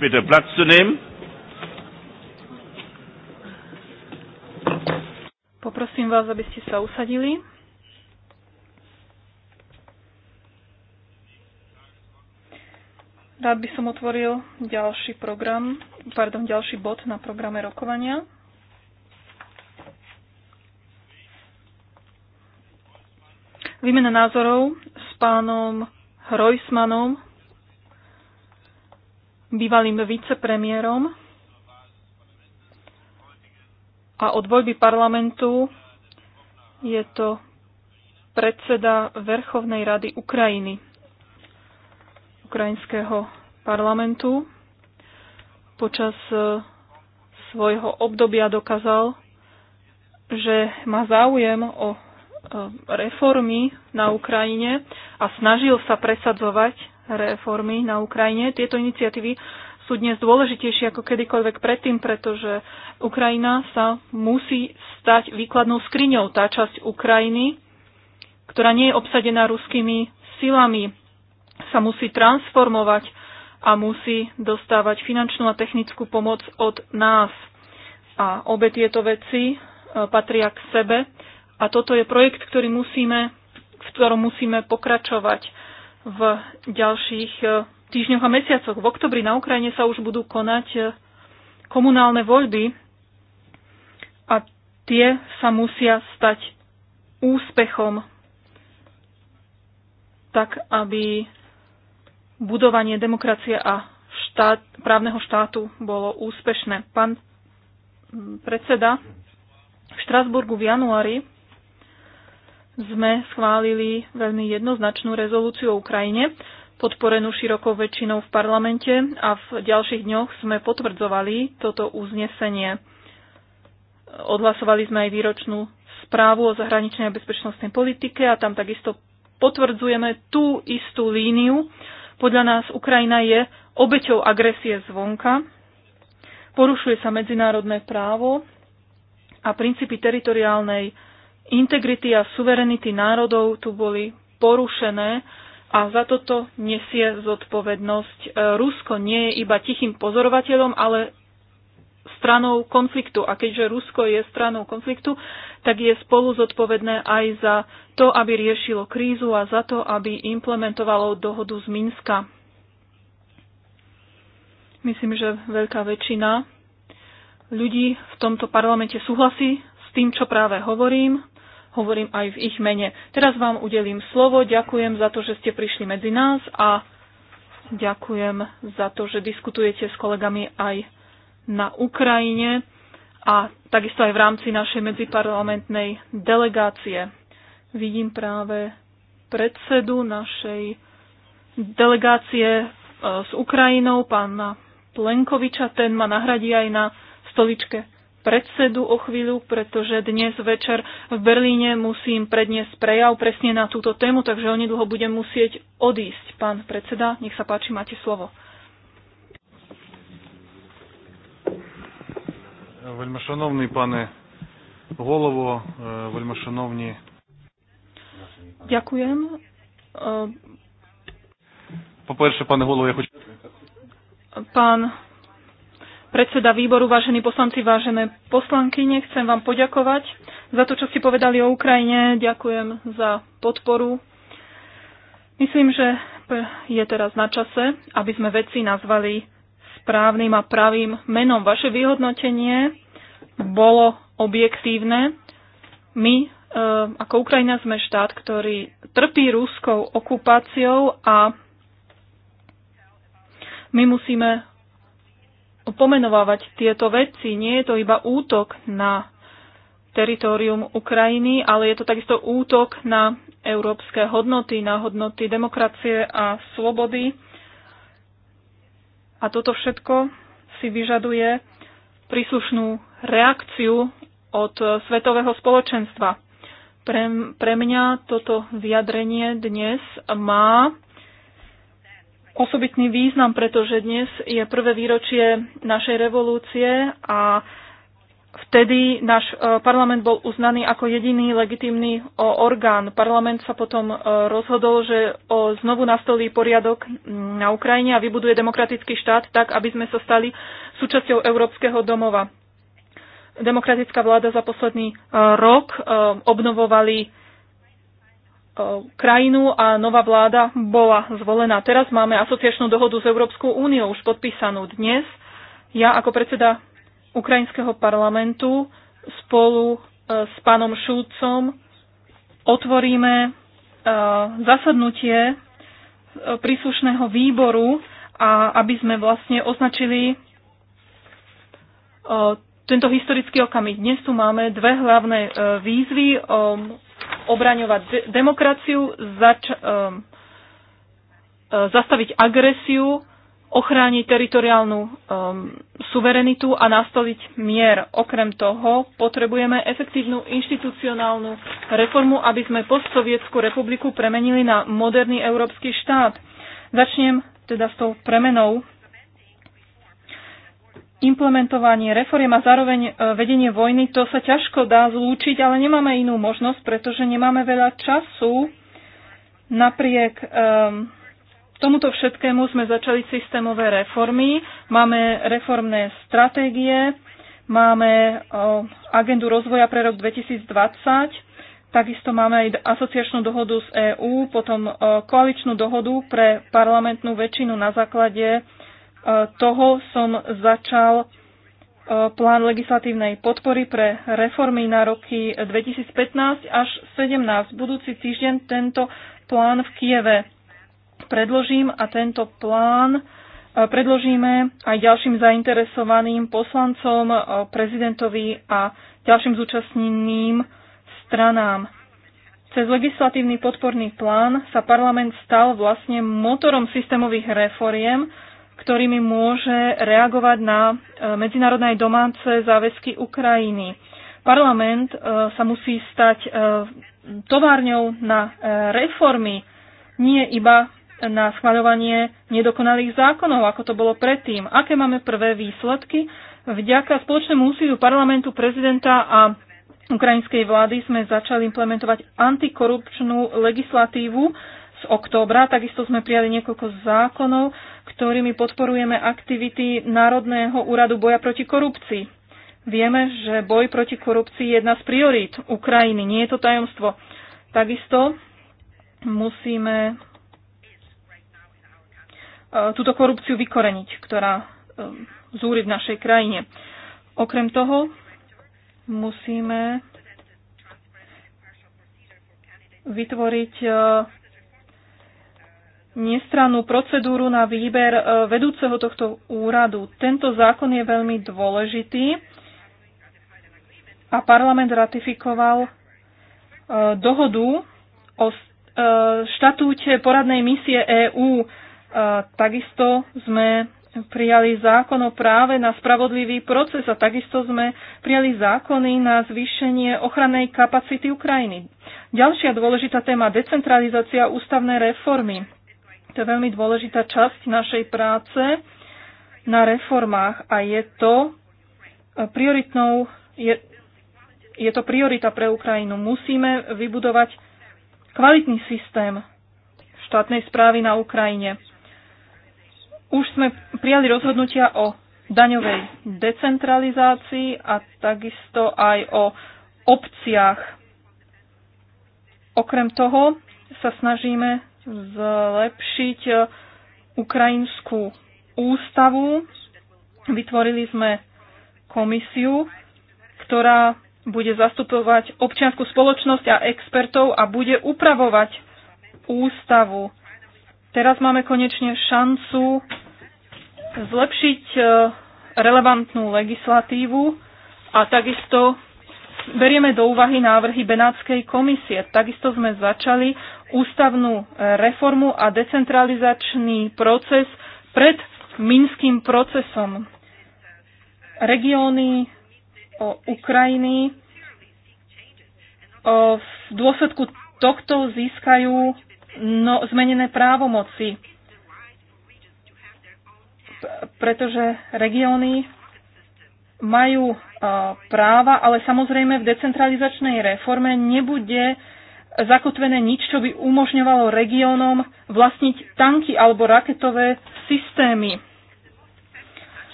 bitte Platz zu nehmen. Poprosím vás, aby ste sa usadili. Rád by som otvoril ďalší program, pardon, ďalší bod na programe rokovania. Výmena názorov s pánom Hrojsmanom, bývalým vicepremiérom a od voľby parlamentu je to predseda Verchovnej rady Ukrajiny, ukrajinského parlamentu. Počas e, svojho obdobia dokázal, že má záujem o e, reformy na Ukrajine a snažil sa presadzovať reformy na Ukrajine. Tieto iniciatívy sú dnes dôležitejšie ako kedykoľvek predtým, pretože Ukrajina sa musí stať výkladnou skriňou. Tá časť Ukrajiny, ktorá nie je obsadená ruskými silami, sa musí transformovať a musí dostávať finančnú a technickú pomoc od nás. A obe tieto veci e, patria k sebe. A toto je projekt, ktorý musíme, v ktorom musíme pokračovať v ďalších e, týždňoch a mesiacoch. V oktobri na Ukrajine sa už budú konať e, komunálne voľby a tie sa musia stať úspechom, tak aby budovanie demokracie a štát, právneho štátu bolo úspešné. Pán predseda v Štrasburgu v januári sme schválili veľmi jednoznačnú rezolúciu o Ukrajine, podporenú širokou väčšinou v parlamente a v ďalších dňoch sme potvrdzovali toto uznesenie. Odhlasovali sme aj výročnú správu o zahraničnej a bezpečnostnej politike a tam takisto potvrdzujeme tú istú líniu. Podľa nás Ukrajina je obeťou agresie zvonka, porušuje sa medzinárodné právo a princípy teritoriálnej integrity a suverenity národov tu boli porušené a za toto nesie zodpovednosť. E, Rusko nie je iba tichým pozorovateľom, ale stranou konfliktu. A keďže Rusko je stranou konfliktu, tak je spolu zodpovedné aj za to, aby riešilo krízu a za to, aby implementovalo dohodu z Minska. Myslím, že veľká väčšina ľudí v tomto parlamente súhlasí s tým, čo práve hovorím hovorím aj v ich mene. Teraz vám udelím slovo, ďakujem za to, že ste prišli medzi nás a ďakujem za to, že diskutujete s kolegami aj na Ukrajine a takisto aj v rámci našej medziparlamentnej delegácie. Vidím práve predsedu našej delegácie e, s Ukrajinou, pána Plenkoviča, ten ma nahradí aj na stoličke predsedu o chvíľu, pretože dnes večer v Berlíne musím predniesť prejav presne na túto tému, takže onedlho budem musieť odísť. Pán predseda, nech sa páči, máte slovo. Veľmi šanovný pane пане e, veľmi šanovný. Ďakujem. Po prvé, pane голово, ja хочу. Pán predseda výboru, vážení poslanci, vážené poslankyne, chcem vám poďakovať za to, čo ste povedali o Ukrajine. Ďakujem za podporu. Myslím, že je teraz na čase, aby sme veci nazvali správnym a pravým menom. Vaše vyhodnotenie bolo objektívne. My e, ako Ukrajina sme štát, ktorý trpí ruskou okupáciou a my musíme pomenovávať tieto veci. Nie je to iba útok na teritorium Ukrajiny, ale je to takisto útok na európske hodnoty, na hodnoty demokracie a slobody. A toto všetko si vyžaduje príslušnú reakciu od svetového spoločenstva. Pre, pre mňa toto vyjadrenie dnes má osobitný význam, pretože dnes je prvé výročie našej revolúcie a vtedy náš e, parlament bol uznaný ako jediný legitímny e, orgán. Parlament sa potom e, rozhodol, že znovu nastolí poriadok na Ukrajine a vybuduje demokratický štát tak, aby sme sa stali súčasťou Európskeho domova. Demokratická vláda za posledný rok obnovovali krajinu a nová vláda bola zvolená. Teraz máme asociačnú dohodu s Európskou úniou už podpísanú dnes. Ja ako predseda ukrajinského parlamentu spolu e, s pánom Šulcom otvoríme e, zasadnutie e, príslušného výboru a aby sme vlastne označili tento historický okamih. Dnes tu máme dve hlavné výzvy obraňovať de- demokraciu, zač- um, zastaviť agresiu, ochrániť teritoriálnu um, suverenitu a nastaviť mier. Okrem toho potrebujeme efektívnu inštitucionálnu reformu, aby sme postsovietskú republiku premenili na moderný európsky štát. Začnem teda s tou premenou implementovanie reforiem a zároveň e, vedenie vojny, to sa ťažko dá zlúčiť, ale nemáme inú možnosť, pretože nemáme veľa času. Napriek um, tomuto všetkému sme začali systémové reformy, máme reformné stratégie, máme um, agendu rozvoja pre rok 2020, takisto máme aj asociačnú dohodu z EÚ, potom um, koaličnú dohodu pre parlamentnú väčšinu na základe E, toho som začal e, plán legislatívnej podpory pre reformy na roky 2015 až 2017. Budúci týždeň tento plán v Kieve predložím a tento plán e, predložíme aj ďalším zainteresovaným poslancom, prezidentovi a ďalším zúčastneným stranám. Cez legislatívny podporný plán sa parlament stal vlastne motorom systémových reforiem, ktorými môže reagovať na e, medzinárodné aj domáce záväzky Ukrajiny. Parlament e, sa musí stať e, továrňou na reformy, nie iba na schvaľovanie nedokonalých zákonov, ako to bolo predtým. Aké máme prvé výsledky? Vďaka spoločnému úsiliu parlamentu, prezidenta a ukrajinskej vlády sme začali implementovať antikorupčnú legislatívu, z októbra. Takisto sme prijali niekoľko zákonov, ktorými podporujeme aktivity Národného úradu boja proti korupcii. Vieme, že boj proti korupcii je jedna z priorít Ukrajiny. Nie je to tajomstvo. Takisto musíme e, túto korupciu vykoreniť, ktorá e, zúri v našej krajine. Okrem toho musíme vytvoriť e, nestrannú procedúru na výber e, vedúceho tohto úradu. Tento zákon je veľmi dôležitý a parlament ratifikoval e, dohodu o e, štatúte poradnej misie EÚ. Takisto sme prijali zákon o práve na spravodlivý proces a takisto sme prijali zákony na zvýšenie ochrannej kapacity Ukrajiny. Ďalšia dôležitá téma decentralizácia ústavnej reformy. To je veľmi dôležitá časť našej práce na reformách a je to e, prioritnou, je, je to priorita pre Ukrajinu. Musíme vybudovať kvalitný systém štátnej správy na Ukrajine. Už sme prijali rozhodnutia o daňovej decentralizácii a takisto aj o obciach. Okrem toho sa snažíme zlepšiť e, ukrajinskú ústavu. Vytvorili sme komisiu, ktorá bude zastupovať občianskú spoločnosť a expertov a bude upravovať ústavu. Teraz máme konečne šancu zlepšiť e, relevantnú legislatívu a takisto berieme do úvahy návrhy Benátskej komisie. Takisto sme začali ústavnú e, reformu a decentralizačný proces pred minským procesom. Regióny Ukrajiny v dôsledku tohto získajú no, zmenené právomoci, pretože regióny majú e, práva, ale samozrejme v decentralizačnej reforme nebude zakotvené nič, čo by umožňovalo regiónom vlastniť tanky alebo raketové systémy.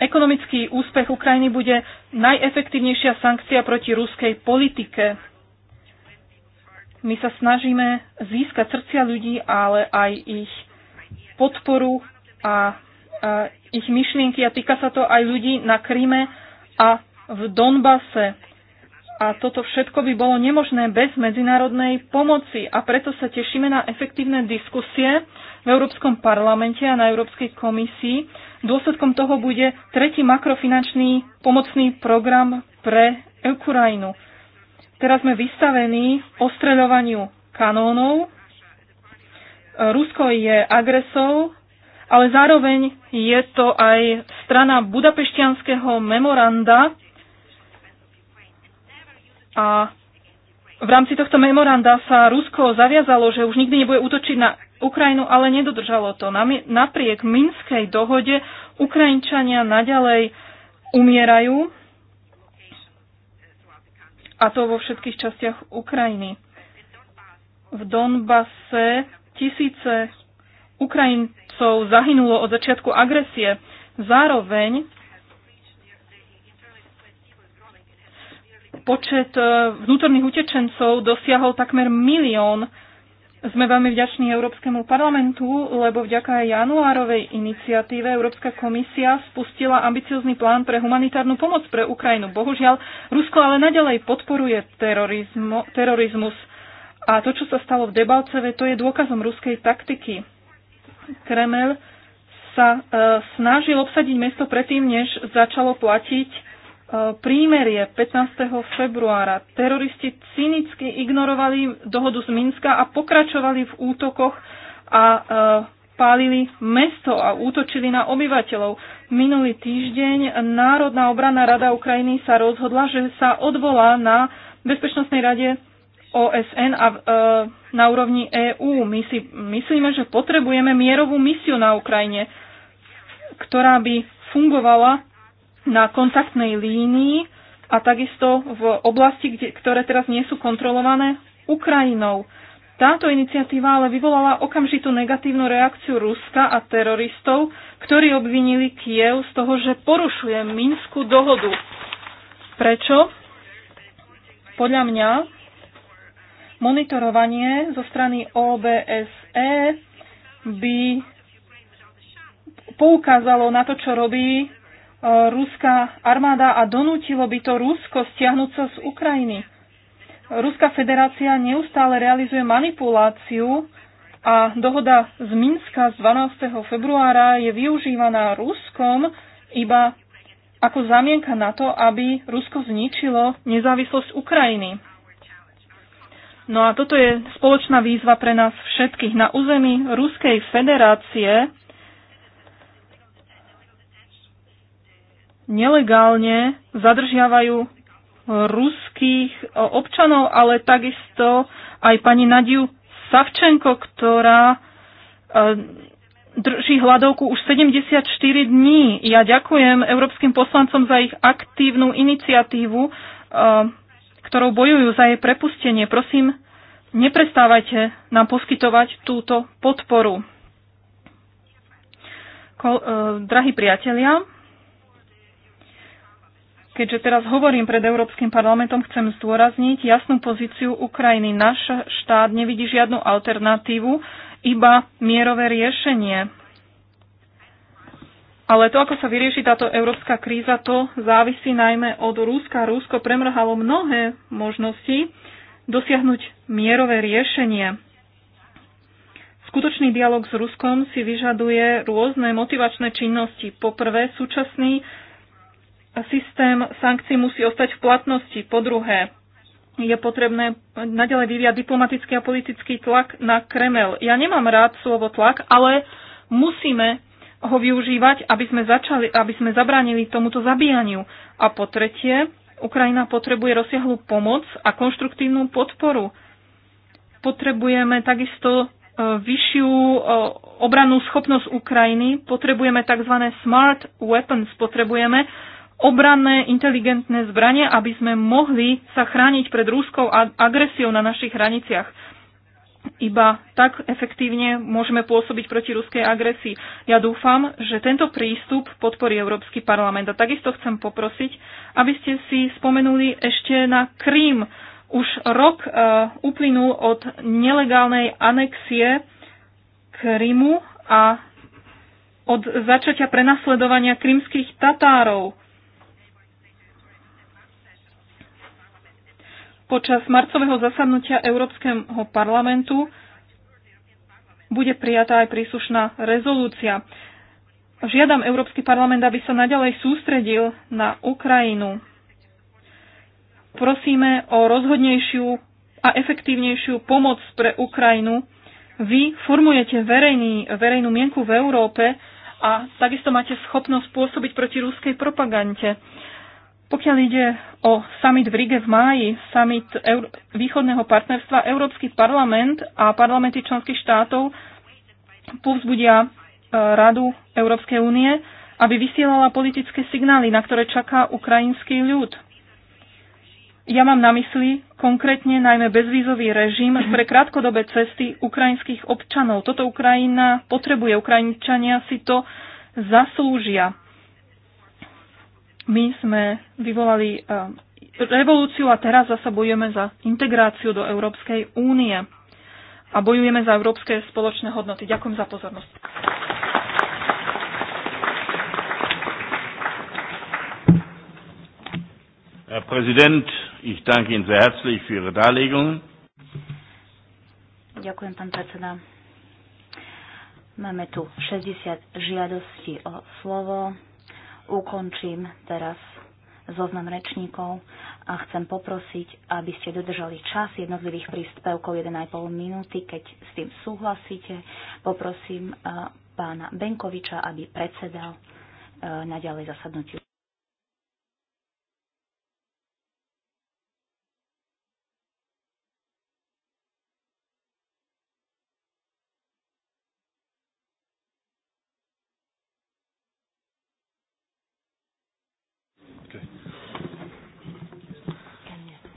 Ekonomický úspech Ukrajiny bude najefektívnejšia sankcia proti ruskej politike. My sa snažíme získať srdcia ľudí, ale aj ich podporu a ich myšlienky a týka sa to aj ľudí na Kryme a v Donbase. A toto všetko by bolo nemožné bez medzinárodnej pomoci. A preto sa tešíme na efektívne diskusie v Európskom parlamente a na Európskej komisii. Dôsledkom toho bude tretí makrofinančný pomocný program pre Ukrajinu. Teraz sme vystavení ostreľovaniu kanónov. Rusko je agresou ale zároveň je to aj strana budapešťanského memoranda a v rámci tohto memoranda sa Rusko zaviazalo, že už nikdy nebude útočiť na Ukrajinu, ale nedodržalo to. Napriek Minskej dohode Ukrajinčania naďalej umierajú a to vo všetkých častiach Ukrajiny. V Donbase tisíce Ukrajincov zahynulo od začiatku agresie. Zároveň počet e, vnútorných utečencov dosiahol takmer milión. Sme veľmi vďační Európskemu parlamentu, lebo vďaka januárovej iniciatíve Európska komisia spustila ambiciózny plán pre humanitárnu pomoc pre Ukrajinu. Bohužiaľ, Rusko ale nadalej podporuje terorizmus. A to, čo sa stalo v Debalceve, to je dôkazom ruskej taktiky. Kremel sa e, snažil obsadiť mesto predtým, než začalo platiť e, prímerie 15. februára. Teroristi cynicky ignorovali dohodu z Minska a pokračovali v útokoch a e, pálili mesto a útočili na obyvateľov. Minulý týždeň Národná obranná rada Ukrajiny sa rozhodla, že sa odvolá na Bezpečnostnej rade OSN a e, na úrovni EÚ. My si myslíme, že potrebujeme mierovú misiu na Ukrajine, ktorá by fungovala na kontaktnej línii a takisto v oblasti, kde, ktoré teraz nie sú kontrolované Ukrajinou. Táto iniciatíva ale vyvolala okamžitú negatívnu reakciu Ruska a teroristov, ktorí obvinili Kiev z toho, že porušuje Minskú dohodu. Prečo? Podľa mňa Monitorovanie zo strany OBSE by poukázalo na to, čo robí e, ruská armáda a donútilo by to Rusko stiahnuť sa z Ukrajiny. Ruská federácia neustále realizuje manipuláciu a dohoda z Minska z 12. februára je využívaná Ruskom iba ako zamienka na to, aby Rusko zničilo nezávislosť Ukrajiny. No a toto je spoločná výzva pre nás všetkých. Na území Ruskej federácie nelegálne zadržiavajú ruských občanov, ale takisto aj pani Nadiu Savčenko, ktorá e, drží hladovku už 74 dní. Ja ďakujem európskym poslancom za ich aktívnu iniciatívu e, ktorou bojujú za jej prepustenie. Prosím, neprestávajte nám poskytovať túto podporu. Ko, e, drahí priatelia, Keďže teraz hovorím pred Európskym parlamentom, chcem zdôrazniť jasnú pozíciu Ukrajiny. Náš štát nevidí žiadnu alternatívu, iba mierové riešenie. Ale to, ako sa vyrieši táto európska kríza, to závisí najmä od Rúska. Rúsko premrhalo mnohé možnosti dosiahnuť mierové riešenie. Skutočný dialog s Ruskom si vyžaduje rôzne motivačné činnosti. Poprvé, súčasný systém sankcií musí ostať v platnosti. Po druhé, je potrebné nadalej vyviať diplomatický a politický tlak na Kremel. Ja nemám rád slovo tlak, ale musíme ho využívať, aby sme, začali, aby sme zabránili tomuto zabíjaniu. A po tretie, Ukrajina potrebuje rozsiahlu pomoc a konštruktívnu podporu. Potrebujeme takisto e, vyššiu e, obranú schopnosť Ukrajiny, potrebujeme tzv. smart weapons, potrebujeme obranné inteligentné zbranie, aby sme mohli sa chrániť pred rúskou agresiou na našich hraniciach. Iba tak efektívne môžeme pôsobiť proti ruskej agresii. Ja dúfam, že tento prístup podporí Európsky parlament. A takisto chcem poprosiť, aby ste si spomenuli ešte na Krím. Už rok uh, uplynul od nelegálnej anexie Krymu a od začatia prenasledovania krymských Tatárov. Počas marcového zasadnutia Európskeho parlamentu bude prijatá aj príslušná rezolúcia. Žiadam Európsky parlament, aby sa naďalej sústredil na Ukrajinu. Prosíme o rozhodnejšiu a efektívnejšiu pomoc pre Ukrajinu. Vy formujete verejný, verejnú mienku v Európe a takisto máte schopnosť pôsobiť proti rúskej propagande. Pokiaľ ide o summit v Rige v máji, summit Euró- východného partnerstva, Európsky parlament a parlamenty členských štátov povzbudia e, Radu Európskej únie, aby vysielala politické signály, na ktoré čaká ukrajinský ľud. Ja mám na mysli konkrétne najmä bezvízový režim pre krátkodobé cesty ukrajinských občanov. Toto Ukrajina potrebuje, Ukrajinčania si to zaslúžia. My sme vyvolali eh, revolúciu a teraz zasa bojujeme za integráciu do Európskej únie a bojujeme za európske spoločné hodnoty. Ďakujem za pozornosť. Herr Präsident, ich danke Ihnen sehr herzlich für Ihre Darlegung. Ďakujem, pán predseda. Máme tu 60 žiadostí o slovo ukončím teraz zoznam rečníkov a chcem poprosiť, aby ste dodržali čas jednotlivých príspevkov 1,5 minúty, keď s tým súhlasíte. Poprosím eh, pána Benkoviča, aby predsedal eh, ďalej zasadnutiu.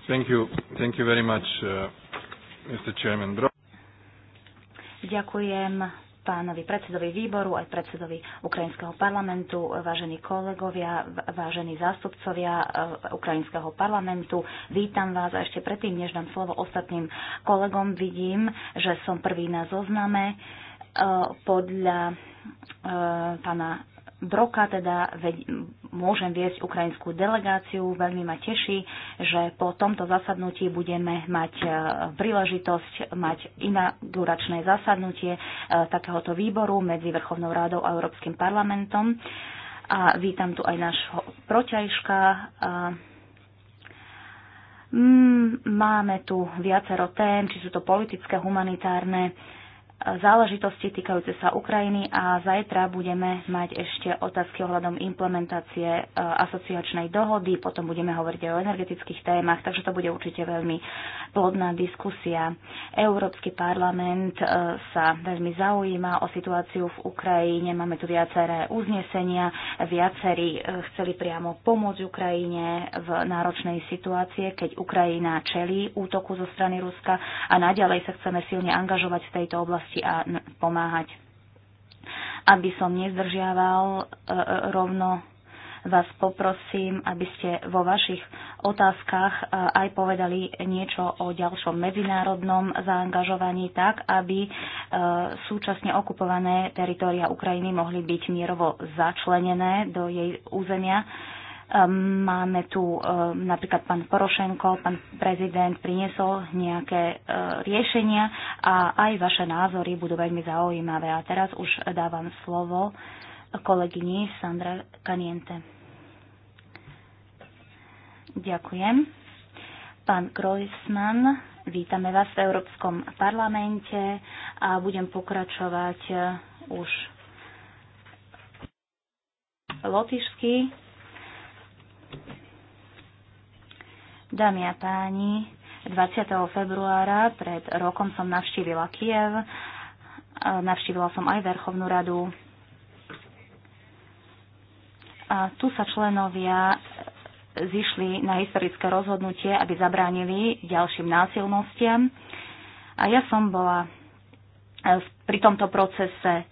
Thank you. Thank you very much, uh, Mr. Chairman. Ďakujem pánovi predsedovi výboru aj predsedovi Ukrajinského parlamentu, vážení kolegovia, vážení zástupcovia uh, Ukrajinského parlamentu. Vítam vás a ešte predtým, než dám slovo ostatným kolegom, vidím, že som prvý na zozname uh, podľa pána Broka teda môžem viesť ukrajinskú delegáciu. Veľmi ma teší, že po tomto zasadnutí budeme mať e, príležitosť mať inauguračné zasadnutie e, takéhoto výboru medzi Vrchovnou rádou a Európskym parlamentom. A vítam tu aj nášho proťažka. E, máme tu viacero tém, či sú to politické, humanitárne záležitosti týkajúce sa Ukrajiny a zajtra budeme mať ešte otázky ohľadom implementácie e, asociačnej dohody, potom budeme hovoriť aj o energetických témach, takže to bude určite veľmi plodná diskusia. Európsky parlament e, sa veľmi zaujíma o situáciu v Ukrajine, máme tu viaceré uznesenia, viacerí e, chceli priamo pomôcť Ukrajine v náročnej situácie, keď Ukrajina čelí útoku zo strany Ruska a naďalej sa chceme silne angažovať v tejto oblasti oblasti a pomáhať. Aby som nezdržiaval e, e, rovno vás poprosím, aby ste vo vašich otázkach e, aj povedali niečo o ďalšom medzinárodnom zaangažovaní tak, aby súčasne okupované teritória Ukrajiny mohli byť mierovo začlenené do jej územia Ehm, máme tu ehm, napríklad pán Porošenko, pán prezident priniesol nejaké ehm, riešenia a aj vaše názory budú veľmi zaujímavé. A teraz už dávam slovo kolegyni Sandra Kaniente. Ďakujem. Pán Groisman, vítame vás v Európskom parlamente a budem pokračovať eh, už lotyšsky Dámy a páni, 20. februára pred rokom som navštívila Kiev, navštívila som aj Verchovnú radu. A tu sa členovia zišli na historické rozhodnutie, aby zabránili ďalším násilnostiam. A ja som bola e, pri tomto procese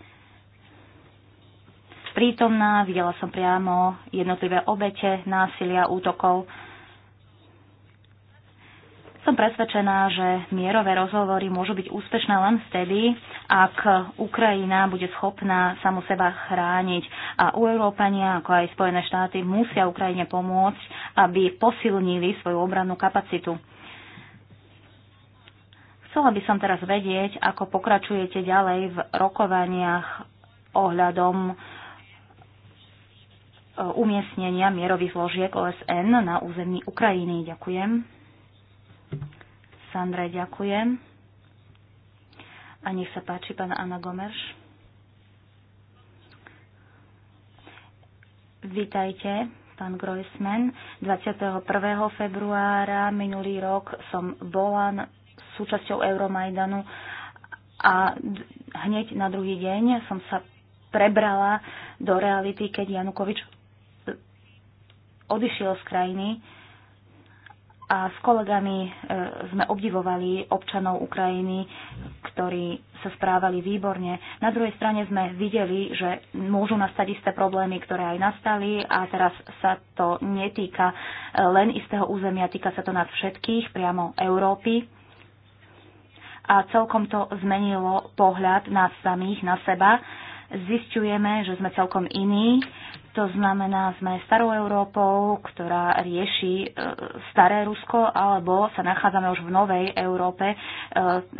prítomná, videla som priamo jednotlivé obete násilia, útokov som presvedčená, že mierové rozhovory môžu byť úspešné len vtedy, ak Ukrajina bude schopná samu seba chrániť. A u Európania, ako aj Spojené štáty, musia Ukrajine pomôcť, aby posilnili svoju obrannú kapacitu. Chcela by som teraz vedieť, ako pokračujete ďalej v rokovaniach ohľadom e, umiestnenia mierových zložiek OSN na území Ukrajiny. Ďakujem. Sandra, ďakujem. A nech sa páči, pána Anna Gomerš. Vítajte, pán Groisman. 21. februára minulý rok som bola súčasťou Euromajdanu a hneď na druhý deň som sa prebrala do reality, keď Janukovič odišiel z krajiny a s kolegami e, sme obdivovali občanov Ukrajiny, ktorí sa správali výborne. Na druhej strane sme videli, že môžu nastať isté problémy, ktoré aj nastali a teraz sa to netýka e, len istého územia, týka sa to nás všetkých, priamo Európy. A celkom to zmenilo pohľad nás samých, na seba. Zistujeme, že sme celkom iní to znamená, sme starou Európou, ktorá rieši e, staré Rusko, alebo sa nachádzame už v novej Európe, e,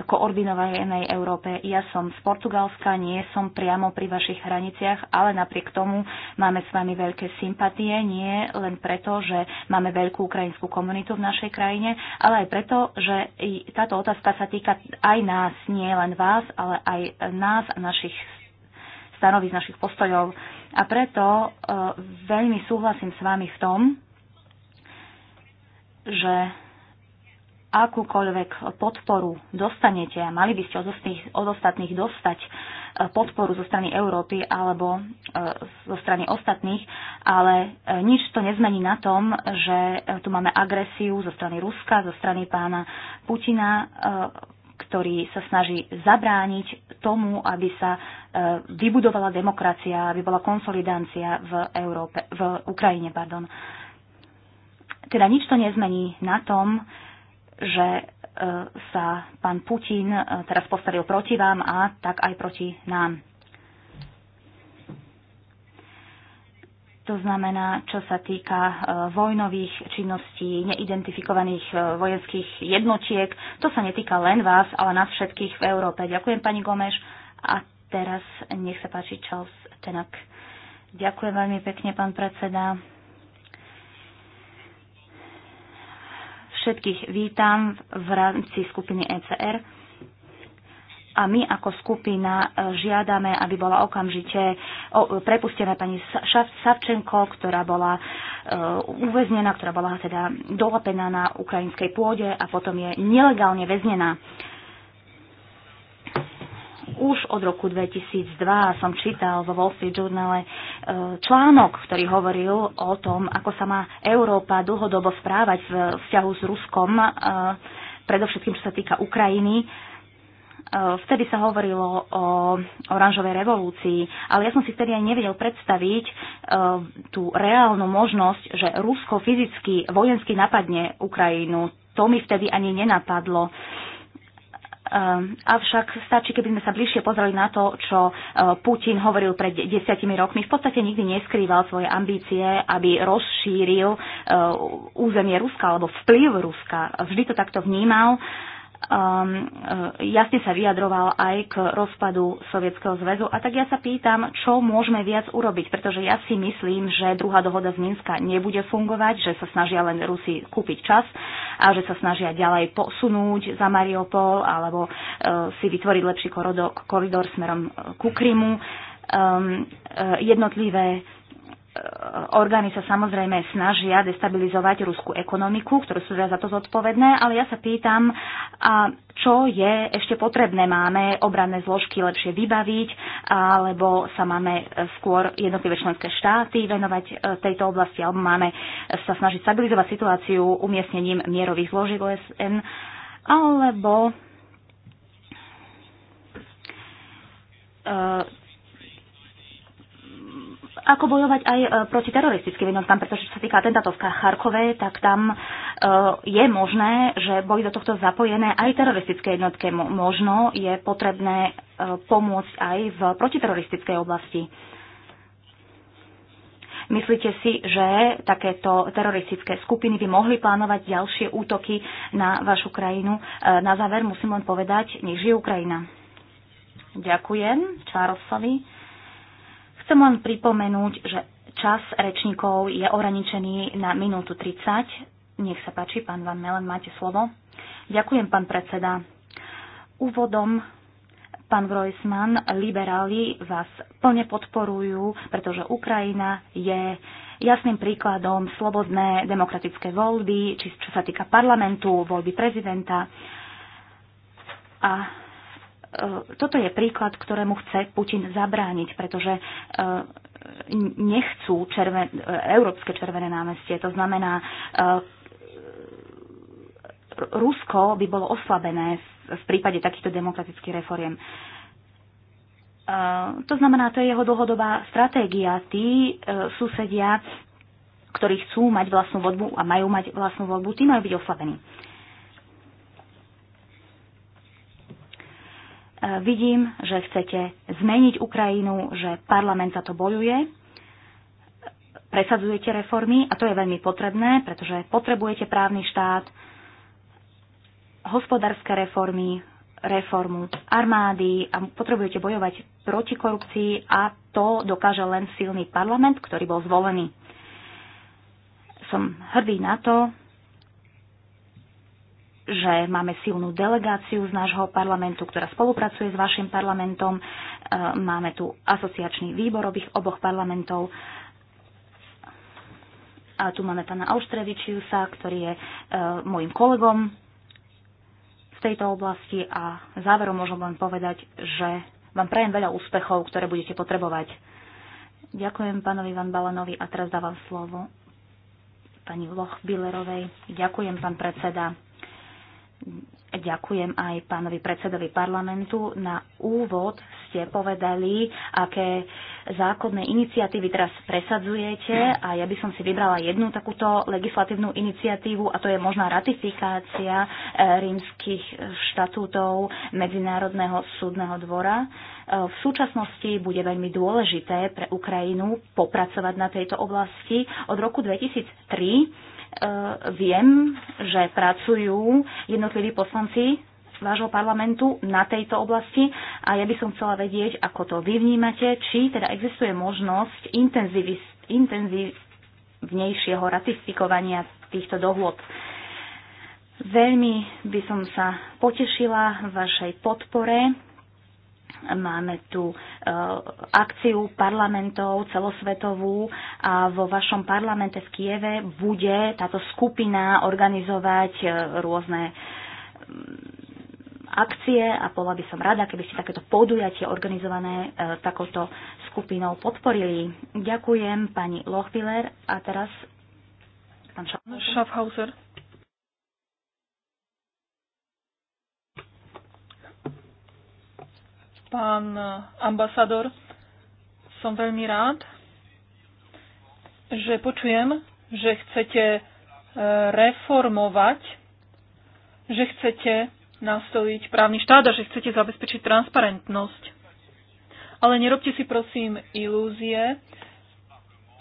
koordinovanej Európe. Ja som z Portugalska, nie som priamo pri vašich hraniciach, ale napriek tomu máme s vami veľké sympatie, nie len preto, že máme veľkú ukrajinskú komunitu v našej krajine, ale aj preto, že táto otázka sa týka aj nás, nie len vás, ale aj nás a našich stanovisk, našich postojov a preto e, veľmi súhlasím s vami v tom, že akúkoľvek podporu dostanete a mali by ste od ostatných, od ostatných dostať e, podporu zo strany Európy alebo e, zo strany ostatných, ale nič to nezmení na tom, že tu máme agresiu zo strany Ruska, zo strany pána Putina, ktorý sa snaží zabrániť tomu, aby sa Eh, vybudovala demokracia, aby bola konsolidácia v, Európe, v Ukrajine. Pardon. Teda nič to nezmení na tom, že eh, sa pán Putin eh, teraz postavil proti vám a tak aj proti nám. To znamená, čo sa týka vojnových činností, neidentifikovaných vojenských jednotiek, to sa netýka len vás, ale nás všetkých v Európe. Ďakujem, pani Gomeš. A teraz nech sa páči Charles Tenak. Ďakujem veľmi pekne, pán predseda. Všetkých vítam v rámci skupiny ECR. A my ako skupina e, žiadame, aby bola okamžite prepustená pani Savčenko, ktorá bola e, uväznená, ktorá bola teda dolapená na ukrajinskej pôde a potom je nelegálne väznená. Už od roku 2002 som čítal vo Wall Street Journale e, článok, ktorý hovoril o tom, ako sa má Európa dlhodobo správať v vzťahu s Ruskom, e, predovšetkým čo sa týka Ukrajiny. E, vtedy sa hovorilo o oranžovej revolúcii, ale ja som si vtedy aj nevedel predstaviť tú reálnu možnosť, že Rusko fyzicky, vojensky napadne Ukrajinu. To mi vtedy ani nenapadlo. Uh, Ehm, avšak stačí, keby sme sa bližšie pozreli na to, čo e, Putin hovoril pred desiatimi rokmi. V podstate nikdy neskrýval svoje ambície, aby rozšíril e, územie Ruska alebo vplyv Ruska. Vždy to takto vnímal um, e, jasne sa vyjadroval aj k rozpadu Sovietskeho zväzu. A tak ja sa pýtam, čo môžeme viac urobiť, pretože ja si myslím, že druhá dohoda z Minska nebude fungovať, že sa snažia len Rusi kúpiť čas a že sa snažia ďalej posunúť za Mariupol alebo uh, si vytvoriť lepší koridor, koridor smerom e, ku Krymu. Um, uh, jednotlivé Eh, orgány sa samozrejme snažia destabilizovať ruskú ekonomiku, ktoré sú za to zodpovedné, ale ja sa pýtam, a čo je ešte potrebné? Máme obranné zložky lepšie vybaviť, alebo sa máme eh, skôr jednotlivé členské štáty venovať eh, tejto oblasti, alebo máme sa snažiť stabilizovať situáciu umiestnením mierových zložiek OSN, alebo ako bojovať aj e, proti teroristickým jednotkám, pretože čo sa týka atentátov v Charkove, tak tam e, je možné, že boli do tohto zapojené aj teroristické jednotky. Možno je potrebné e, pomôcť aj v protiteroristickej oblasti. Myslíte si, že takéto teroristické skupiny by mohli plánovať ďalšie útoky na vašu krajinu? Na záver musím len povedať, nech žije Ukrajina. Ďakujem Čárosovi. Chcem len pripomenúť, že čas rečníkov je ohraničený na minútu 30. Nech sa páči, pán Van Melen, máte slovo. Ďakujem, pán predseda. Úvodom Pán Grojsman, liberáli vás plne podporujú, pretože Ukrajina je jasným príkladom slobodné demokratické voľby, či čo sa týka parlamentu, voľby prezidenta. A E, toto je príklad, ktorému chce Putin zabrániť, pretože e, nechcú červen, e, Európske červené námestie. To znamená, Rusko by bolo oslabené v prípade takýchto demokratických reforiem. To znamená, to je jeho dlhodobá stratégia. Tí susedia, ktorí chcú mať vlastnú vodbu a majú mať vlastnú voľbu, tí majú byť oslabení. E, vidím, že chcete zmeniť Ukrajinu, že parlament za to bojuje, e, presadzujete reformy a to je veľmi potrebné, pretože potrebujete právny štát, hospodárske reformy, reformu armády a potrebujete bojovať proti korupcii a to dokáže len silný parlament, ktorý bol zvolený. Som hrdý na to, že máme silnú delegáciu z nášho parlamentu, ktorá spolupracuje s vašim parlamentom. E, máme tu asociačný výbor obých, oboch parlamentov. A tu máme pána Austrevičiusa, ktorý je e, môjim kolegom z tejto oblasti a záverom môžem len povedať, že vám prajem veľa úspechov, ktoré budete potrebovať. Ďakujem pánovi Van Balanovi a teraz dávam slovo pani Loch Billerovej. Ďakujem, pán predseda. Ďakujem aj pánovi predsedovi parlamentu. Na úvod ste povedali, aké zákonné iniciatívy teraz presadzujete a ja by som si vybrala jednu takúto legislatívnu iniciatívu a to je možná ratifikácia eh, rímskych štatútov Medzinárodného súdneho dvora. Eh, v súčasnosti bude veľmi dôležité pre Ukrajinu popracovať na tejto oblasti. Od roku 2003 Eh, viem, že pracujú jednotliví poslanci vášho parlamentu na tejto oblasti a ja by som chcela vedieť, ako to vy vnímate, či teda existuje možnosť intenzívnejšieho ratifikovania týchto dohôd. Veľmi by som sa potešila vašej podpore Máme tu e, akciu parlamentov celosvetovú a vo vašom parlamente v Kieve bude táto skupina organizovať e, rôzne mm, akcie a bola by som rada, keby ste takéto podujatie organizované e, takouto skupinou podporili. Ďakujem pani Lochbiller a teraz pán Schaffhauser. Schaffhauser. pán eh, ambasador. Som veľmi rád, že počujem, že chcete eh, reformovať, že chcete nastojiť právny štát a že chcete zabezpečiť transparentnosť. Ale nerobte si prosím ilúzie.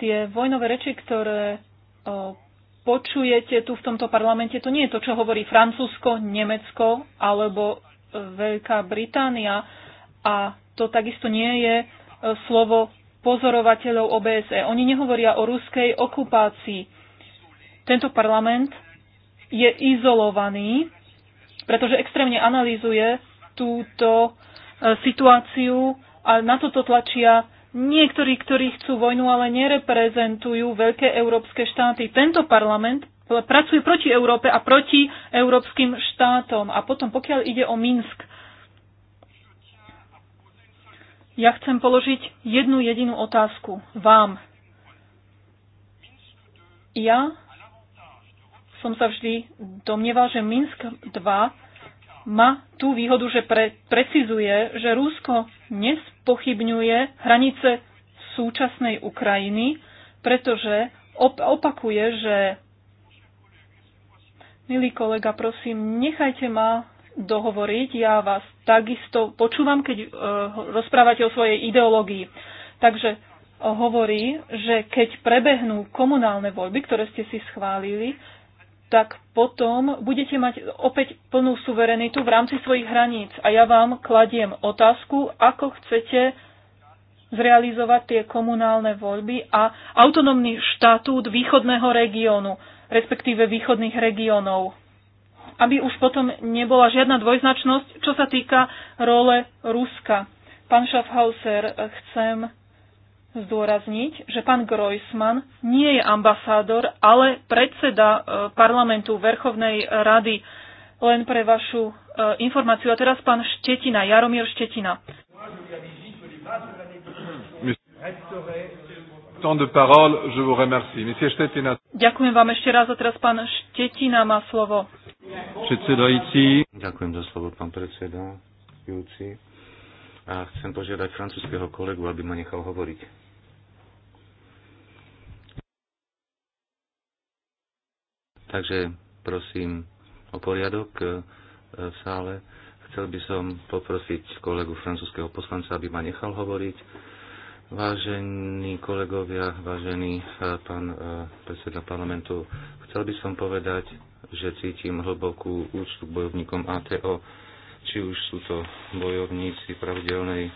Tie vojnové reči, ktoré o, eh, počujete tu v tomto parlamente, to nie je to, čo hovorí Francúzsko, Nemecko alebo Veľká Británia. A to takisto nie je e, slovo pozorovateľov OBSE. Oni nehovoria o ruskej okupácii. Tento parlament je izolovaný, pretože extrémne analýzuje túto e, situáciu a na toto tlačia niektorí, ktorí chcú vojnu, ale nereprezentujú veľké európske štáty. Tento parlament pracuje proti Európe a proti európskym štátom. A potom, pokiaľ ide o Minsk, ja chcem položiť jednu jedinú otázku vám. Ja som sa vždy domnieval, že Minsk 2 má tú výhodu, že pre, precizuje, že Rusko nespochybňuje hranice súčasnej Ukrajiny, pretože op- opakuje, že milý kolega, prosím, nechajte ma dohovoriť. Ja vás takisto počúvam, keď e, rozprávate o svojej ideológii. Takže e, hovorí, že keď prebehnú komunálne voľby, ktoré ste si schválili, tak potom budete mať opäť plnú suverenitu v rámci svojich hraníc. A ja vám kladiem otázku, ako chcete zrealizovať tie komunálne voľby a autonómny štatút východného regiónu, respektíve východných regiónov aby už potom nebola žiadna dvojznačnosť, čo sa týka role Ruska. Pán Schaffhauser, chcem zdôrazniť, že pán Groisman nie je ambasádor, ale predseda e, parlamentu Verchovnej rady. Len pre vašu e, informáciu. A teraz pán Štetina, Jaromír Štetina. Ďakujem vám ešte raz a teraz pán Štetina má slovo. Predsedajúci. Ďakujem za slovo, pán predseda. Júci. A chcem požiadať francúzského kolegu, aby ma nechal hovoriť. Takže prosím o poriadok e, v sále. Chcel by som poprosiť kolegu francúzského poslanca, aby ma nechal hovoriť. Vážení kolegovia, vážený e, pán e, predseda parlamentu, chcel by som povedať že cítim hlbokú úctu k bojovníkom ATO, či už sú to bojovníci pravidelnej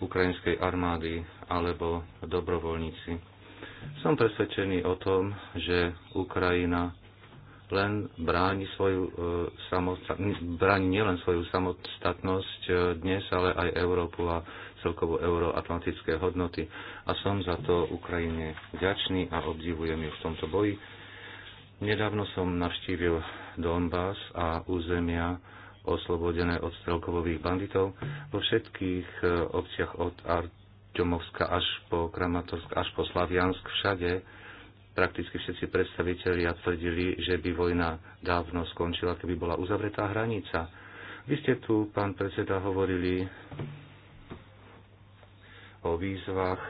ukrajinskej armády alebo dobrovoľníci. Som presvedčený o tom, že Ukrajina len bráni, svoju, e, bráni nielen svoju samostatnosť e, dnes, ale aj Európu a celkovo euroatlantické hodnoty. A som za to Ukrajine vďačný a obdivujem ju v tomto boji Nedávno som navštívil Donbass a územia oslobodené od strelkovových banditov vo všetkých e, obciach od Artemovska až po Kramatorsk, až po Slaviansk, všade prakticky všetci predstavitelia tvrdili, že by vojna dávno skončila, keby bola uzavretá hranica. Vy ste tu, pán predseda, hovorili o výzvach,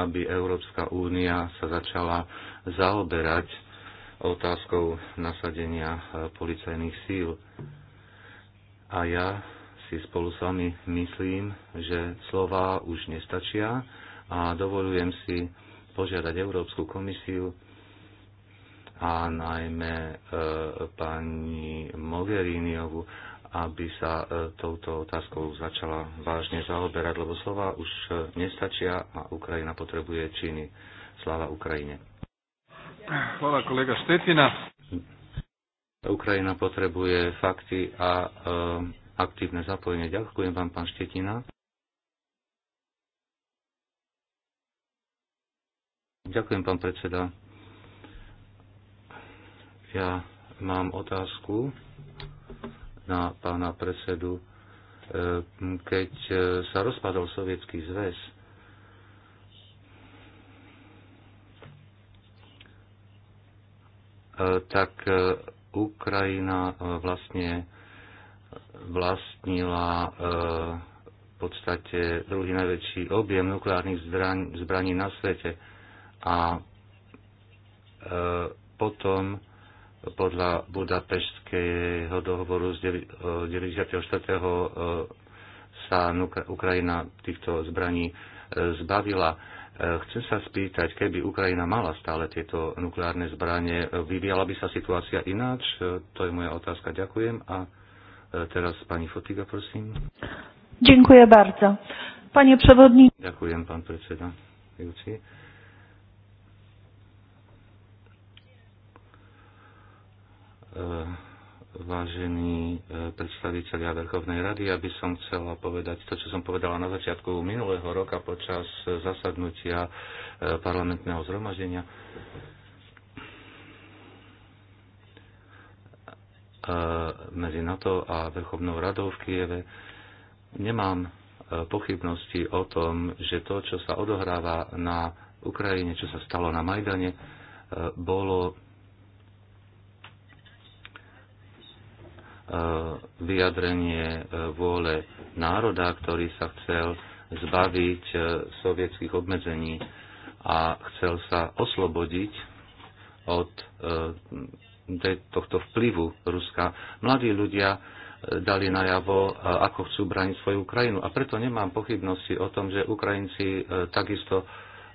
aby Európska únia sa začala zaoberať otázkou nasadenia e, policajných síl. A ja si spolu s vami myslím, že slova už nestačia a dovolujem si požiadať Európsku komisiu a najmä e, pani Mogheriniovu, aby sa e, touto otázkou začala vážne zaoberať, lebo slova už e, nestačia a Ukrajina potrebuje činy. Sláva Ukrajine. Hvala kolega Štetina. Ukrajina potrebuje fakty a e, aktívne zapojenie. Ďakujem vám, pán Štetina. Ďakujem, pán predseda. Ja mám otázku na pána predsedu. Eh, keď eh, sa rozpadol Sovietský zväz, Eh, tak eh, Ukrajina eh, vlastne vlastnila v podstate druhý najväčší objem nukleárnych zbraň, zbraní na svete a potom podľa Budapešského dohovoru z 94. sa Ukrajina týchto zbraní zbavila E, Chcem sa spýtať, keby Ukrajina mala stále tieto nukleárne zbranie, e, vyvíjala by sa situácia ináč? E, to je moja otázka. Ďakujem. A teraz pani Fotiga, prosím. Dziękuję bardzo. Panie przewodniczący. Ďakujem, pán predseda. Júci. Uh vážení e, predstaviteľia Verchovnej rady, aby som chcela povedať to, čo som povedala na začiatku minulého roka počas zasadnutia e, parlamentného zhromaždenia. E, medzi NATO a Verchovnou radou v Kieve. Nemám pochybnosti o tom, že to, čo sa odohráva na Ukrajine, čo sa stalo na Majdane, bolo E, vyjadrenie e, vôle národa, ktorý sa chcel zbaviť e, sovietských obmedzení a chcel sa oslobodiť od tohto vplyvu Ruska. Mladí ľudia dali najavo, ako chcú braniť svoju krajinu. A preto nemám pochybnosti o tom, že Ukrajinci takisto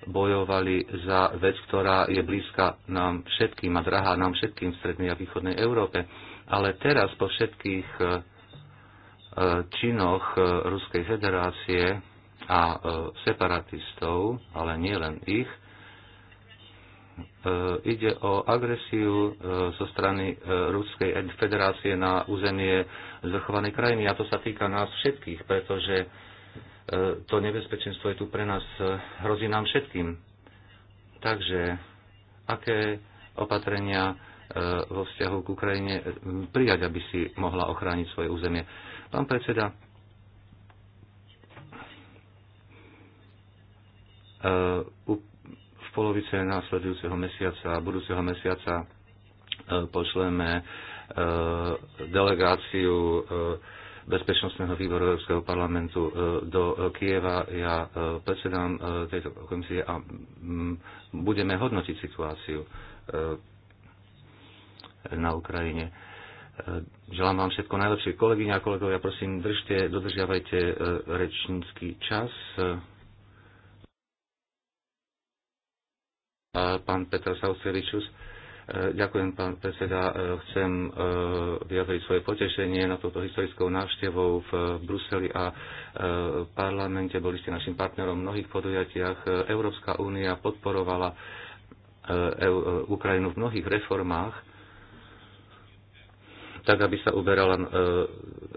bojovali za vec, ktorá je blízka nám všetkým a drahá nám všetkým v strednej a východnej Európe ale teraz po všetkých e, e, činoch e, Ruskej federácie a separatistov, ale nielen ich, ide o agresiu zo strany Ruskej federácie na územie zvrchovanej krajiny. A to sa týka nás všetkých, pretože to nebezpečenstvo je tu pre nás, hrozí nám všetkým. Takže aké opatrenia E, vo vzťahu k Ukrajine e, prijať, aby si mohla ochrániť svoje územie. Pán predseda, e, v polovice následujúceho mesiaca, budúceho mesiaca pošleme delegáciu Bezpečnostného výboru Európskeho parlamentu do Kieva. Ja predsedám tejto komisie a budeme hodnotiť situáciu na Ukrajine. E, želám vám všetko najlepšie. Kolegyňa a kolegovia, prosím, držte, dodržiavajte e, rečnícky čas. E, pán Petr Sauseličus. Ďakujem, pán predseda. Chcem vyjadriť svoje potešenie na toto historickou návštevou v Bruseli a parlamente. Boli ste našim partnerom v mnohých podujatiach. Európska únia podporovala Ukrajinu v mnohých reformách tak aby sa uberala e,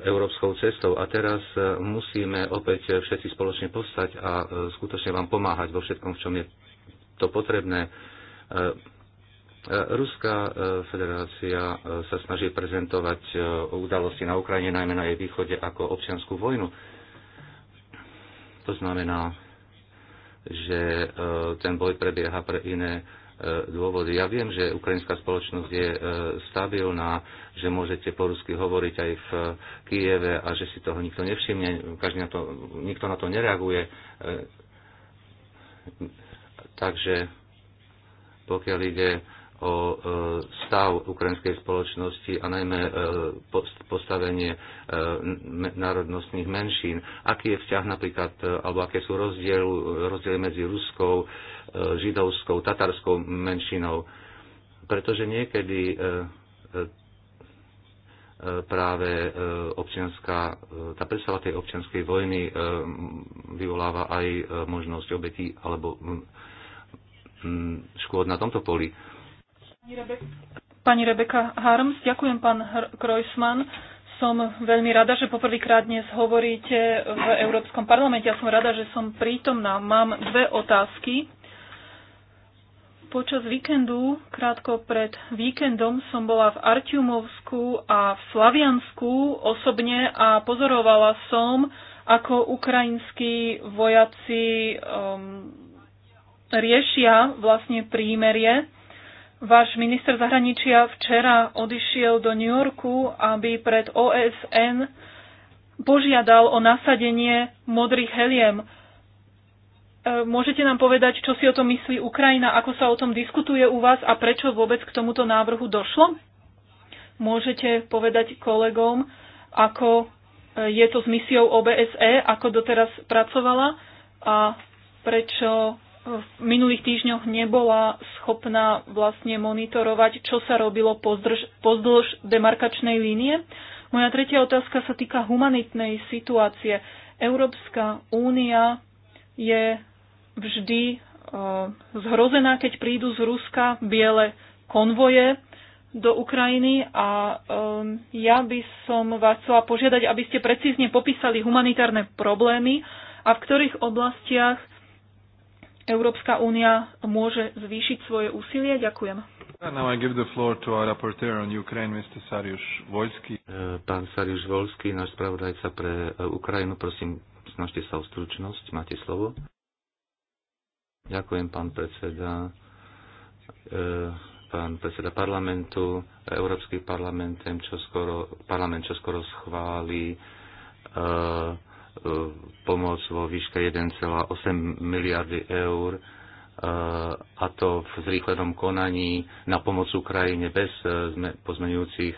európskou cestou. A teraz e, musíme opäť všetci spoločne postať a e, skutočne vám pomáhať vo všetkom, v čom je to potrebné. Ruská federácia sa snaží prezentovať udalosti na Ukrajine, najmä na jej východe, ako občianskú vojnu. To znamená, že ten boj prebieha pre iné dôvody. Ja viem, že ukrajinská spoločnosť je e, stabilná, že môžete po rusky hovoriť aj v Kieve a že si toho nikto nevšimne, každý na to, nikto na to nereaguje. E, takže pokiaľ ide o e, stav ukrajinskej spoločnosti a najmä postavenie národnostných menšín. Aký je vzťah napríklad, alebo aké sú rozdiely, rozdiely medzi ruskou E, židovskou, tatarskou menšinou, pretože niekedy e, e, práve občianská, tá predstava tej občianskej vojny vyvoláva aj možnosť obetí alebo škôd na tomto poli. Pani Rebeka Harms, ďakujem pán Krojsman. Som veľmi rada, že poprvýkrát dnes hovoríte v Európskom parlamente. Ja som rada, že som prítomná. Mám dve otázky. Počas víkendu, krátko pred víkendom, som bola v Artiumovsku a v Slaviansku osobne a pozorovala som, ako ukrajinskí vojaci um, riešia vlastne prímerie. Váš minister zahraničia včera odišiel do New Yorku, aby pred OSN požiadal o nasadenie modrých heliem E, môžete nám povedať, čo si o tom myslí Ukrajina, ako sa o tom diskutuje u vás a prečo vôbec k tomuto návrhu došlo? Môžete povedať kolegom, ako e, je to s misiou OBSE, ako doteraz pracovala a prečo e, v minulých týždňoch nebola schopná vlastne monitorovať, čo sa robilo pozdrž, pozdĺž demarkačnej línie. Moja tretia otázka sa týka humanitnej situácie. Európska únia je vždy e, zhrozená, keď prídu z Ruska biele konvoje do Ukrajiny a um, ja by som vás chcela požiadať, aby ste precízne popísali humanitárne problémy a v ktorých oblastiach Európska únia môže zvýšiť svoje úsilie. Ďakujem. Uh, now I give the floor to our rapporteur on Ukraine, Mr. Uh, pán Sarius Volsky, náš spravodajca pre uh, Ukrajinu, prosím, snažte sa o stručnosť, máte slovo. Ďakujem, pán predseda. E, pán predseda parlamentu, Európsky parlament, čo skoro, parlament čo skoro schváli e, e, pomoc vo výške 1,8 miliardy eur a to v zrýchlenom konaní na pomoc Ukrajine bez pozmenujúcich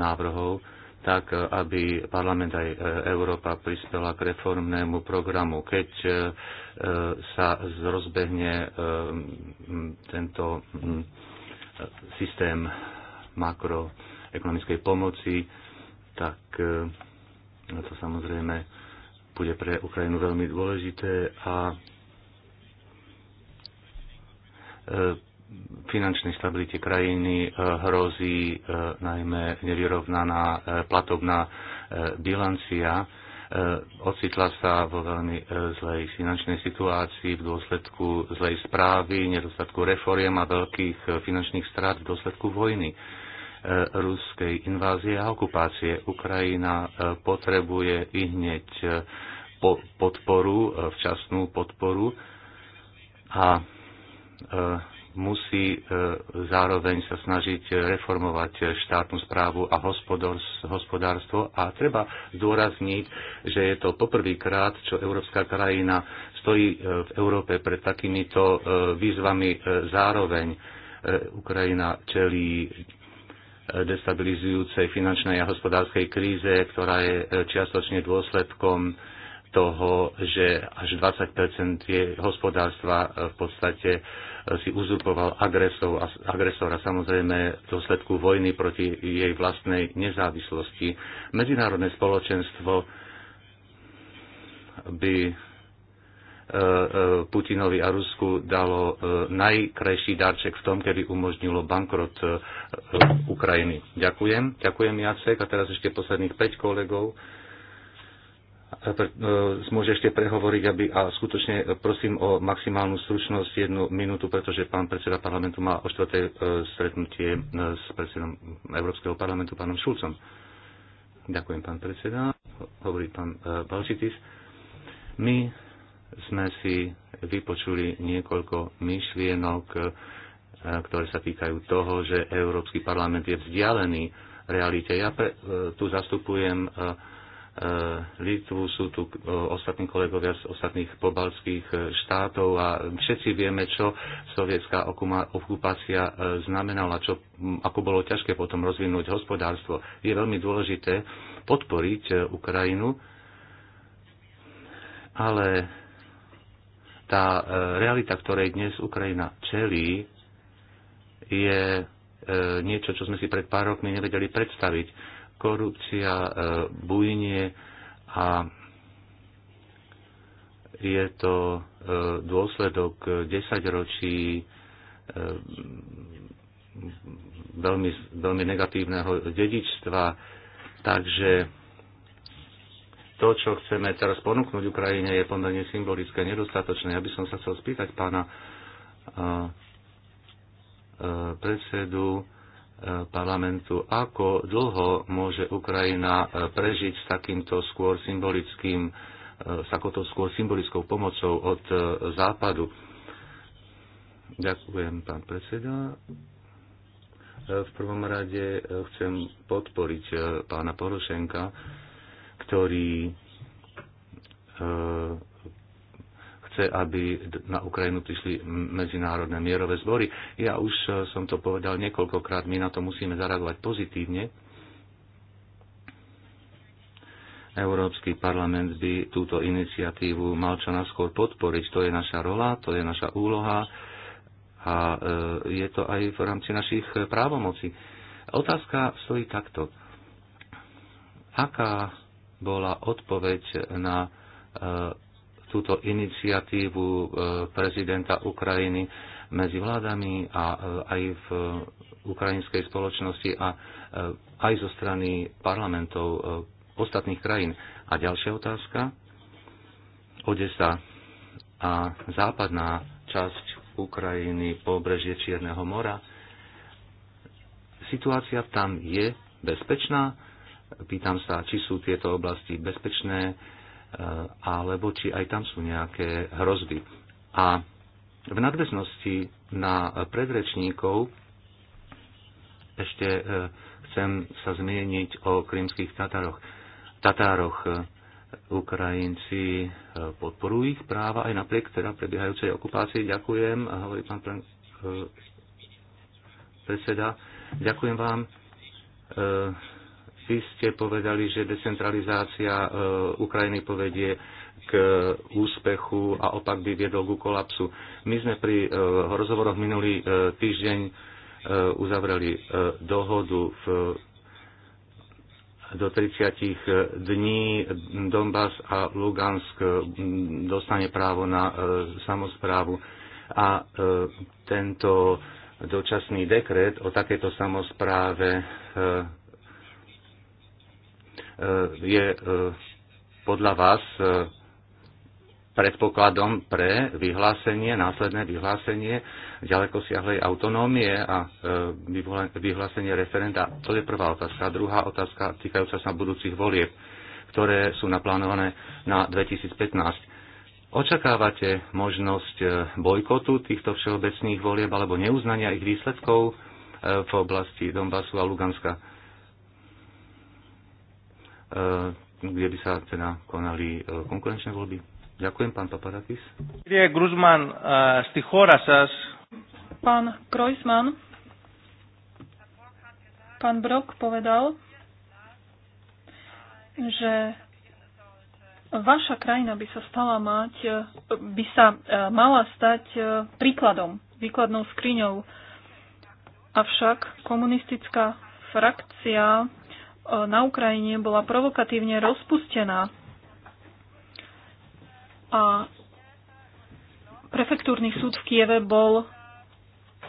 návrhov tak aby parlament aj e, Európa prispela k reformnému programu. Keď e, e, sa rozbehne tento systém makroekonomickej pomoci, tak no to samozrejme bude pre Ukrajinu veľmi dôležité a finančnej stabilite krajiny e, hrozí e, najmä nevyrovnaná e, platobná bilancia. Ocitla sa vo veľmi zlej finančnej situácii v dôsledku zlej správy, nedostatku reforiem a veľkých finančných strát v dôsledku vojny ruskej invázie a okupácie. Ukrajina potrebuje i hneď podporu, včasnú podporu a musí e, zároveň sa snažiť reformovať štátnu správu a hospodárstvo a treba zdôrazniť, že je to poprvýkrát, čo európska krajina stojí e, v Európe pred takýmito e, výzvami zároveň. Ukrajina čelí destabilizujúcej finančnej a hospodárskej kríze, ktorá je čiastočne dôsledkom toho, že až 20 je hospodárstva eh, v podstate eh, si uzurpoval agresor agresora, samozrejme v dôsledku vojny proti jej vlastnej nezávislosti. Medzinárodné spoločenstvo by eh, Putinovi a Rusku dalo najkrajší darček v tom, kedy umožnilo bankrot Ukrajiny. Ďakujem. Ďakujem, Jacek. A teraz ešte posledných 5 kolegov. E, môže ešte prehovoriť, aby, a skutočne e, prosím o maximálnu stručnosť jednu minútu, pretože pán predseda parlamentu má o štvrté e, stretnutie s predsedom Európskeho parlamentu, pánom Šulcom. Ďakujem, pán predseda. Hovorí pán Balčitis. My sme si vypočuli niekoľko myšlienok, ktoré sa týkajú toho, že Európsky parlament je vzdialený realite. Ja pre, tu zastupujem E, Litvu, sú tu e, ostatní kolegovia z ostatných pobalských e, štátov a všetci vieme, čo sovietská okupácia znamenala, čo, ako bolo ťažké potom rozvinúť hospodárstvo. Je veľmi dôležité podporiť Ukrajinu, ale tá realita, ktorej dnes Ukrajina čelí, je niečo, čo sme si pred pár rokmi nevedeli predstaviť korupcia e, bujnie a je to e, dôsledok desaťročí e, veľmi, veľmi negatívneho dedičstva. Takže to, čo chceme teraz ponúknuť Ukrajine, je pomerne symbolické, nedostatočné. Ja by som sa chcel spýtať pána predsedu parlamentu, ako dlho môže Ukrajina e, prežiť s takýmto skôr symbolickým, e, s takouto skôr symbolickou pomocou od e, západu. Ďakujem, pán predseda. V prvom rade chcem podporiť pána Porošenka, ktorý chce, aby na Ukrajinu prišli medzinárodné mierové zbory. Ja už eh, som to povedal niekoľkokrát, my na to musíme zareagovať pozitívne. Európsky parlament by túto iniciatívu mal čo naskôr podporiť. To je naša rola, to je naša úloha a eh, je to aj v rámci našich právomocí. Otázka stojí takto. Aká bola odpoveď na eh, túto iniciatívu e, prezidenta Ukrajiny medzi vládami a e, aj v e, ukrajinskej spoločnosti a aj zo strany parlamentov ostatných krajín. A ďalšia otázka. Odesa a západná časť Ukrajiny po brežie Čierneho mora. Situácia tam je bezpečná. Pýtam sa, či sú tieto oblasti bezpečné alebo či aj tam sú nejaké hrozby. A v nadväznosti na predrečníkov ešte e, chcem sa zmieniť o krymských Tatároch. Tatároch e, Ukrajinci e, podporujú ich práva aj napriek teda prebiehajúcej okupácii. Ďakujem, hovorí pán predseda. Ďakujem vám vy ste povedali, že decentralizácia e, Ukrajiny povedie k úspechu a opak by viedol ku kolapsu. My sme pri e, rozhovoroch minulý e, týždeň uzavreli dohodu v do 30 dní Donbass a Lugansk dostane právo na samozprávu a tento dočasný dekret o takejto samozpráve E, je e, podľa vás e, predpokladom pre vyhlásenie, následné vyhlásenie ďaleko siahlej autonómie a vyhlásenie referenda. To je prvá otázka. Druhá otázka týkajúca sa budúcich volieb, ktoré sú naplánované na 2015. Očakávate možnosť bojkotu týchto všeobecných volieb alebo neuznania ich výsledkov v oblasti Donbasu a Luganska? E, kde by sa teda konali e, konkurenčné voľby. Ďakujem, pán Papadakis. E, pán Krojsman, pán Brok povedal, že vaša krajina by sa stala mať, by sa mala stať príkladom, výkladnou skriňou. Avšak komunistická frakcia na Ukrajine bola provokatívne rozpustená a prefektúrny súd v Kieve bol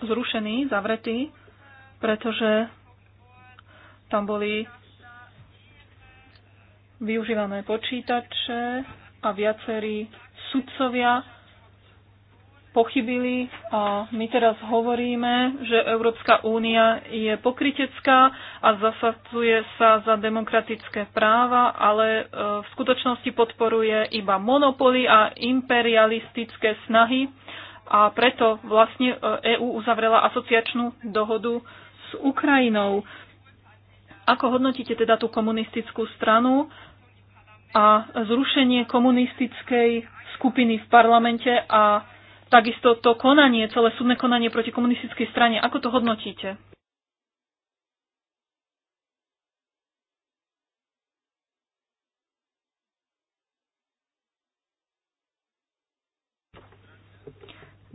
zrušený, zavretý, pretože tam boli využívané počítače a viacerí sudcovia pochybili a my teraz hovoríme, že Európska únia je pokritecká a zasadzuje sa za demokratické práva, ale e, v skutočnosti podporuje iba monopoly a imperialistické snahy a preto vlastne EÚ e uzavrela asociačnú dohodu s Ukrajinou. Ako hodnotíte teda tú komunistickú stranu a zrušenie komunistickej skupiny v parlamente a Takisto to konanie, celé súdne konanie proti komunistickej strane, ako to hodnotíte?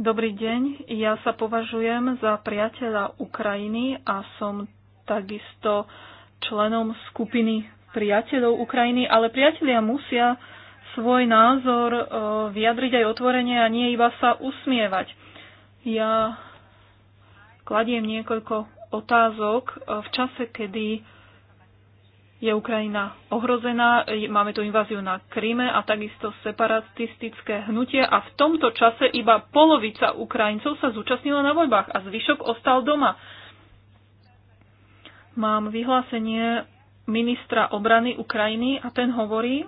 Dobrý deň, ja sa považujem za priateľa Ukrajiny a som takisto členom skupiny priateľov Ukrajiny, ale priatelia musia svoj názor e, vyjadriť aj otvorene a nie iba sa usmievať. Ja kladiem niekoľko otázok e, v čase, kedy je Ukrajina ohrozená, e, máme tu inváziu na Kríme a takisto separatistické hnutie a v tomto čase iba polovica Ukrajincov sa zúčastnila na voľbách a zvyšok ostal doma. Mám vyhlásenie ministra obrany Ukrajiny a ten hovorí,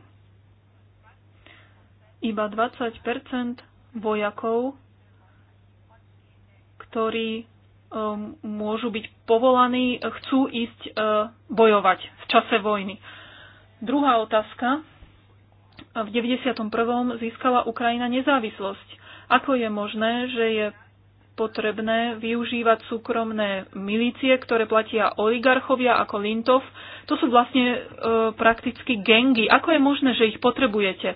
iba 20 vojakov, ktorí um, môžu byť povolaní, chcú ísť uh, bojovať v čase vojny. Druhá otázka. V 91. získala Ukrajina nezávislosť. Ako je možné, že je potrebné využívať súkromné milície, ktoré platia oligarchovia ako Lintov. To sú vlastne e, prakticky gengy. Ako je možné, že ich potrebujete?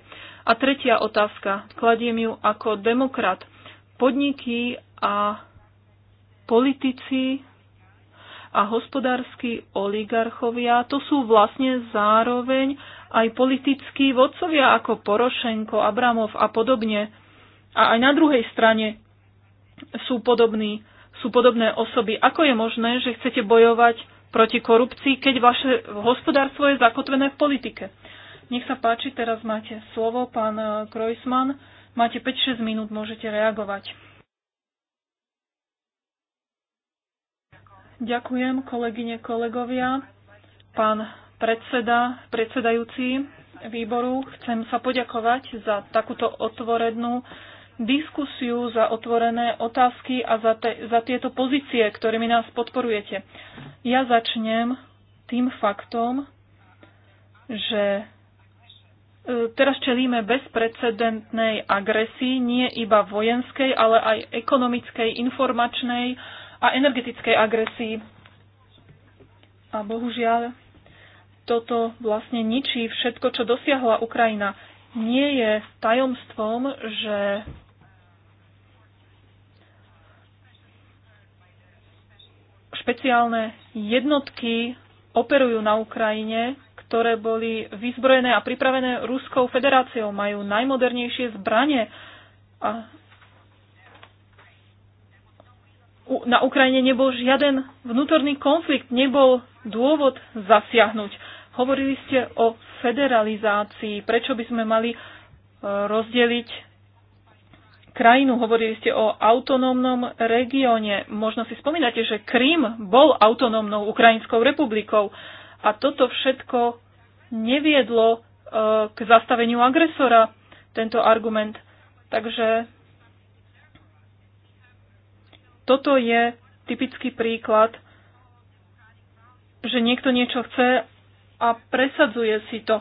A tretia otázka, kladiem ju ako demokrat. Podniky a politici a hospodárski oligarchovia, to sú vlastne zároveň aj politickí vodcovia ako Porošenko, Abramov a podobne. A aj na druhej strane sú, podobní, sú podobné osoby. Ako je možné, že chcete bojovať proti korupcii, keď vaše hospodárstvo je zakotvené v politike? Nech sa páči, teraz máte slovo, pán eh, Krojsman. Máte 5-6 minút, môžete reagovať. Ďakujem, kolegyne, kolegovia. Pán predseda, predsedajúci výboru, chcem sa poďakovať za takúto otvorenú diskusiu, za otvorené otázky a za, te, za tieto pozície, ktorými nás podporujete. Ja začnem tým faktom, že Teraz čelíme bezprecedentnej agresii, nie iba vojenskej, ale aj ekonomickej, informačnej a energetickej agresii. A bohužiaľ, toto vlastne ničí všetko, čo dosiahla Ukrajina. Nie je tajomstvom, že špeciálne jednotky operujú na Ukrajine ktoré boli vyzbrojené a pripravené Ruskou federáciou, majú najmodernejšie zbranie. A na Ukrajine nebol žiaden vnútorný konflikt, nebol dôvod zasiahnuť. Hovorili ste o federalizácii, prečo by sme mali e, rozdeliť krajinu. Hovorili ste o autonómnom regióne. Možno si spomínate, že Krím bol autonómnou Ukrajinskou republikou. A toto všetko neviedlo e, k zastaveniu agresora, tento argument. Takže toto je typický príklad, že niekto niečo chce a presadzuje si to.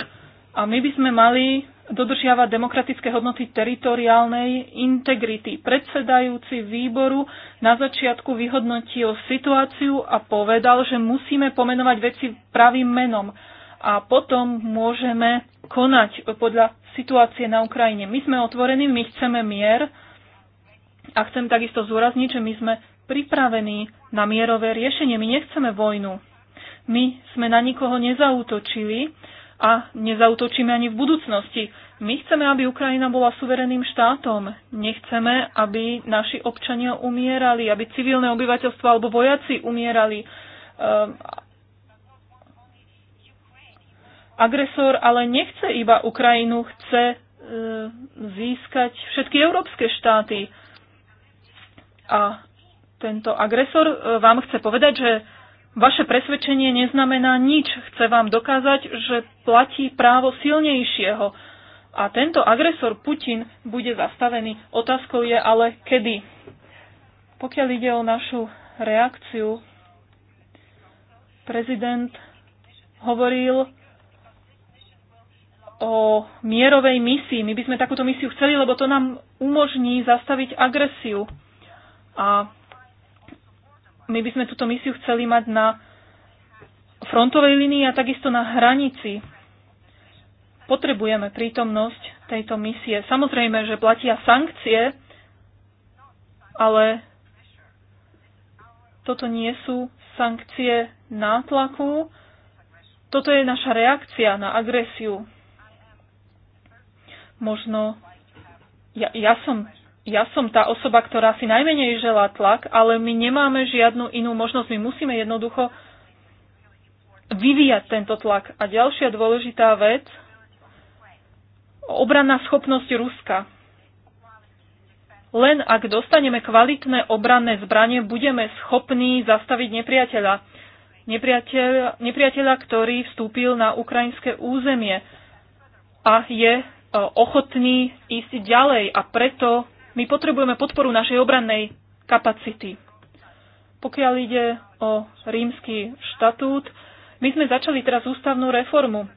A my by sme mali dodržiava demokratické hodnoty teritoriálnej integrity. Predsedajúci výboru na začiatku vyhodnotil situáciu a povedal, že musíme pomenovať veci pravým menom a potom môžeme konať podľa situácie na Ukrajine. My sme otvorení, my chceme mier a chcem takisto zúrazniť, že my sme pripravení na mierové riešenie. My nechceme vojnu. My sme na nikoho nezautočili, a nezautočíme ani v budúcnosti. My chceme, aby Ukrajina bola suverenným štátom. Nechceme, aby naši občania umierali, aby civilné obyvateľstvo alebo vojaci umierali. Ehm, agresor ale nechce iba Ukrajinu, chce e, získať všetky európske štáty. A tento agresor e, vám chce povedať, že Vaše presvedčenie neznamená nič. Chce vám dokázať, že platí právo silnejšieho. A tento agresor Putin bude zastavený. Otázkou je ale kedy. Pokiaľ ide o našu reakciu, prezident hovoril o mierovej misii. My by sme takúto misiu chceli, lebo to nám umožní zastaviť agresiu. A my by sme túto misiu chceli mať na frontovej línii a takisto na hranici. Potrebujeme prítomnosť tejto misie. Samozrejme, že platia sankcie, ale toto nie sú sankcie nátlaku, toto je naša reakcia na agresiu. Možno ja, ja som ja som tá osoba, ktorá si najmenej žela tlak, ale my nemáme žiadnu inú možnosť. My musíme jednoducho vyvíjať tento tlak. A ďalšia dôležitá vec, obranná schopnosť Ruska. Len ak dostaneme kvalitné obranné zbranie, budeme schopní zastaviť nepriateľa. Nepriateľ, nepriateľa, ktorý vstúpil na ukrajinské územie a je e, ochotný ísť ďalej a preto my potrebujeme podporu našej obrannej kapacity. Pokiaľ ide o rímsky štatút, my sme začali teraz ústavnú reformu.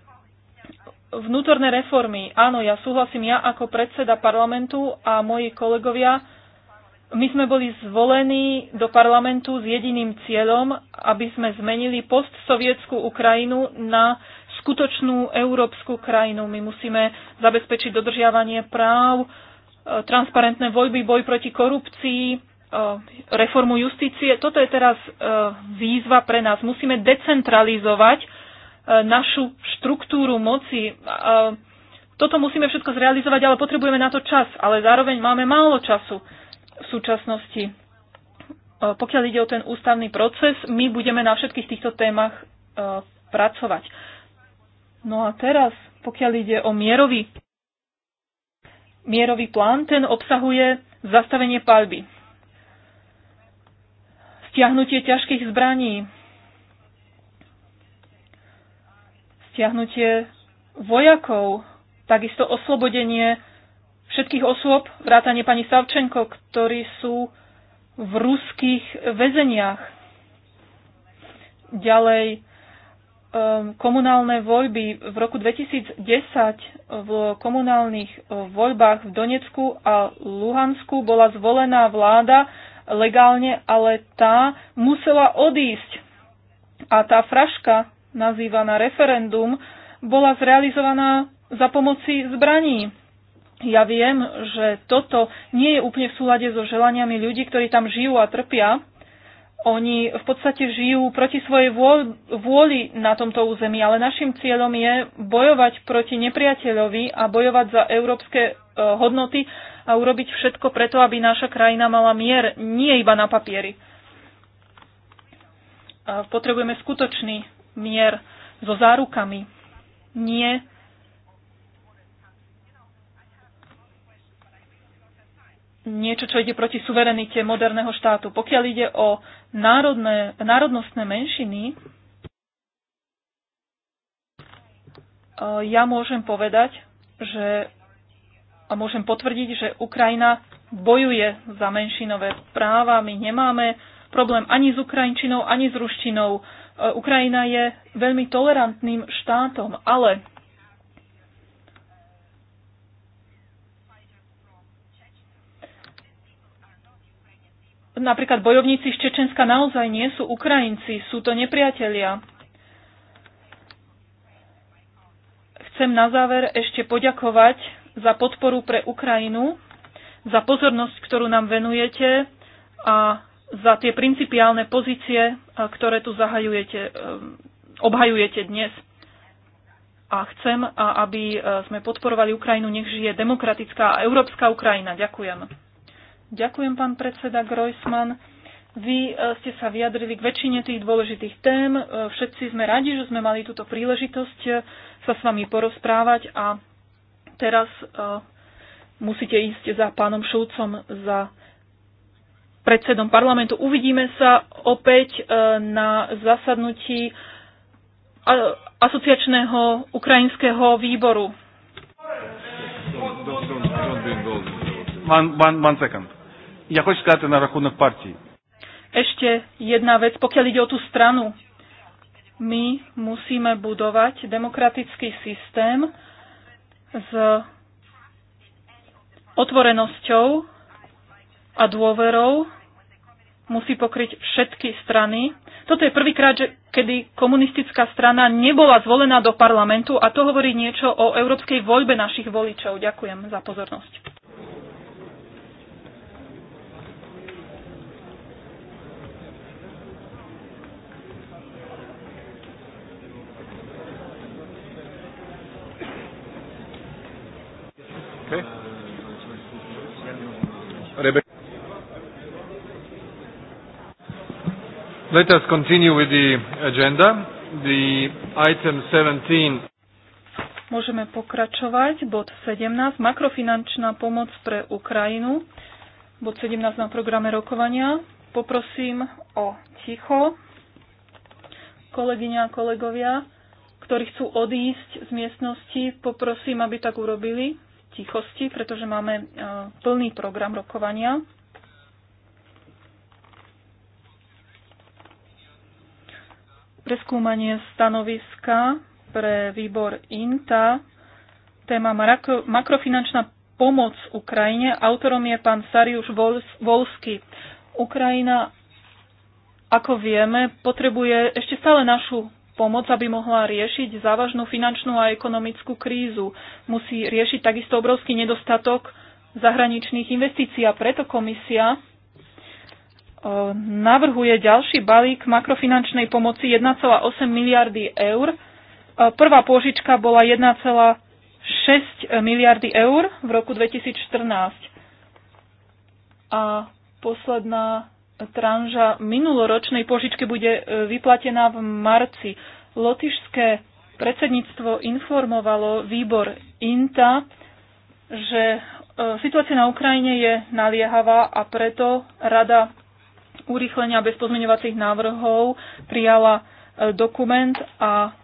Vnútorné reformy. Áno, ja súhlasím, ja ako predseda parlamentu a moji kolegovia, my sme boli zvolení do parlamentu s jediným cieľom, aby sme zmenili postsovietskú Ukrajinu na skutočnú európsku krajinu. My musíme zabezpečiť dodržiavanie práv, transparentné voľby, boj proti korupcii, e, reformu justície. Toto je teraz e, výzva pre nás. Musíme decentralizovať e, našu štruktúru moci. Toto musíme všetko zrealizovať, ale potrebujeme na to čas. Ale zároveň máme málo času v súčasnosti. Pokiaľ ide o ten ústavný proces, my budeme na všetkých týchto témach pracovať. No a teraz, pokiaľ ide o mierový mierový plán, ten obsahuje zastavenie palby, stiahnutie ťažkých zbraní, stiahnutie vojakov, takisto oslobodenie všetkých osôb, vrátanie pani Savčenko, ktorí sú v ruských väzeniach. Ďalej Um, komunálne voľby. V roku 2010 v komunálnych uh, voľbách v Donecku a Luhansku bola zvolená vláda legálne, ale tá musela odísť. A tá fraška, nazývaná referendum, bola zrealizovaná za pomoci zbraní. Ja viem, že toto nie je úplne v súlade so želaniami ľudí, ktorí tam žijú a trpia, oni v podstate žijú proti svojej vôli na tomto území, ale našim cieľom je bojovať proti nepriateľovi a bojovať za európske e, hodnoty a urobiť všetko preto, aby naša krajina mala mier, nie iba na papieri. Potrebujeme skutočný mier so zárukami, nie niečo, čo ide proti suverenite moderného štátu. Pokiaľ ide o národné, národnostné menšiny, eh, ja môžem povedať, že a môžem potvrdiť, že Ukrajina bojuje za menšinové práva. My nemáme problém ani s Ukrajinčinou, ani s ruštinou. Eh, Ukrajina je veľmi tolerantným štátom, ale napríklad bojovníci z Čečenska naozaj nie sú Ukrajinci, sú to nepriatelia. Chcem na záver ešte poďakovať za podporu pre Ukrajinu, za pozornosť, ktorú nám venujete a za tie principiálne pozície, ktoré tu zahajujete, ehm, obhajujete dnes. A chcem, aby e, sme podporovali Ukrajinu, nech žije demokratická a európska Ukrajina. Ďakujem. Ďakujem, pán predseda Grojsman. Vy e, ste sa vyjadrili k väčšine tých dôležitých tém. E, všetci sme radi, že sme mali túto príležitosť e, sa s vami porozprávať a teraz musíte ísť za pánom Šulcom, za predsedom parlamentu. Uvidíme sa opäť na zasadnutí asociačného ukrajinského výboru. One, one, one second. Я хочу сказати на рахунок партії. Ešte jedna vec, pokiaľ ide o tú stranu. My musíme budovať demokratický systém s otvorenosťou a dôverou. Musí pokryť všetky strany. Toto je prvýkrát, kedy komunistická strana nebola zvolená do parlamentu a to hovorí niečo o európskej voľbe našich voličov. Ďakujem za pozornosť. Rebecca. Let us continue with the agenda. The item 17. Môžeme pokračovať. Bod 17. Makrofinančná pomoc pre Ukrajinu. Bod 17 na programe rokovania. Poprosím o ticho. Kolegyňa a kolegovia, ktorí chcú odísť z miestnosti, poprosím, aby tak urobili tichosti, pretože máme e, plný program rokovania. Preskúmanie stanoviska pre výbor INTA, téma makrofinančná pomoc Ukrajine. Autorom je pán Sariuš Volsky. Ukrajina, ako vieme, potrebuje ešte stále našu pomoc, aby mohla riešiť závažnú finančnú a ekonomickú krízu. Musí riešiť takisto obrovský nedostatok zahraničných investícií a preto komisia e, navrhuje ďalší balík makrofinančnej pomoci 1,8 miliardy eur. E, prvá pôžička bola 1,6 miliardy eur v roku 2014. A posledná tranža minuloročnej požičky bude e, vyplatená v marci. Lotyšské predsedníctvo informovalo výbor INTA, že e, situácia na Ukrajine je naliehavá a preto Rada urýchlenia bez pozmeňovacích návrhov prijala e, dokument a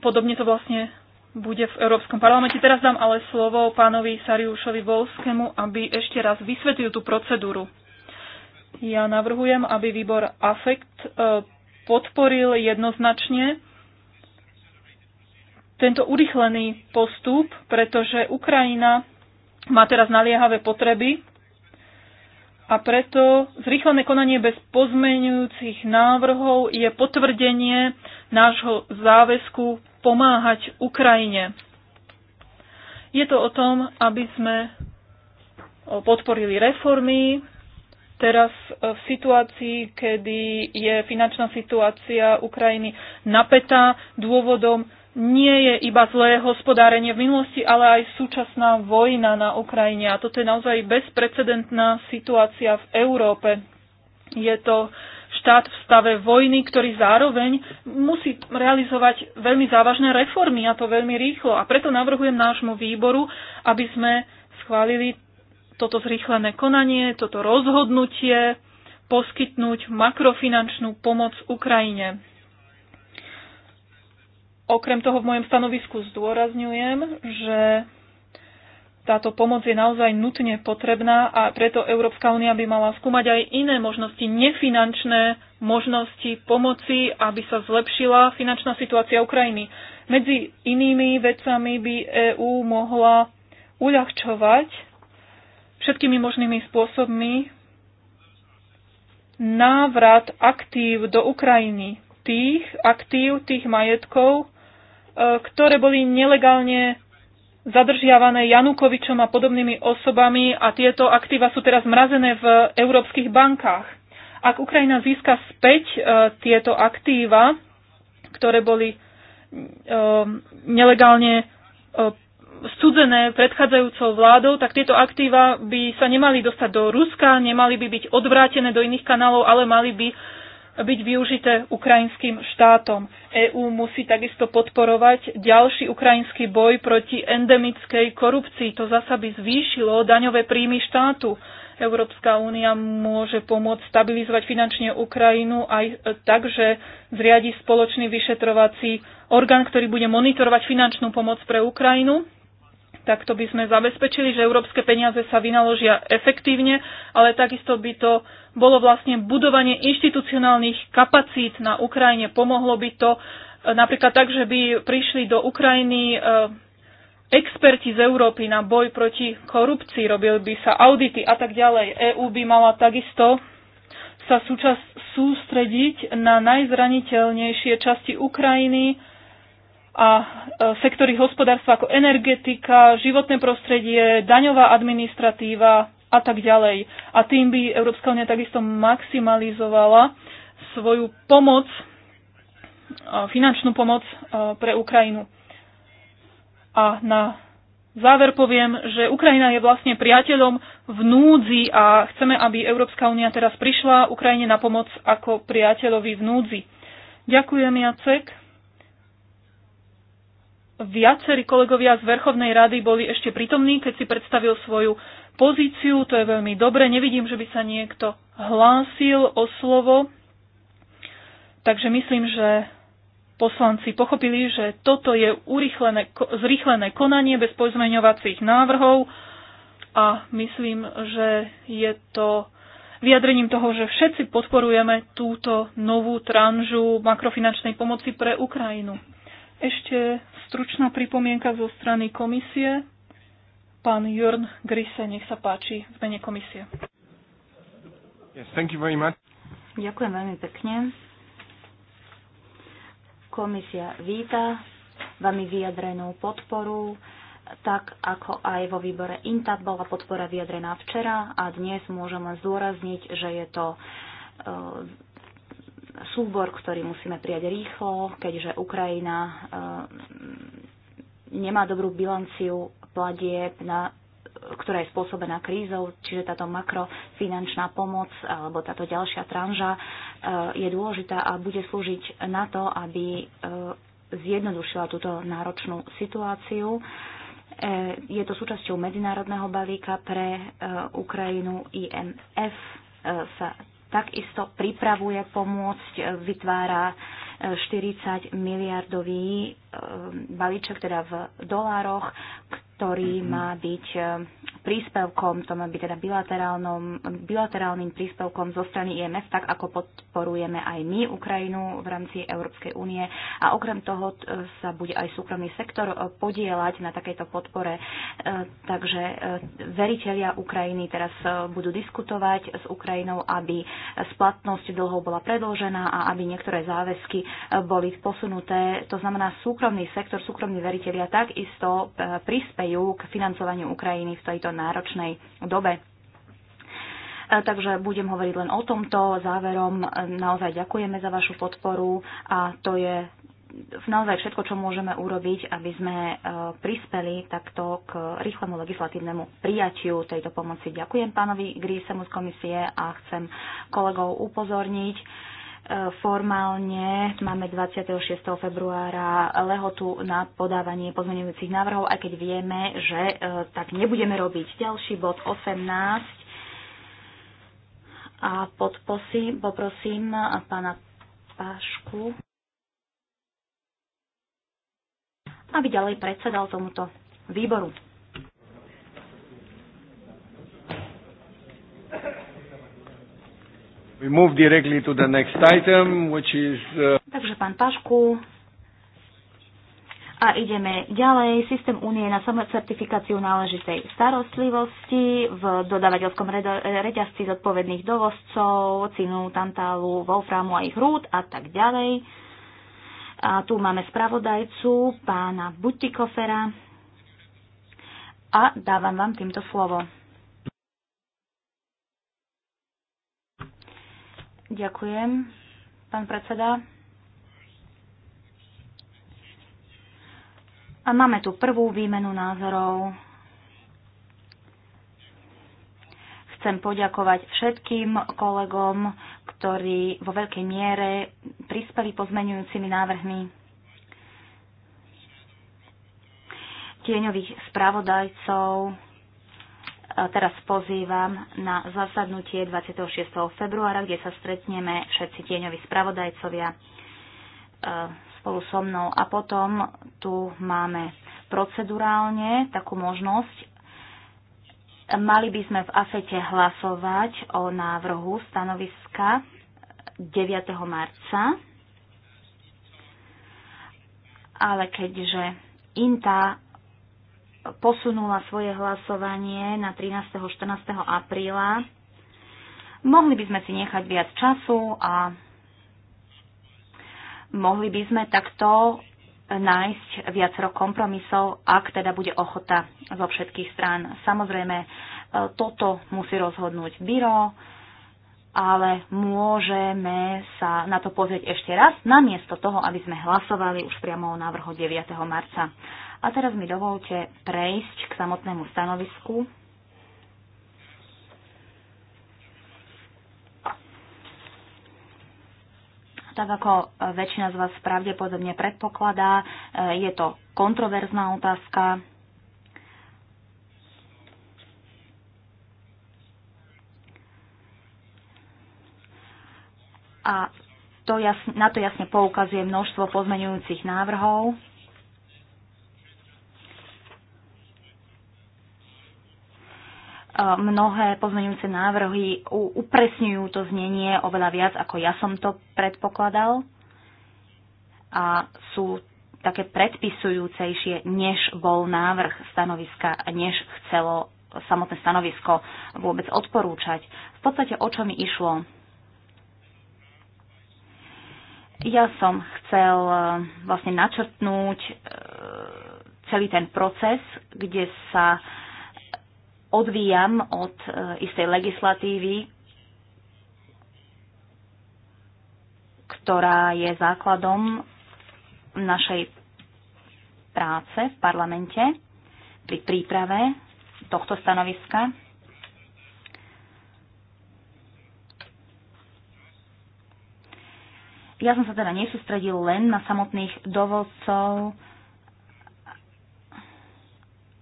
podobne to vlastne bude v Európskom parlamente. Teraz dám ale slovo pánovi Sariušovi Volskému, aby ešte raz vysvetlil tú procedúru. Ja navrhujem, aby výbor AFEKT e, podporil jednoznačne tento urychlený postup, pretože Ukrajina má teraz naliehavé potreby a preto zrýchlené konanie bez pozmeňujúcich návrhov je potvrdenie nášho záväzku pomáhať Ukrajine. Je to o tom, aby sme podporili reformy. Teraz v situácii, kedy je finančná situácia Ukrajiny napätá dôvodom nie je iba zlé hospodárenie v minulosti, ale aj súčasná vojna na Ukrajine. A toto je naozaj bezprecedentná situácia v Európe. Je to uh, štát v stave vojny, ktorý zároveň musí realizovať veľmi závažné reformy a to veľmi rýchlo. A preto navrhujem nášmu výboru, aby sme schválili toto zrýchlené konanie, toto rozhodnutie poskytnúť makrofinančnú pomoc Ukrajine. Okrem toho v mojom stanovisku zdôrazňujem, že táto pomoc je naozaj nutne potrebná a preto Európska únia by mala skúmať aj iné možnosti, nefinančné možnosti pomoci, aby sa zlepšila finančná situácia Ukrajiny. Medzi inými vecami by EÚ mohla uľahčovať všetkými možnými spôsobmi návrat aktív do Ukrajiny. Tých aktív, tých majetkov, e, ktoré boli nelegálne zadržiavané Janukovičom a podobnými osobami a tieto aktíva sú teraz mrazené v európskych bankách. Ak Ukrajina získa späť e, tieto aktíva, ktoré boli e, nelegálne e, studzené predchádzajúcou vládou, tak tieto aktíva by sa nemali dostať do Ruska, nemali by byť odvrátené do iných kanálov, ale mali by byť využité ukrajinským štátom. EÚ musí takisto podporovať ďalší ukrajinský boj proti endemickej korupcii. To zasa by zvýšilo daňové príjmy štátu. Európska únia môže pomôcť stabilizovať finančne Ukrajinu aj e, tak, že zriadi spoločný vyšetrovací orgán, ktorý bude monitorovať finančnú pomoc pre Ukrajinu. Takto by sme zabezpečili, že európske peniaze sa vynaložia efektívne, ale takisto by to bolo vlastne budovanie inštitucionálnych kapacít na Ukrajine. Pomohlo by to e, napríklad tak, že by prišli do Ukrajiny e, experti z Európy na boj proti korupcii, robili by sa audity a tak ďalej. EÚ by mala takisto sa súčasť sústrediť na najzraniteľnejšie časti Ukrajiny a e, sektory hospodárstva ako energetika, životné prostredie, daňová administratíva, a tak ďalej. A tým by Európska únia takisto maximalizovala svoju pomoc, finančnú pomoc pre Ukrajinu. A na záver poviem, že Ukrajina je vlastne priateľom v núdzi a chceme, aby Európska únia teraz prišla Ukrajine na pomoc ako priateľovi v núdzi. Ďakujem, Jacek. Viacerí kolegovia z Verchovnej rady boli ešte prítomní, keď si predstavil svoju pozíciu, to je veľmi dobre. Nevidím, že by sa niekto hlásil o slovo. Takže myslím, že poslanci pochopili, že toto je urychlené, zrýchlené konanie bez pozmeňovacích návrhov a myslím, že je to vyjadrením toho, že všetci podporujeme túto novú tranžu makrofinančnej pomoci pre Ukrajinu. Ešte stručná pripomienka zo strany komisie. Pán Jörn Grise, nech sa páči v mene komisie. Yes, thank you very much. Ďakujem veľmi pekne. Komisia víta vami vyjadrenú podporu, tak ako aj vo výbore Inta bola podpora vyjadrená včera a dnes môžem len zdôrazniť, že je to e, súbor, ktorý musíme prijať rýchlo, keďže Ukrajina e, nemá dobrú bilanciu platieb, na, ktorá je spôsobená krízou, čiže táto makrofinančná pomoc alebo táto ďalšia tranža e, je dôležitá a bude slúžiť na to, aby e, zjednodušila túto náročnú situáciu. E, je to súčasťou medzinárodného balíka pre Ukrajinu. IMF sa takisto pripravuje pomôcť, vytvára 40 miliardový balíček, teda v dolároch, ktorý mhm. má byť e, príspevkom, to má byť teda bilaterálnym príspevkom zo strany IMF, tak ako podporujeme aj my Ukrajinu v rámci Európskej únie. A okrem toho e, sa bude aj súkromný sektor e, podielať na takejto podpore. Takže veriteľia Ukrajiny teraz budú diskutovať s Ukrajinou, aby splatnosť dlhov bola predlžená a aby niektoré záväzky boli posunuté. To znamená, súkromný sektor, súkromní veriteľia takisto prispejú EÚ k financovaniu Ukrajiny v tejto náročnej dobe. E, takže budem hovoriť len o tomto. Záverom e, naozaj ďakujeme za vašu podporu a to je naozaj všetko, čo môžeme urobiť, aby sme e, prispeli takto k rýchlemu legislatívnemu prijatiu tejto pomoci. Ďakujem pánovi Grísemu z komisie a chcem kolegov upozorniť, Formálne máme 26. februára lehotu na podávanie pozmeňujúcich návrhov, aj keď vieme, že e, tak nebudeme robiť. Ďalší bod 18. A podposím, poprosím pána Pašku, aby ďalej predsedal tomuto výboru. We move directly to the next item, which is... Uh... Takže pán Pašku. A ideme ďalej. Systém únie na certifikáciu náležitej starostlivosti v dodávateľskom reťazci zodpovedných dovozcov, cinu, tantálu, wolframu a ich rúd a tak ďalej. A tu máme spravodajcu pána Butikofera a dávam vám týmto slovo. Ďakujem, pán predseda. A máme tu prvú výmenu názorov. Chcem poďakovať všetkým kolegom, ktorí vo veľkej miere prispeli pozmenujúcimi návrhmi tieňových spravodajcov, teraz pozývam na zasadnutie 26. februára, kde sa stretneme všetci tieňoví spravodajcovia e, spolu so mnou. A potom tu máme procedurálne takú možnosť. Mali by sme v AFETE hlasovať o návrhu stanoviska 9. marca, ale keďže INTA posunula svoje hlasovanie na 13. 14. apríla. Mohli by sme si nechať viac času a mohli by sme takto nájsť viacero kompromisov, ak teda bude ochota zo všetkých strán. Samozrejme, e, toto musí rozhodnúť byro, ale môžeme sa na to pozrieť ešte raz, namiesto toho, aby sme hlasovali už priamo o návrhu 9. marca. A teraz mi dovolte prejsť k samotnému stanovisku. Tak ako väčšina z vás pravdepodobne predpokladá, eh, je to kontroverzná otázka. A to jasne, na to jasne poukazuje množstvo pozmenujúcich návrhov. mnohé pozmeňujúce návrhy upresňujú to znenie oveľa viac, ako ja som to predpokladal a sú také predpisujúcejšie, než bol návrh stanoviska, než chcelo samotné stanovisko vôbec odporúčať. V podstate o čo mi išlo? Ja som chcel e, vlastne načrtnúť e, celý ten proces, kde sa uh, odvíjam od e, istej legislatívy, ktorá je základom našej práce v parlamente pri príprave tohto stanoviska. Ja som sa teda nesústredil len na samotných dovodcov,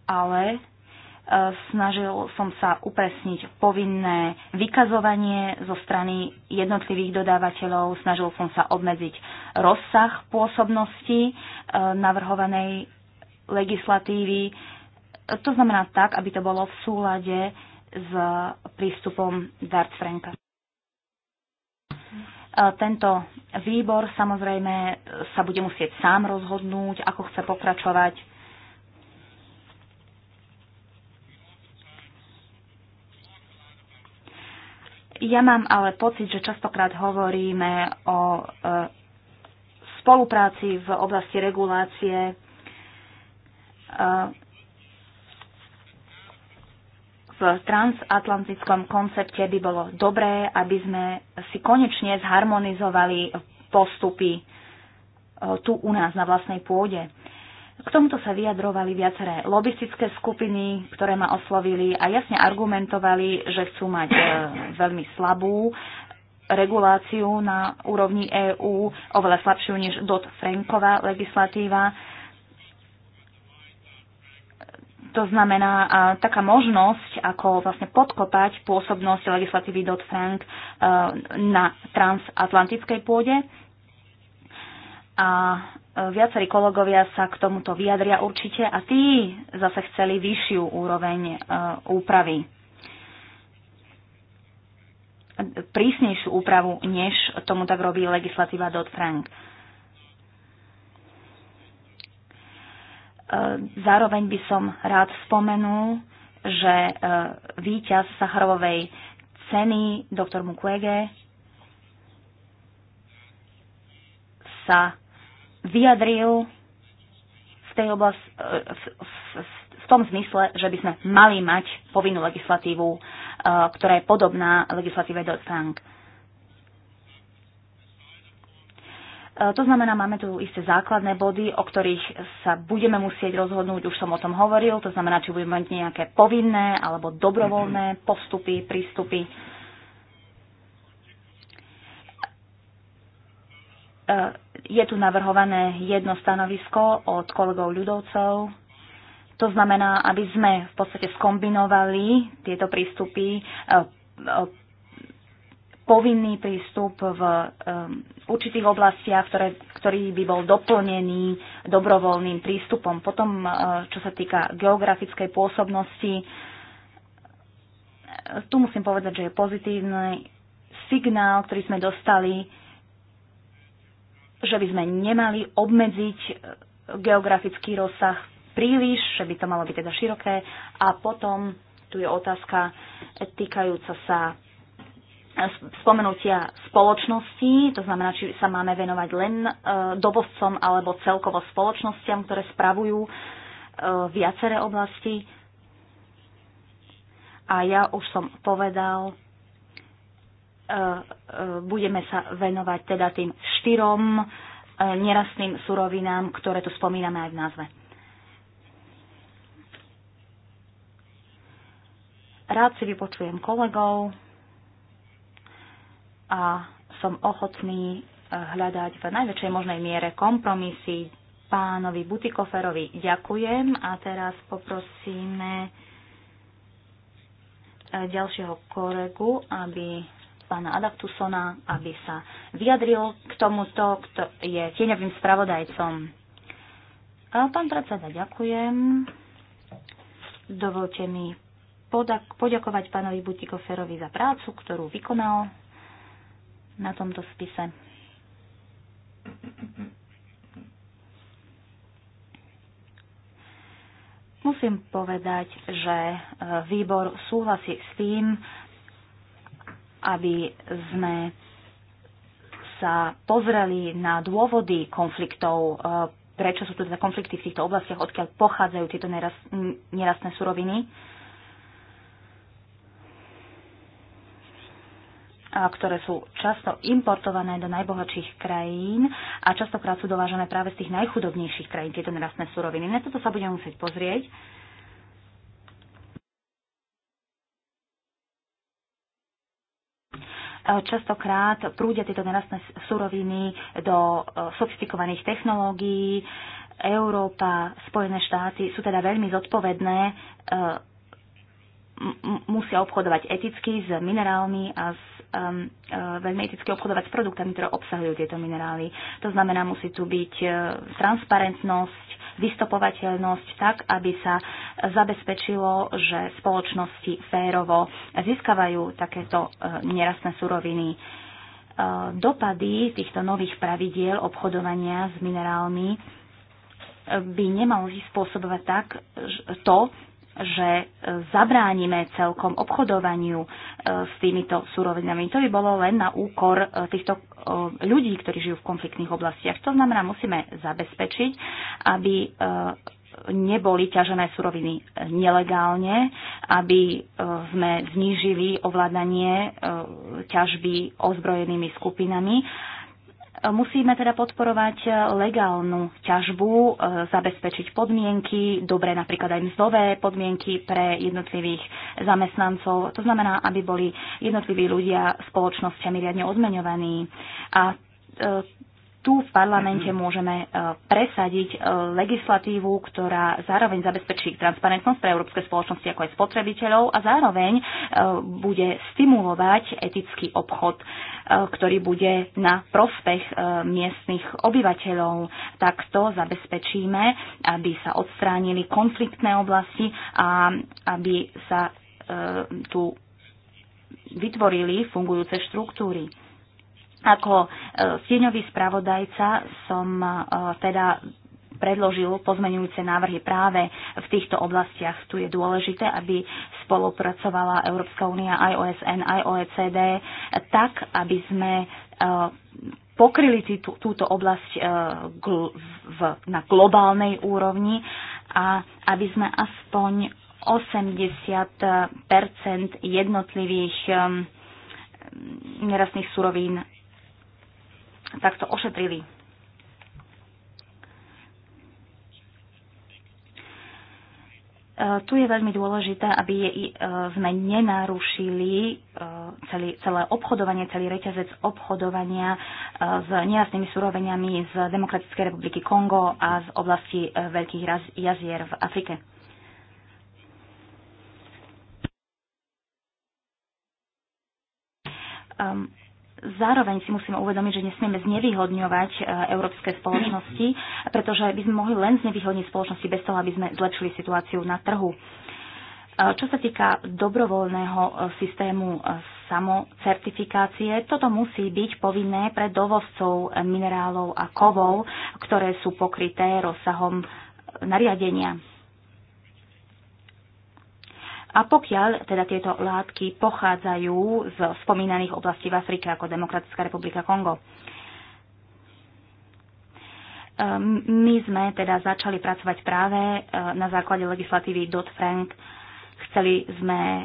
ale snažil som sa upresniť povinné vykazovanie zo strany jednotlivých dodávateľov, snažil som sa obmedziť rozsah pôsobnosti e, navrhovanej legislatívy. To znamená tak, aby to bolo v súlade s prístupom Dart Franka. E, tento výbor samozrejme sa bude musieť sám rozhodnúť, ako chce pokračovať Ja mám ale pocit, že častokrát hovoríme o e, spolupráci v oblasti regulácie. E, v transatlantickom koncepte by bolo dobré, aby sme si konečne zharmonizovali postupy e, tu u nás na vlastnej pôde. K tomuto sa vyjadrovali viaceré lobistické skupiny, ktoré ma oslovili a jasne argumentovali, že chcú mať e, veľmi slabú reguláciu na úrovni EÚ, oveľa slabšiu než Dot franková legislatíva. To znamená, taká možnosť, ako vlastne podkopať pôsobnosť legislatívy Dot frank e, na transatlantickej pôde. A Viacerí kolegovia sa k tomuto vyjadria určite a tí zase chceli vyššiu úroveň e, úpravy. Prísnejšiu úpravu, než tomu tak robí legislatíva Dodd-Frank. E, zároveň by som rád spomenul, že e, víťaz Sacharovej ceny, doktor Mukwege, sa vyjadril v tej oblasti, e, v, v, v tom zmysle, že by sme mali mať povinnú legislatívu, e, ktorá je podobná legislatíve do frank e, To znamená, máme tu isté základné body, o ktorých sa budeme musieť rozhodnúť, už som o tom hovoril, to znamená, či budeme mať nejaké povinné alebo dobrovoľné postupy, prístupy. Uh, Eh, je tu navrhované jedno stanovisko od kolegov ľudovcov. To znamená, aby sme v podstate skombinovali tieto prístupy, eh, eh, povinný prístup v určitých oblastiach, ktoré, ktorý by bol doplnený dobrovoľným prístupom. Potom, čo sa týka geografickej pôsobnosti, tu musím povedať, že je pozitívny signál, ktorý sme dostali že by sme nemali obmedziť e, geografický rozsah príliš, že by to malo byť teda široké. A potom tu je otázka týkajúca sa spomenutia spoločnosti, to znamená, či sa máme venovať len e, dovozcom alebo celkovo spoločnostiam, ktoré spravujú e, viaceré oblasti. A ja už som povedal, E, e, budeme sa venovať teda tým štyrom e, nerastným surovinám, ktoré tu spomíname aj v názve. Rád si vypočujem kolegov a som ochotný hľadať v najväčšej možnej miere kompromisy. Pánovi Butikoferovi ďakujem a teraz poprosíme ďalšieho kolegu, aby pána Adaktusona, aby sa vyjadril k tomuto, kto je tieňovým spravodajcom. A pán predseda, ďakujem. Dovolte mi poďakovať pánovi Butikoferovi za prácu, ktorú vykonal na tomto spise. Musím povedať, že e, výbor súhlasí s tým, aby sme sa pozreli na dôvody konfliktov, e, prečo sú tu teda konflikty v týchto oblastiach, odkiaľ pochádzajú tieto nerastné suroviny, ktoré sú často importované do najbohatších krajín a častokrát sú dovážené práve z tých najchudobnejších krajín tieto nerastné suroviny. Na toto sa budeme musieť pozrieť. Častokrát prúdia tieto nerastné suroviny do e, sofistikovaných technológií. Európa, Spojené štáty sú teda veľmi zodpovedné e, musia obchodovať eticky s minerálmi a s, um, uh, veľmi eticky obchodovať s produktami, ktoré obsahujú tieto minerály. To znamená, musí tu byť uh, transparentnosť, vystopovateľnosť tak, aby sa zabezpečilo, že spoločnosti férovo získavajú takéto e, nerastné suroviny. E, dopady týchto nových pravidiel obchodovania s minerálmi e, by nemalo spôsobovať tak to, že e, zabránime celkom obchodovaniu e, s týmito surovinami. To by bolo len na úkor e, týchto ľudí, ktorí žijú v konfliktných oblastiach. To znamená, musíme zabezpečiť, aby neboli ťažené suroviny nelegálne, aby sme znížili ovládanie ťažby ozbrojenými skupinami Musíme teda podporovať e, legálnu ťažbu, e, zabezpečiť podmienky, dobre napríklad aj mzdové podmienky pre jednotlivých zamestnancov. To znamená, aby boli jednotliví ľudia spoločnosťami riadne odmeňovaní. A e, tu v parlamente mhm. môžeme e, presadiť e, legislatívu, ktorá zároveň zabezpečí transparentnosť pre európske spoločnosti ako aj spotrebiteľov a zároveň e, bude stimulovať etický obchod, ktorý bude na prospech miestnych obyvateľov. Takto zabezpečíme, aby sa odstránili konfliktné oblasti a aby sa tu vytvorili fungujúce štruktúry ako e, stieňový spravodajca som e, teda predložil pozmenujúce návrhy práve v týchto oblastiach. Tu je dôležité, aby spolupracovala Európska únia, aj OSN, aj OECD, tak, aby sme e, pokryli túto oblasť na globálnej úrovni a aby sme aspoň 80 jednotlivých nerastných surovín takto ošetrili. E, tu je veľmi dôležité, aby e, sme nenarušili e, celý, celé obchodovanie, celý reťazec obchodovania s nejasnými suroveniami z Demokratickej republiky Kongo a z oblasti veľkých jazier v Afrike. Um, Zároveň si musíme uvedomiť, že nesmieme znevýhodňovať e, európske spoločnosti, pretože by sme mohli len znevýhodniť spoločnosti bez toho, aby sme zlepšili situáciu na trhu. E, čo sa týka dobrovoľného e, systému samocertifikácie, toto musí byť povinné pre dovozcov minerálov a kovov, ktoré sú pokryté rozsahom nariadenia a pokiaľ teda tieto látky pochádzajú z spomínaných oblastí v Afrike ako Demokratická republika Kongo. Ehm, my sme teda začali pracovať práve e, na základe legislatívy Dodd-Frank. Chceli sme e,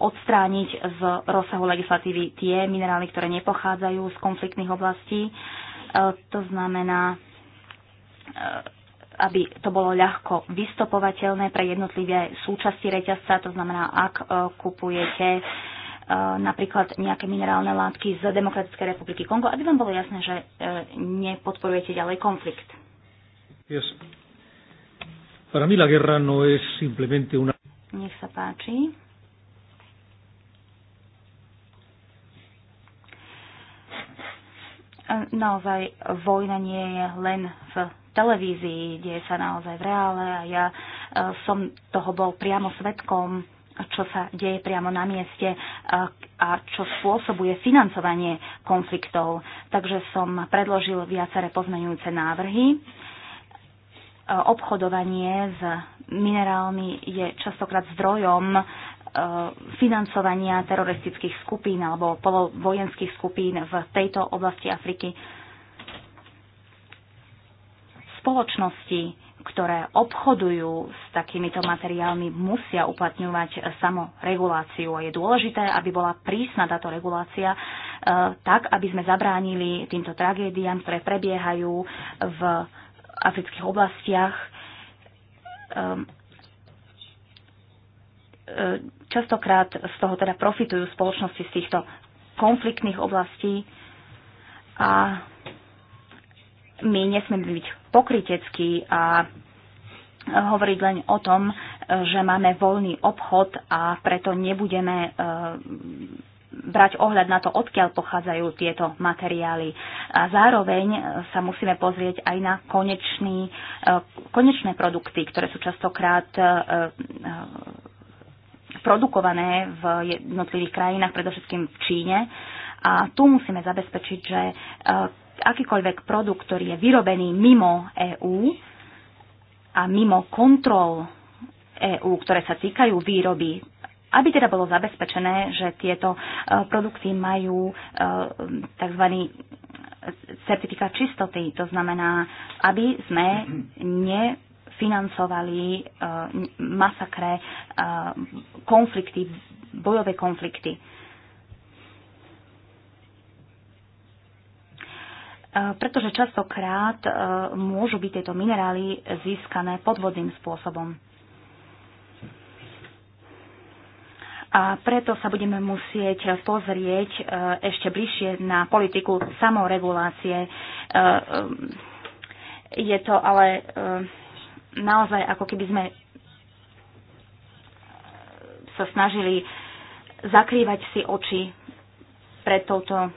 odstrániť z rozsahu legislatívy tie minerály, ktoré nepochádzajú z konfliktných oblastí. E, to znamená aby to bolo ľahko vystopovateľné pre jednotlivé súčasti reťazca, to znamená, ak e, kupujete e, napríklad nejaké minerálne látky z Demokratickej republiky Kongo, aby vám bolo jasné, že e, nepodporujete ďalej konflikt. Yes. Para mí la guerra no es simplemente una... Nech sa páči. Naozaj vojna nie je len v televízii, deje sa naozaj v reále a ja e, som toho bol priamo svetkom, čo sa deje priamo na mieste e, a čo spôsobuje financovanie konfliktov. Takže som predložil viaceré pozmeňujúce návrhy e, obchodovanie s minerálmi je častokrát zdrojom financovania teroristických skupín alebo polovojenských skupín v tejto oblasti Afriky spoločnosti, ktoré obchodujú s takýmito materiálmi, musia uplatňovať samoreguláciu. A je dôležité, aby bola prísna táto regulácia, e, tak aby sme zabránili týmto tragédiám, ktoré prebiehajú v afrických oblastiach ehm, e, častokrát z toho teda profitujú spoločnosti z týchto konfliktných oblastí a my nesmieme byť pokriteckí a e, hovoriť len o tom, e, že máme voľný obchod a preto nebudeme e, brať ohľad na to, odkiaľ pochádzajú tieto materiály. A zároveň sa musíme pozrieť aj na konečný, konečné produkty, ktoré sú častokrát produkované v jednotlivých krajinách, predovšetkým v Číne. A tu musíme zabezpečiť, že akýkoľvek produkt, ktorý je vyrobený mimo EÚ a mimo kontrol EÚ, ktoré sa týkajú výroby, aby teda bolo zabezpečené, že tieto e, produkty majú e, tzv. certifikát čistoty. To znamená, aby sme nefinancovali e, masakre, konflikty, bojové konflikty. E, pretože častokrát e, môžu byť tieto minerály získané podvodným spôsobom. A preto sa budeme musieť pozrieť e, ešte bližšie na politiku samoregulácie. Je to ale naozaj ako keby sme sa snažili zakrývať si oči pred touto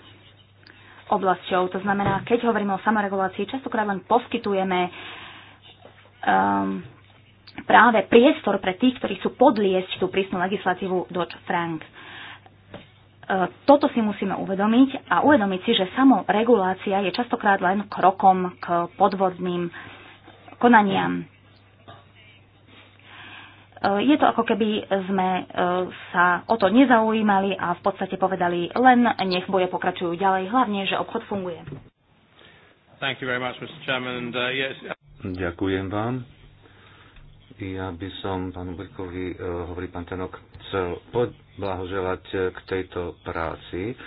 oblasťou. To znamená, keď hovoríme o samoregulácii, častokrát len poskytujeme um, práve priestor pre tých, ktorí sú podliesť tú prísnu legislatívu Dodd-Frank. E, toto si musíme uvedomiť a uvedomiť si, že samoregulácia je častokrát len krokom k podvodným konaniam. Eh, je to ako keby sme eh, sa o to nezaujímali a v podstate povedali len nech boje pokračujú ďalej, hlavne, že obchod funguje. Much, Chairman, and, uh, yes. Uh, Ďakujem vám. Ja by som pánu Brkovi, eh, hovorí pán Tenok, chcel podblahoželať k tejto práci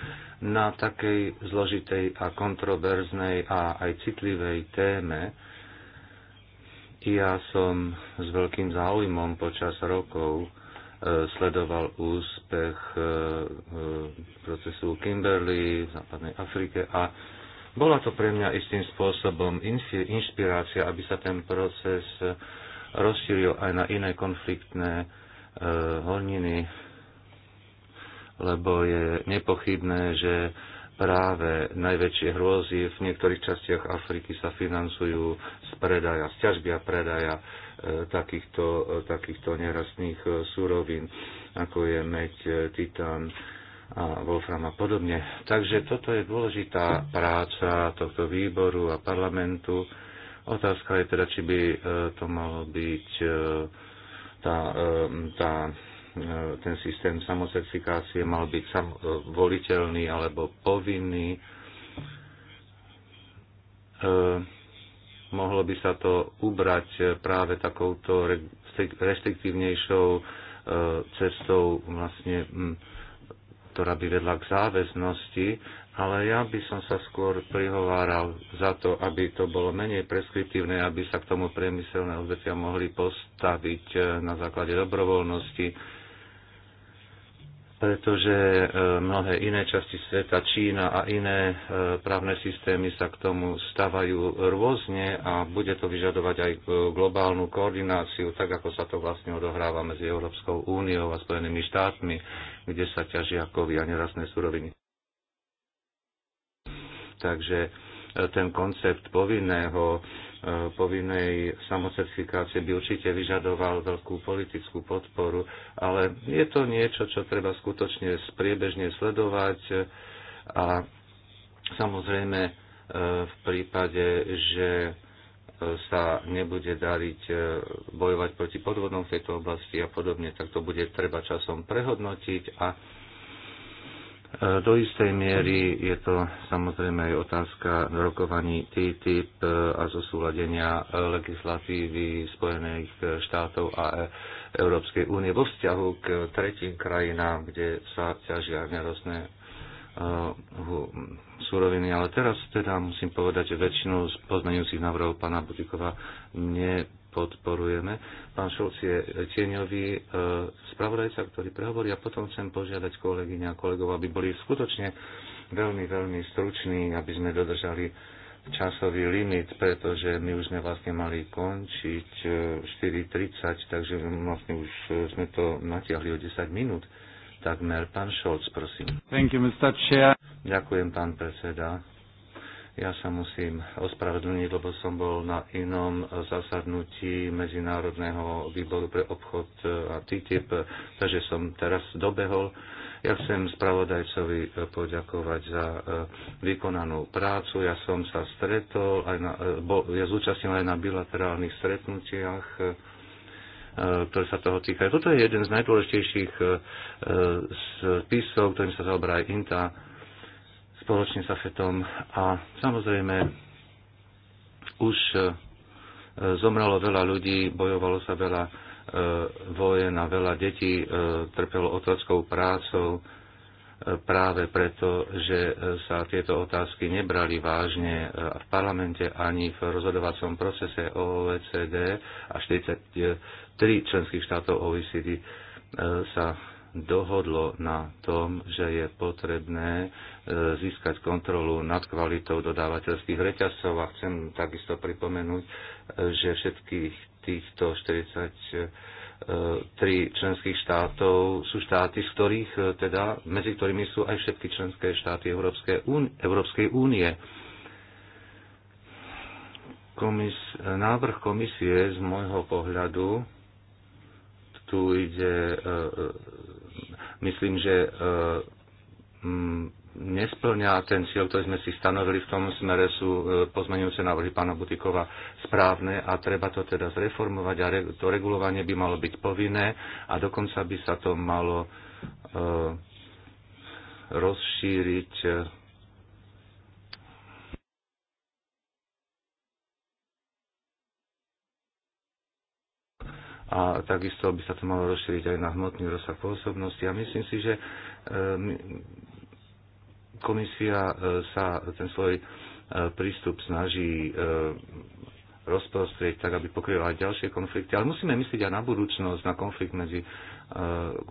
na takej zložitej a kontroverznej a aj citlivej téme, ja som s veľkým záujmom počas rokov e, sledoval úspech e, e, procesu Kimberley v západnej Afrike a bola to pre mňa istým spôsobom inšpirácia, aby sa ten proces rozšíril aj na iné konfliktné horniny, lebo je nepochybné, že práve najväčšie hrôzy v niektorých častiach Afriky sa financujú z predaja, z ťažby a predaja e, takýchto, e, takýchto nerastných e, súrovín, ako je meď, titán, a Wolfram a podobne. Takže toto je dôležitá práca tohto výboru a parlamentu. Otázka je teda, či by to malo byť tá, tá E, ten systém samocertifikácie mal byť sam, e, voliteľný alebo povinný. E, mohlo by sa to ubrať práve takouto reštriktívnejšou cestou vlastne ktorá by vedla k záväznosti, ale ja by som sa skôr prihováral za to, aby to bolo menej preskriptívne, aby sa k tomu priemyselné odvetvia mohli postaviť na základe dobrovoľnosti, pretože e, mnohé iné časti sveta, Čína a iné e, právne systémy sa k tomu stavajú rôzne a bude to vyžadovať aj e, globálnu koordináciu, tak ako sa to vlastne odohráva medzi Európskou úniou a Spojenými štátmi, kde sa ťažia kovy a nerastné suroviny. Takže ten koncept povinného povinnej samocertifikácie by určite vyžadoval veľkú politickú podporu, ale je to niečo, čo treba skutočne priebežne sledovať a samozrejme e, v prípade, že e, sa nebude dariť e, bojovať proti podvodom v tejto oblasti a podobne, tak to bude treba časom prehodnotiť a E, do istej miery je to samozrejme aj otázka rokovaní TTIP e, a zosúladenia e, legislatívy Spojených štátov a Európskej únie vo vzťahu k tretím krajinám, kde sa ťažia nerostné suroviny. Ale teraz teda musím povedať, že väčšinu z pozmeňujúcich návrhov pána Butikova ne podporujeme. Pán Šulc je tieňový e, spravodajca, ktorý prehovorí a potom chcem požiadať kolegyňa a kolegov, aby boli skutočne veľmi, veľmi struční, aby sme dodržali časový limit, pretože my už sme vlastne mali končiť 4.30, e, takže vlastne už sme to natiahli o 10 minút. Takmer. Pán Šolc, prosím. Thank you, Mr. Chair. Ďakujem, pán predseda. Ja sa musím ospravedlniť, lebo som bol na inom zasadnutí Medzinárodného výboru pre obchod a TTIP, takže som teraz dobehol. Ja chcem spravodajcovi poďakovať za e, vykonanú prácu. Ja som sa stretol, aj na, e, bo, ja zúčastnil aj na bilaterálnych stretnutiach, e, ktoré sa toho týkajú. Toto je jeden z najdôležitejších spisov, ktorým sa zaoberá aj INTA spoločne sa fetom a samozrejme už e, zomralo veľa ľudí, bojovalo sa veľa e, vojen a veľa detí e, trpelo otrockou prácou práve preto, že sa tieto otázky nebrali vážne v parlamente ani v rozhodovacom procese OECD a 43 členských štátov OECD sa dohodlo na tom, že je potrebné e, získať kontrolu nad kvalitou dodávateľských reťazcov a chcem takisto pripomenúť, e, že všetkých týchto 43 e, členských štátov sú štáty, z ktorých, teda, medzi ktorými sú aj všetky členské štáty Európskej únie. Komis, návrh komisie z môjho pohľadu tu ide myslím, že e, nesplňa ten cieľ, ktorý sme si stanovili v tom smere, sú e, pozmenujúce návrhy pána Butikova správne a treba to teda zreformovať a to regulovanie by malo byť povinné a dokonca by sa to malo e, rozšíriť a takisto by sa to malo rozšíriť aj na hmotný rozsah pôsobnosti. A myslím si, že e, komisia e, sa ten svoj e, prístup snaží rozprostrieť tak, aby pokryla aj ďalšie konflikty. Ale musíme myslieť aj na budúcnosť, na konflikt medzi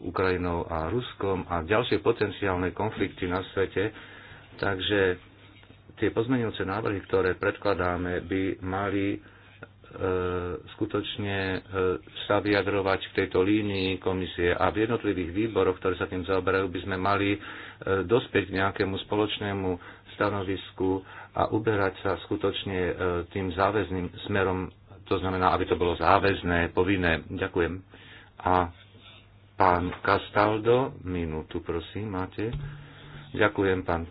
Ukrajinou a Ruskom a ďalšie potenciálne konflikty na svete. Takže tie pozmenujúce návrhy, ktoré predkladáme, by mali E, skutočne e, sa vyjadrovať v tejto línii komisie a v jednotlivých výboroch, ktoré sa tým zaoberajú, by sme mali e, dospieť k nejakému spoločnému stanovisku a uberať sa skutočne tým záväzným smerom, to znamená, aby to bolo záväzné, povinné. Ďakujem. A pán Castaldo, minútu prosím, máte. Ďakujem, pán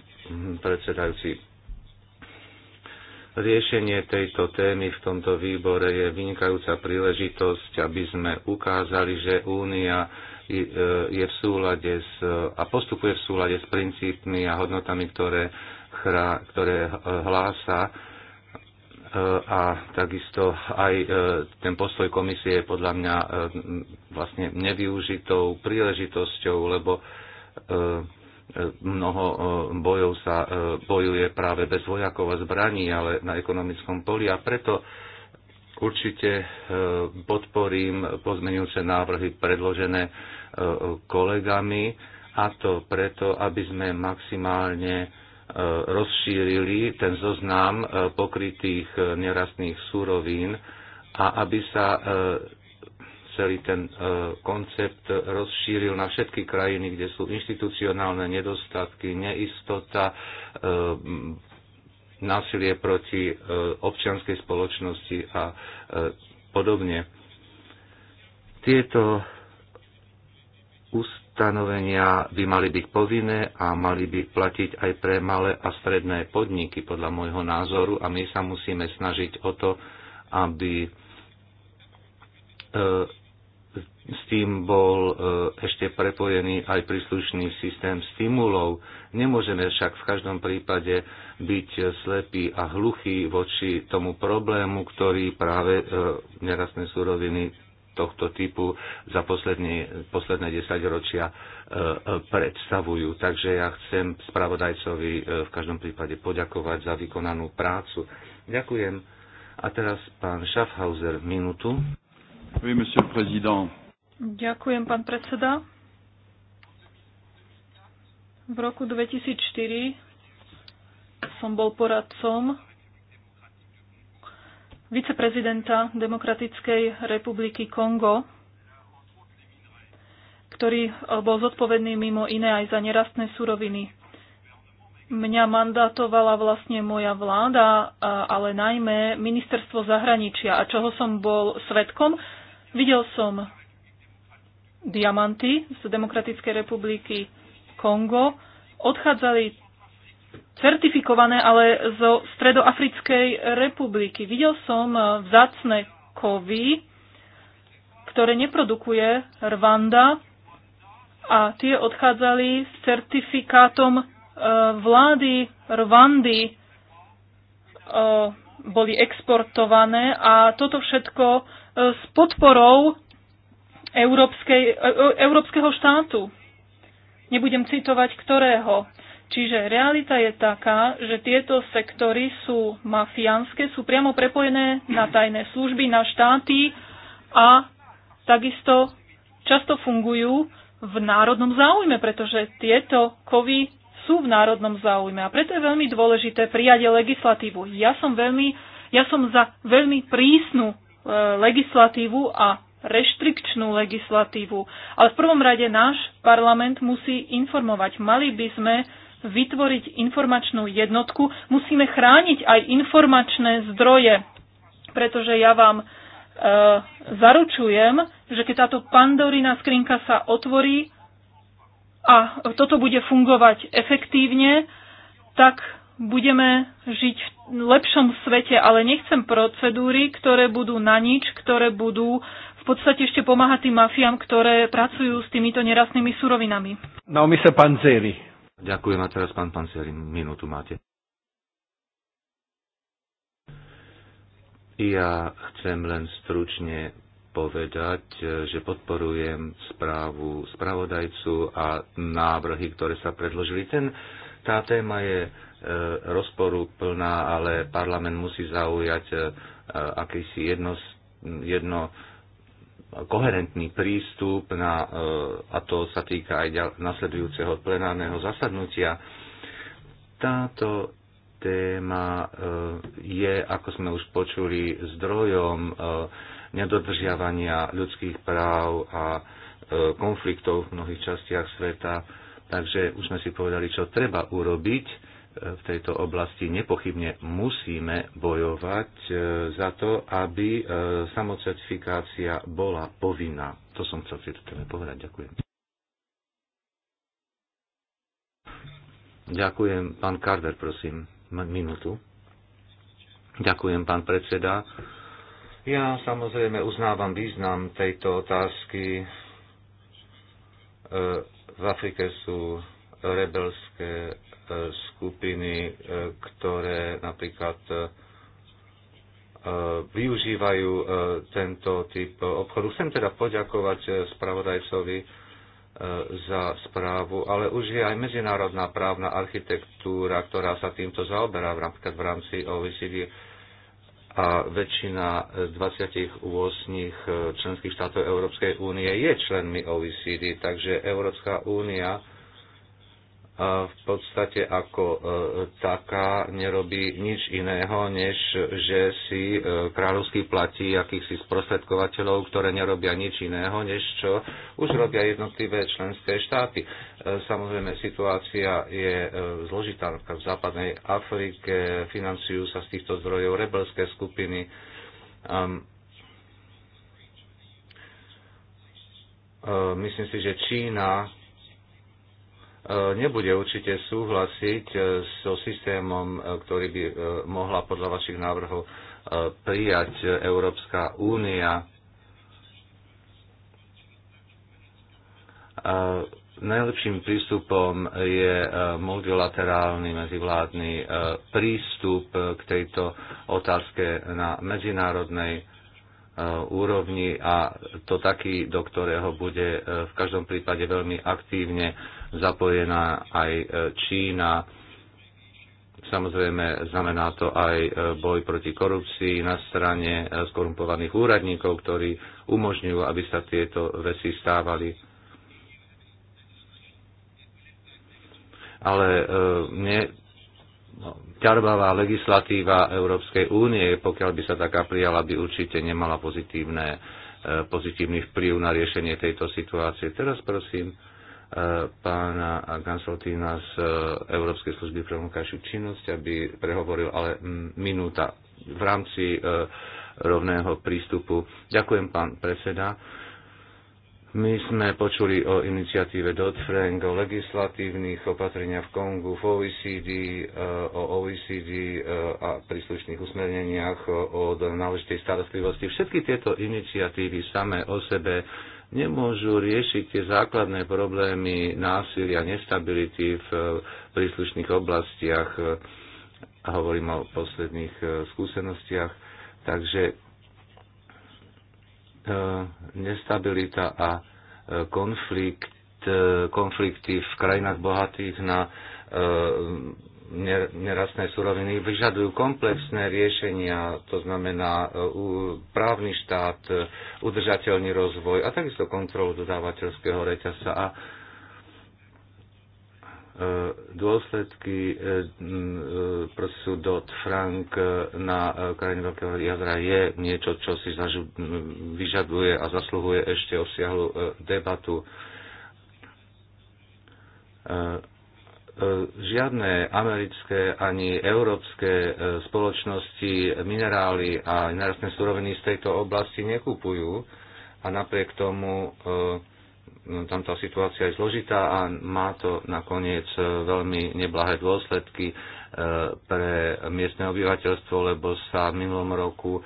predsedajúci Riešenie tejto témy v tomto výbore je vynikajúca príležitosť, aby sme ukázali, že Únia e, je v súlade s, a postupuje v súlade s princípmi a hodnotami, ktoré, chra, ktoré hlása e, a takisto aj e, ten postoj komisie je podľa mňa vlastne nevyužitou príležitosťou, lebo mnoho e, bojov sa e, bojuje práve bez vojakov a zbraní, ale na ekonomickom poli a preto určite e, podporím pozmenujúce návrhy predložené kolegami a to preto, aby sme maximálne rozšírili ten zoznam pokrytých nerastných súrovín a aby sa celý ten e, koncept rozšíril na všetky krajiny, kde sú inštitucionálne nedostatky, neistota, e, násilie proti e, občianskej spoločnosti a podobne. Tieto ustanovenia by mali byť povinné a mali by platiť aj pre malé a stredné podniky, podľa môjho názoru, a my sa musíme snažiť o to, aby s tým bol e, ešte prepojený aj príslušný systém stimulov. Nemôžeme však v každom prípade byť slepí a hluchí voči tomu problému, ktorý práve e, nerastné suroviny tohto typu za posledné, posledné desaťročia e, predstavujú. Takže ja chcem spravodajcovi v každom prípade poďakovať za vykonanú prácu. Ďakujem. A teraz pán Schaffhauser, minútu. Oui, monsieur le président. Ďakujem, pán predseda. V roku 2004 som bol poradcom viceprezidenta Demokratickej republiky Kongo, ktorý eh, bol zodpovedný mimo iné aj za nerastné suroviny. Mňa mandátovala vlastne moja vláda, eh, ale najmä ministerstvo zahraničia. A čoho som bol svetkom? Videl som diamanty z Demokratickej republiky Kongo. Odchádzali certifikované, ale zo Stredoafrickej republiky. Videl som eh, vzácne kovy, ktoré neprodukuje Rwanda a tie odchádzali s certifikátom eh, vlády Rwandy, eh, boli exportované a toto všetko s podporou európskej, e, e, európskeho štátu. Nebudem citovať ktorého. Čiže realita je taká, že tieto sektory sú mafiánske, sú priamo prepojené na tajné služby, na štáty a takisto často fungujú v národnom záujme, pretože tieto kovy sú v národnom záujme. A preto je veľmi dôležité prijať legislatívu. Ja som, veľmi, ja som za veľmi prísnu E, legislatívu a reštrikčnú legislatívu. Ale v prvom rade náš parlament musí informovať. Mali by sme vytvoriť informačnú jednotku. Musíme chrániť aj informačné zdroje, pretože ja vám e, zaručujem, že keď táto pandorína skrinka sa otvorí a toto bude fungovať efektívne, tak budeme žiť v lepšom svete, ale nechcem procedúry, ktoré budú na nič, ktoré budú v podstate ešte pomáhať tým mafiám, ktoré pracujú s týmito nerastnými surovinami. No my sa Panzeri. Ďakujem a teraz pán Panzeri, minútu máte. Ja chcem len stručne povedať, že podporujem správu spravodajcu a návrhy, ktoré sa predložili. Ten tá téma je e, rozporu plná, ale parlament musí zaujať e, e, akýsi jedno, jedno koherentný prístup na, a to sa týka aj nasledujúceho plenárneho zasadnutia. Táto téma je, ako sme už počuli, zdrojom nedodržiavania ľudských práv a konfliktov v mnohých častiach sveta Takže už sme si povedali, čo treba urobiť e, v tejto oblasti. Nepochybne musíme bojovať e, za to, aby e, samocertifikácia bola povinná. To som chcel si teda povedať. Ďakujem. Ďakujem. Pán Carver, prosím, minútu. Ďakujem, pán predseda. Ja samozrejme uznávam význam tejto otázky v Afrike sú rebelské e, skupiny, e, ktoré napríklad e, využívajú tento typ obchodu. Chcem teda poďakovať spravodajcovi za správu, ale už je aj medzinárodná právna architektúra, ktorá sa týmto zaoberá napríklad v rámci OECD a väčšina z eh, 28 eh, členských štátov Európskej únie je členmi OECD, takže Európska únia v podstate ako e, taká nerobí nič iného, než že si e, kráľovský platí akýchsi sprostredkovateľov, ktoré nerobia nič iného, než čo už robia jednotlivé členské štáty. E, samozrejme, situácia je zložitá v západnej Afrike, financujú sa z týchto zdrojov rebelské skupiny. Myslím si, že Čína nebude určite súhlasiť e, so systémom, e, ktorý by e, mohla podľa vašich návrhov prijať Európska únia. Najlepším prístupom je multilaterálny medzivládny prístup k tejto otázke na medzinárodnej úrovni a to taký, do ktorého bude v každom prípade veľmi aktívne zapojená aj e, Čína. Samozrejme, znamená to aj e, boj proti korupcii na strane e, skorumpovaných úradníkov, ktorí umožňujú, aby sa tieto veci stávali. Ale mne no, ťarbavá legislatíva Európskej únie, pokiaľ by sa taká prijala, by určite nemala pozitívne, pozitívny vplyv na riešenie tejto situácie. Teraz prosím pána Gansoltína z e, Európskej služby pre vonkajšiu činnosť, aby prehovoril, ale mm, minúta v rámci e, rovného prístupu. Ďakujem, pán predseda. My sme počuli o iniciatíve Dodd-Frank, o legislatívnych opatreniach v Kongu, v OECD, o OECD e, a príslušných usmerneniach o náležitej starostlivosti. Všetky tieto iniciatívy samé o sebe nemôžu riešiť tie základné problémy násilia, nestability v eh, príslušných oblastiach. A eh, hovorím o posledných eh, skúsenostiach. Takže nestabilita a konflikt, konflikty v krajinách bohatých na nerastné suroviny vyžadujú komplexné riešenia, to znamená e, právny štát, e, udržateľný rozvoj a takisto kontrolu dodávateľského reťasa a e, dôsledky procesu Dot frank na krajine Veľkého jadra je niečo, čo si vyžaduje a zasluhuje ešte osiahlu debatu E, žiadne americké ani európske e, spoločnosti minerály a nerastné suroviny z tejto oblasti nekupujú a napriek tomu e, no, tam tá situácia je zložitá a má to nakoniec veľmi neblahé dôsledky pre miestne obyvateľstvo, lebo sa v minulom roku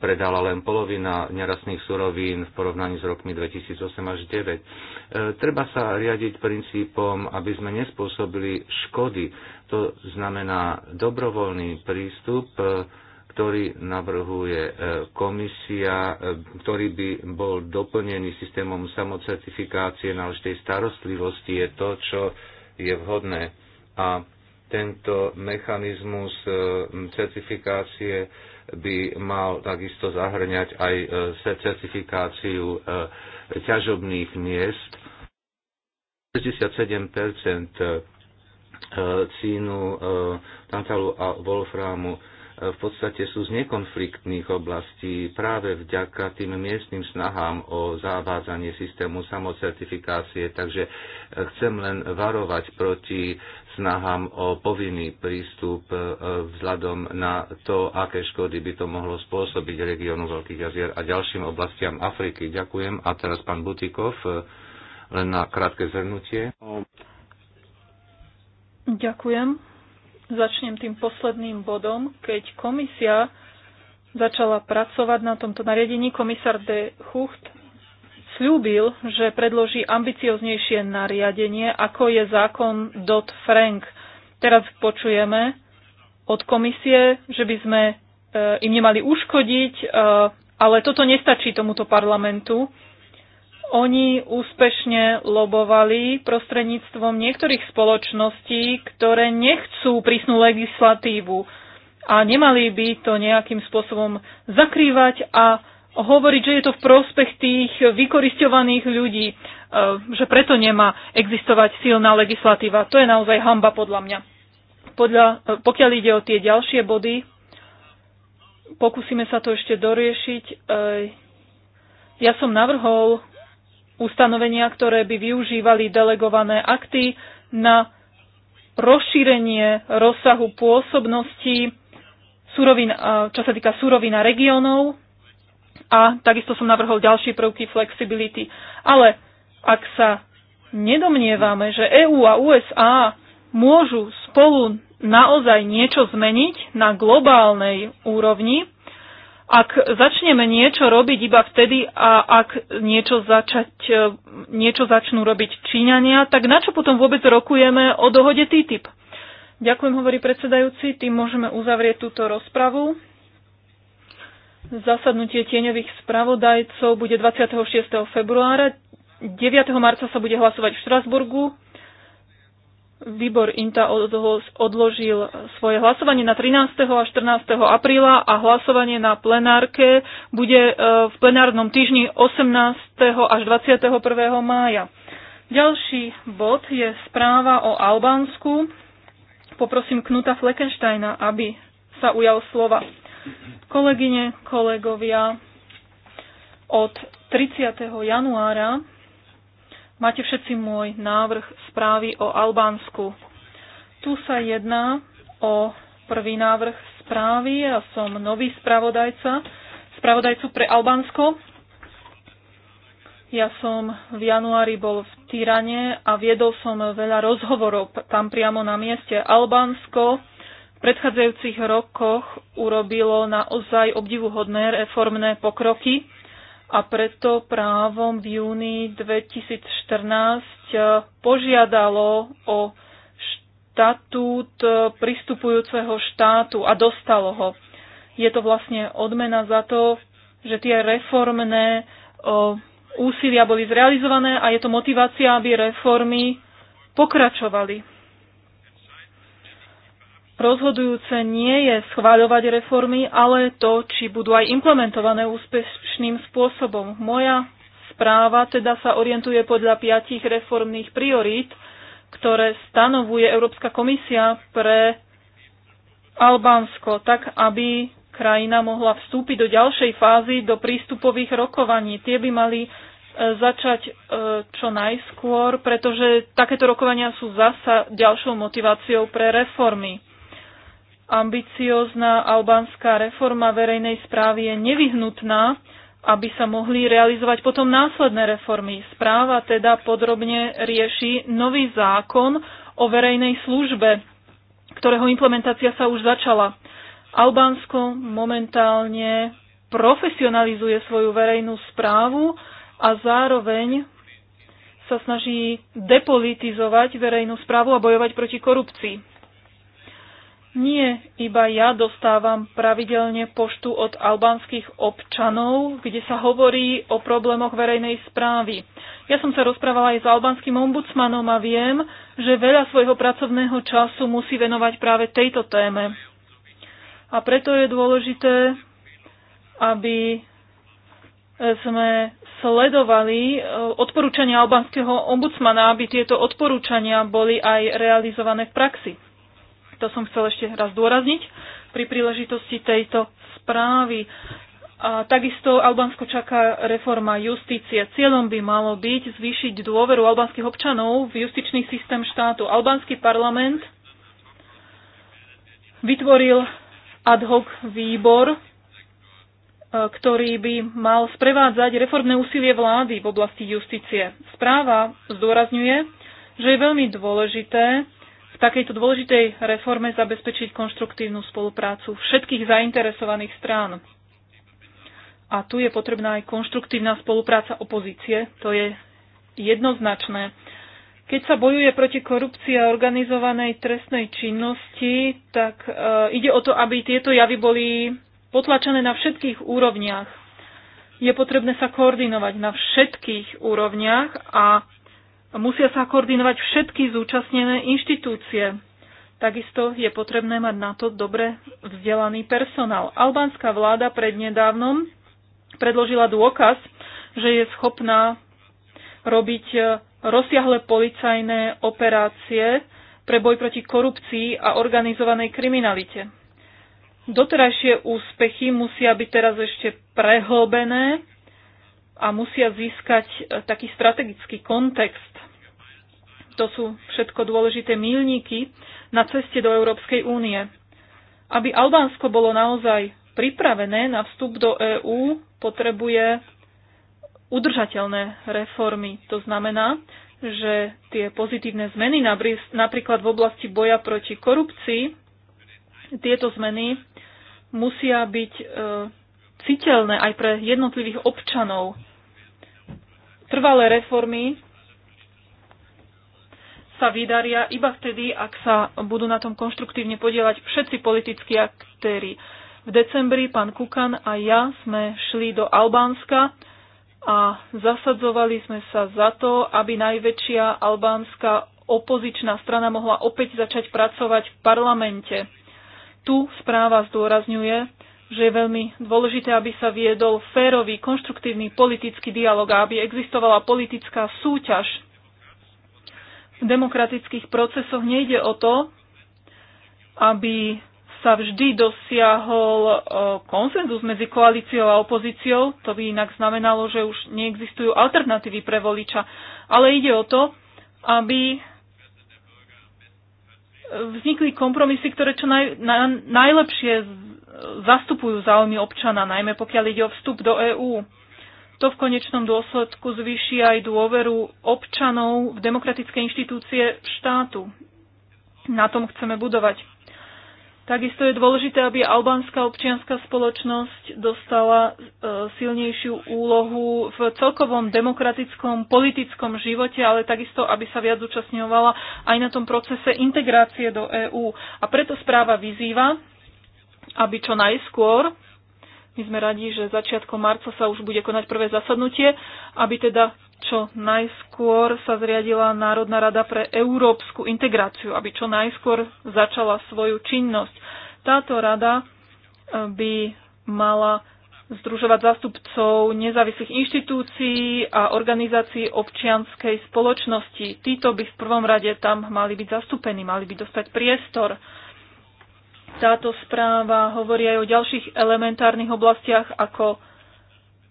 predala len polovina nerastných surovín v porovnaní s rokmi 2008 až 2009. E, treba sa riadiť princípom, aby sme nespôsobili škody. To znamená dobrovoľný prístup, e, ktorý navrhuje e, komisia, ktorý by bol doplnený systémom samocertifikácie na no tej starostlivosti, je to, čo je vhodné. A tento mechanizmus certifikácie by mal takisto zahrňať aj e, certifikáciu e, ťažobných miest. 67 e, cínu, tantalu a wolframu v podstate sú z nekonfliktných oblastí práve vďaka tým miestnym snahám o zavádzanie systému samocertifikácie. Takže chcem len varovať proti snahám o povinný prístup e, vzhľadom na to, aké škody by to mohlo spôsobiť regiónu Veľkých jazier a ďalším oblastiam Afriky. Ďakujem. A teraz pán Butikov, e, len na krátke zhrnutie. Ďakujem. Začnem tým posledným bodom. Keď komisia začala pracovať na tomto nariadení, komisár de Hucht slúbil, že predloží ambicioznejšie nariadenie, ako je zákon Dodd-Frank. Teraz počujeme od komisie, že by sme e, im nemali uškodiť, e, ale toto nestačí tomuto parlamentu. Oni úspešne lobovali prostredníctvom niektorých spoločností, ktoré nechcú prísnu legislatívu a nemali by to nejakým spôsobom zakrývať a hovoriť, že je to v prospech tých vykoristovaných ľudí, e, že preto nemá existovať silná legislatíva. To je naozaj hamba podľa mňa. Podľa, e, pokiaľ ide o tie ďalšie body, pokúsime sa to ešte doriešiť. E, ja som navrhol ustanovenia, ktoré by využívali delegované akty na rozšírenie rozsahu pôsobnosti čo sa týka súrovina regiónov, a takisto som navrhol ďalšie prvky flexibility. Ale ak sa nedomnievame, že EÚ a USA môžu spolu naozaj niečo zmeniť na globálnej úrovni, ak začneme niečo robiť iba vtedy a ak niečo, začať, e, niečo začnú robiť Číňania, tak na čo potom vôbec rokujeme o dohode TTIP? Ďakujem, hovorí predsedajúci. Tým môžeme uzavrieť túto rozpravu. Zasadnutie tieňových spravodajcov bude 26. februára. 9. marca sa bude hlasovať v Štrasburgu. Výbor INTA odložil svoje hlasovanie na 13. a 14. apríla a hlasovanie na plenárke bude e, v plenárnom týždni 18. až 21. mája. Ďalší bod je správa o Albánsku. Poprosím Knuta Fleckensteina, aby sa ujal slova. Kolegyne, kolegovia, od 30. januára máte všetci môj návrh správy o Albánsku. Tu sa jedná o prvý návrh správy. Ja som nový spravodajca, spravodajcu pre Albánsko. Ja som v januári bol v Tyrane a viedol som veľa rozhovorov tam priamo na mieste. Albánsko v predchádzajúcich rokoch urobilo naozaj obdivuhodné reformné pokroky a preto právom v júni 2014 eh, požiadalo o štatút eh, pristupujúceho štátu a dostalo ho. Je to vlastne odmena za to, že tie reformné eh, úsilia boli zrealizované a je to motivácia, aby reformy pokračovali. Rozhodujúce nie je schváľovať reformy, ale to, či budú aj implementované úspešným spôsobom. Moja správa teda sa orientuje podľa piatich reformných priorít, ktoré stanovuje Európska komisia pre Albánsko, tak aby krajina mohla vstúpiť do ďalšej fázy, do prístupových rokovaní. Tie by mali e, začať e, čo najskôr, pretože takéto rokovania sú zasa ďalšou motiváciou pre reformy. Ambiciózna albánska reforma verejnej správy je nevyhnutná, aby sa mohli realizovať potom následné reformy. Správa teda podrobne rieši nový zákon o verejnej službe, ktorého implementácia sa už začala. Albánsko momentálne profesionalizuje svoju verejnú správu a zároveň sa snaží depolitizovať verejnú správu a bojovať proti korupcii. Nie, iba ja dostávam pravidelne poštu od albánskych občanov, kde sa hovorí o problémoch verejnej správy. Ja som sa rozprávala aj s albánskym ombudsmanom a viem, že veľa svojho pracovného času musí venovať práve tejto téme. A preto je dôležité, aby sme sledovali e, odporúčania albánskeho ombudsmana, aby tieto odporúčania boli aj realizované v praxi. To som chcel ešte raz dôrazniť pri príležitosti tejto správy. A takisto Albánsko čaká reforma justície. Cieľom by malo byť zvýšiť dôveru albánskych občanov v justičný systém štátu. Albánsky parlament vytvoril ad hoc výbor, e, ktorý by mal sprevádzať reformné úsilie vlády v oblasti justície. Správa zdôrazňuje, že je veľmi dôležité v takejto dôležitej reforme zabezpečiť konštruktívnu spoluprácu všetkých zainteresovaných strán. A tu je potrebná aj konštruktívna spolupráca opozície, to je jednoznačné. Keď sa bojuje proti korupcii a organizovanej trestnej činnosti, tak e, ide o to, aby tieto javy boli potlačené na všetkých úrovniach. Je potrebné sa koordinovať na všetkých úrovniach a Musia sa koordinovať všetky zúčastnené inštitúcie. Takisto je potrebné mať na to dobre vzdelaný personál. Albánska vláda prednedávnom predložila dôkaz, že je schopná robiť e, rozsiahle policajné operácie pre boj proti korupcii a organizovanej kriminalite. Doterajšie úspechy musia byť teraz ešte prehlbené a musia získať e, taký strategický kontext to sú všetko dôležité míľniky na ceste do Európskej únie. Aby Albánsko bolo naozaj pripravené na vstup do EÚ, potrebuje udržateľné reformy. To znamená, že tie pozitívne zmeny, napríklad v oblasti boja proti korupcii, tieto zmeny musia byť e, citeľné aj pre jednotlivých občanov. Trvalé reformy sa vydaria iba vtedy, ak sa budú na tom konštruktívne podielať všetci politickí aktéry. V decembri pán Kukan a ja sme šli do Albánska a zasadzovali sme sa za to, aby najväčšia albánska opozičná strana mohla opäť začať pracovať v parlamente. Tu správa zdôrazňuje, že je veľmi dôležité, aby sa viedol férový, konštruktívny politický dialog a aby existovala politická súťaž v demokratických procesoch nejde o to, aby sa vždy dosiahol e, konsenzus medzi koalíciou a opozíciou. To by inak znamenalo, že už neexistujú alternatívy pre voliča. Ale ide o to, aby vznikli kompromisy, ktoré čo naj, na, najlepšie zastupujú záujmy občana, najmä pokiaľ ide o vstup do EÚ. To v konečnom dôsledku zvýši aj dôveru občanov v demokratické inštitúcie štátu. Na tom chceme budovať. Takisto je dôležité, aby albánska občianská spoločnosť dostala e, silnejšiu úlohu v celkovom demokratickom, politickom živote, ale takisto, aby sa viac zúčastňovala aj na tom procese integrácie do EÚ. A preto správa vyzýva, aby čo najskôr my sme radi, že začiatkom marca sa už bude konať prvé zasadnutie, aby teda čo najskôr sa zriadila Národná rada pre európsku integráciu, aby čo najskôr začala svoju činnosť. Táto rada eh, by mala združovať zástupcov nezávislých inštitúcií a organizácií občianskej spoločnosti. Títo by v prvom rade tam mali byť zastúpení, mali by dostať priestor. Táto správa hovorí aj o ďalších elementárnych oblastiach ako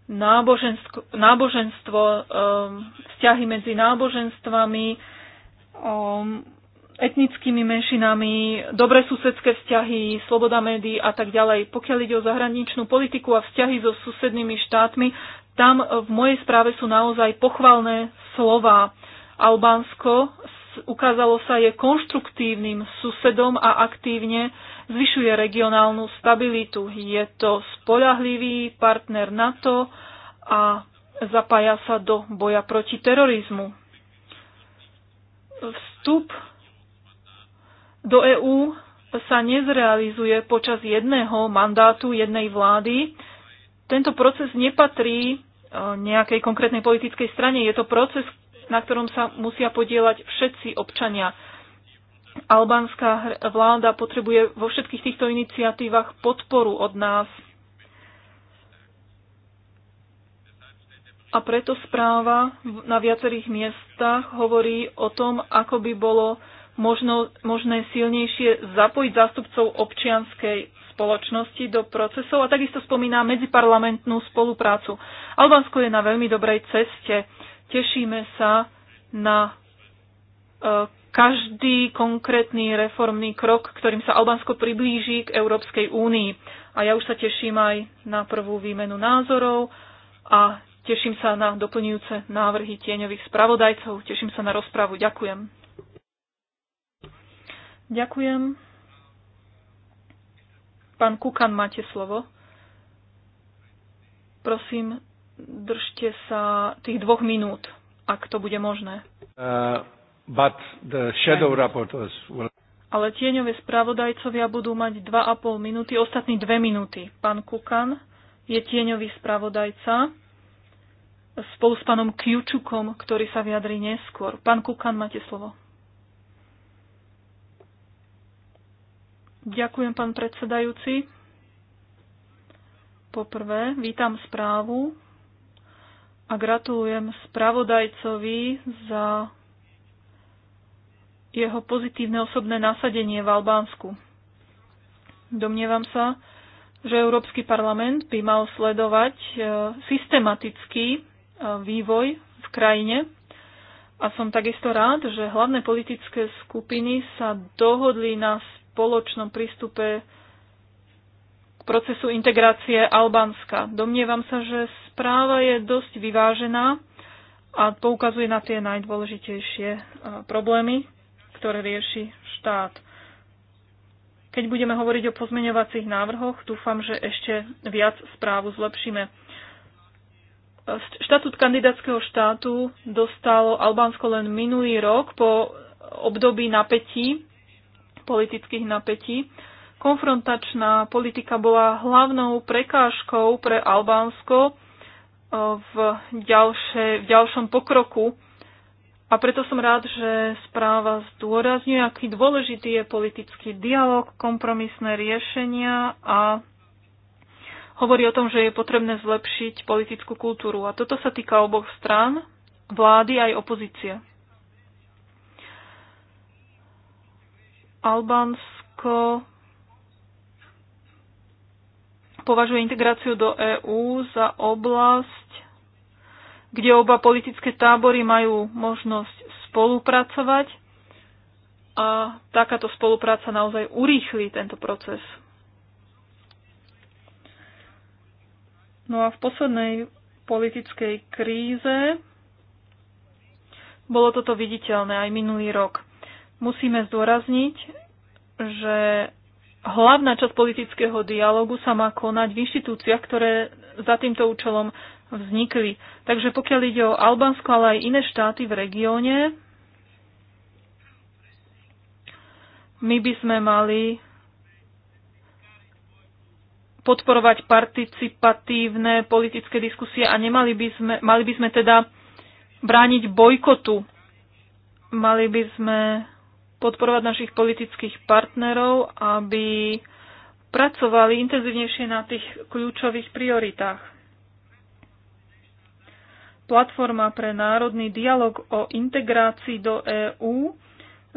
náboženstvo, náboženstvo ehm, vzťahy medzi náboženstvami, ehm, etnickými menšinami, dobre susedské vzťahy, sloboda médií a tak ďalej. Pokiaľ ide o zahraničnú politiku a vzťahy so susednými štátmi, tam v mojej správe sú naozaj pochvalné slova. Albánsko ukázalo sa, je konštruktívnym susedom a aktívne zvyšuje regionálnu stabilitu. Je to spolahlivý partner NATO a zapája sa do boja proti terorizmu. Vstup do EÚ sa nezrealizuje počas jedného mandátu jednej vlády. Tento proces nepatrí e, nejakej konkrétnej politickej strane. Je to proces, na ktorom sa musia podielať všetci občania. Albánska vláda potrebuje vo všetkých týchto iniciatívach podporu od nás. A preto správa na viacerých miestach hovorí o tom, ako by bolo možno, možné silnejšie zapojiť zástupcov občianskej spoločnosti do procesov a takisto spomína medziparlamentnú spoluprácu. Albánsko je na veľmi dobrej ceste. Tešíme sa na e, každý konkrétny reformný krok, ktorým sa Albánsko priblíži k Európskej únii. A ja už sa teším aj na prvú výmenu názorov a teším sa na doplňujúce návrhy tieňových spravodajcov. Teším sa na rozpravu. Ďakujem. Ďakujem. Pán Kukan, máte slovo. Prosím, držte sa tých dvoch minút, ak to bude možné. Uh, but the shadow will... Ale tieňové spravodajcovia budú mať 2,5 minúty, ostatní 2 minúty. Pán Kukan je tieňový spravodajca spolu s pánom Kjučukom, ktorý sa vyjadri neskôr. Pán Kukan, máte slovo. Ďakujem, pán predsedajúci. Poprvé, vítam správu a gratulujem spravodajcovi za jeho pozitívne osobné nasadenie v Albánsku. Domnievam sa, že Európsky parlament by mal sledovať e, systematický e, vývoj v krajine a som takisto rád, že hlavné politické skupiny sa dohodli na spoločnom prístupe k procesu integrácie Albánska. Domnievam sa, že správa je dosť vyvážená a poukazuje na tie najdôležitejšie e, problémy, ktoré rieši štát. Keď budeme hovoriť o pozmeňovacích návrhoch, dúfam, že ešte viac správu zlepšíme. E, štatút kandidátskeho štátu dostalo Albánsko len minulý rok po období napätí, politických napätí. Konfrontačná politika bola hlavnou prekážkou pre Albánsko v, ďalšie, v ďalšom pokroku. A preto som rád, že správa zdôrazňuje, aký dôležitý je politický dialog, kompromisné riešenia a hovorí o tom, že je potrebné zlepšiť politickú kultúru. A toto sa týka oboch strán, vlády aj opozície. Albánsko považuje integráciu do EÚ za oblasť, kde oba politické tábory majú možnosť spolupracovať a takáto spolupráca naozaj urýchli tento proces. No a v poslednej politickej kríze bolo toto viditeľné aj minulý rok. Musíme zdôrazniť, že hlavná časť politického dialogu sa má konať v inštitúciách, ktoré za týmto účelom vznikli. Takže pokiaľ ide o Albánsko, ale aj iné štáty v regióne, my by sme mali podporovať participatívne politické diskusie a nemali by sme, mali by sme teda brániť bojkotu. Mali by sme podporovať našich politických partnerov, aby pracovali intenzívnejšie na tých kľúčových prioritách. Platforma pre národný dialog o integrácii do EÚ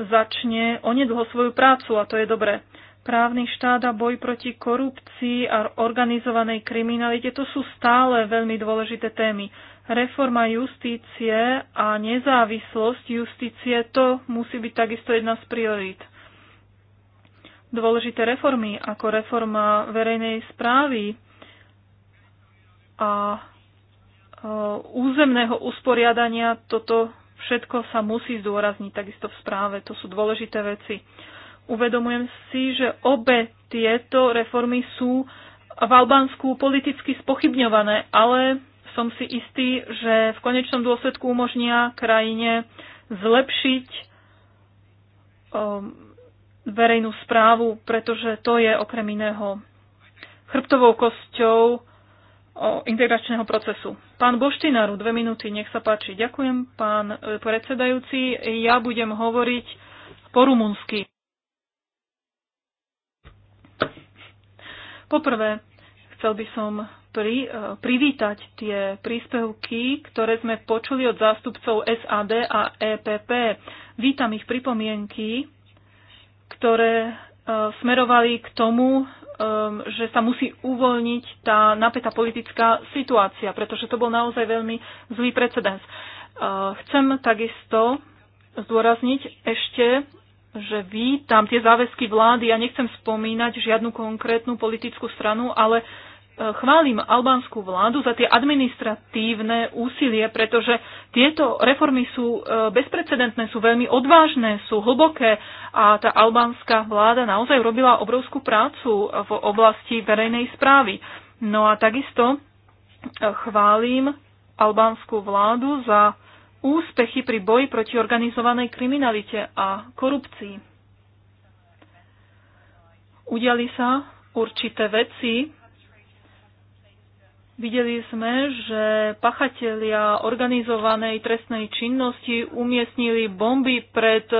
začne onedlho svoju prácu a to je dobré. Právny štát a boj proti korupcii a organizovanej kriminalite to sú stále veľmi dôležité témy reforma justície a nezávislosť justície, to musí byť takisto jedna z priorít. Dôležité reformy, ako reforma verejnej správy a e, územného usporiadania, toto všetko sa musí zdôrazniť takisto v správe. To sú dôležité veci. Uvedomujem si, že obe tieto reformy sú v Albánsku politicky spochybňované, ale som si istý, že v konečnom dôsledku umožnia krajine zlepšiť um, verejnú správu, pretože to je okrem iného chrbtovou kosťou integračného procesu. Pán Boštinaru, dve minúty, nech sa páči. Ďakujem, pán e, predsedajúci. Ja budem hovoriť po rumunsky. Poprvé, chcel by som pri, e, privítať tie príspevky, ktoré sme počuli od zástupcov SAD a EPP. Vítam ich pripomienky, ktoré e, smerovali k tomu, e, že sa musí uvoľniť tá napätá politická situácia, pretože to bol naozaj veľmi zlý precedens. Chcem takisto zdôrazniť ešte, že vítam tie záväzky vlády. Ja nechcem spomínať žiadnu konkrétnu politickú stranu, ale chválim albánsku vládu za tie administratívne úsilie, pretože tieto reformy sú e, bezprecedentné, sú veľmi odvážne, sú hlboké a tá albánska vláda naozaj robila obrovskú prácu v oblasti verejnej správy. No a takisto e, chválim albánsku vládu za úspechy pri boji proti organizovanej kriminalite a korupcii. Udiali sa určité veci, Videli sme, že pachatelia organizovanej trestnej činnosti umiestnili bomby pred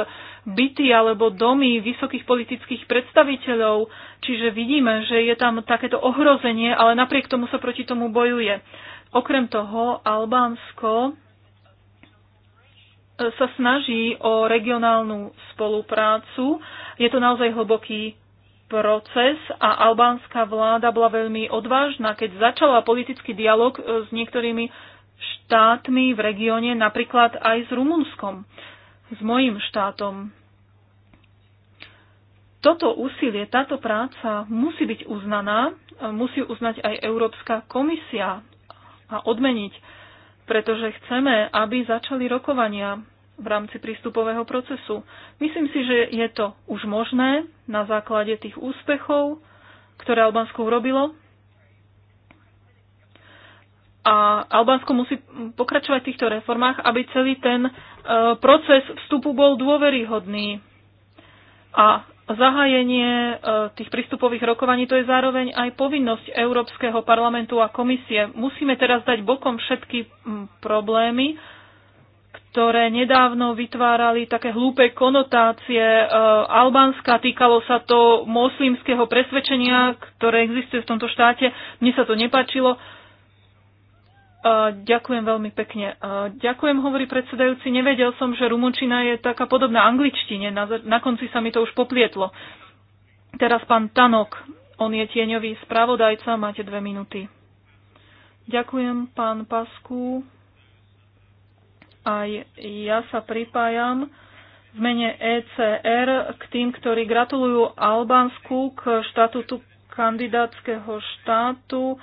byty alebo domy vysokých politických predstaviteľov, čiže vidíme, že je tam takéto ohrozenie, ale napriek tomu sa proti tomu bojuje. Okrem toho, Albánsko e, sa snaží o regionálnu spoluprácu. Je to naozaj hlboký proces a albánska vláda bola veľmi odvážna, keď začala politický dialog e, s niektorými štátmi v regióne, napríklad aj s Rumunskom, s mojim štátom. Toto úsilie, táto práca musí byť uznaná, e, musí uznať aj Európska komisia a odmeniť, pretože chceme, aby začali rokovania v rámci prístupového procesu. Myslím si, že je to už možné na základe tých úspechov, ktoré Albánsko urobilo. A Albánsko musí pokračovať v týchto reformách, aby celý ten e, proces vstupu bol dôveryhodný. A zahájenie e, tých prístupových rokovaní to je zároveň aj povinnosť Európskeho parlamentu a komisie. Musíme teraz dať bokom všetky problémy ktoré nedávno vytvárali také hlúpe konotácie e, Albánska. Týkalo sa to moslimského presvedčenia, ktoré existuje v tomto štáte. Mne sa to nepačilo. E, ďakujem veľmi pekne. E, ďakujem, hovorí predsedajúci. Nevedel som, že rumunčina je taká podobná angličtine. Na, na konci sa mi to už poplietlo. Teraz pán Tanok. On je tieňový spravodajca. Máte dve minúty. Ďakujem, pán Pasku. Aj ja sa pripájam v mene ECR k tým, ktorí gratulujú Albánsku k štatutu kandidátskeho štátu.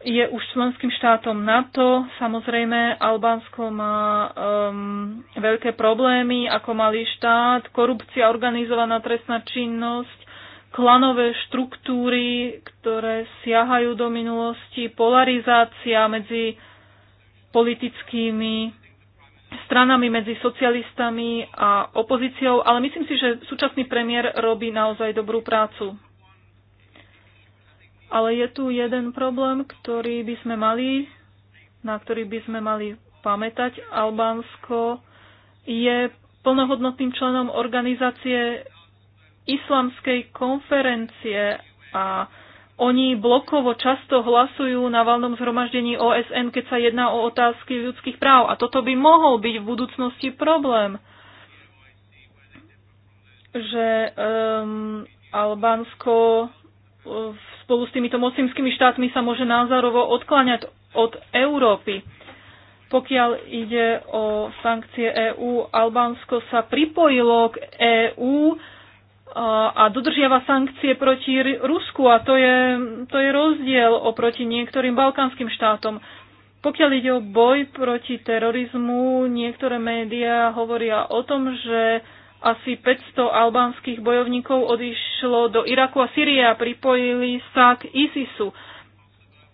Je už členským štátom NATO. Samozrejme, Albánsko má um, veľké problémy ako malý štát, korupcia, organizovaná trestná činnosť, klanové štruktúry, ktoré siahajú do minulosti, polarizácia medzi politickými stranami medzi socialistami a opozíciou, ale myslím si, že súčasný premiér robí naozaj dobrú prácu. Ale je tu jeden problém, ktorý by sme mali, na ktorý by sme mali pamätať. Albánsko je plnohodnotným členom organizácie islamskej konferencie a oni blokovo často hlasujú na valnom zhromaždení OSN, keď sa jedná o otázky ľudských práv. A toto by mohol byť v budúcnosti problém, že um, Albánsko eh, spolu s týmito moslimskými štátmi sa môže názorovo odkláňať od Európy. Pokiaľ ide o sankcie EÚ, Albánsko sa pripojilo k EÚ a dodržiava sankcie proti Rusku a to je, to je rozdiel oproti niektorým balkánskym štátom. Pokiaľ ide o boj proti terorizmu, niektoré médiá hovoria o tom, že asi 500 albánskych bojovníkov odišlo do Iraku a Syrie a pripojili sa k ISISu.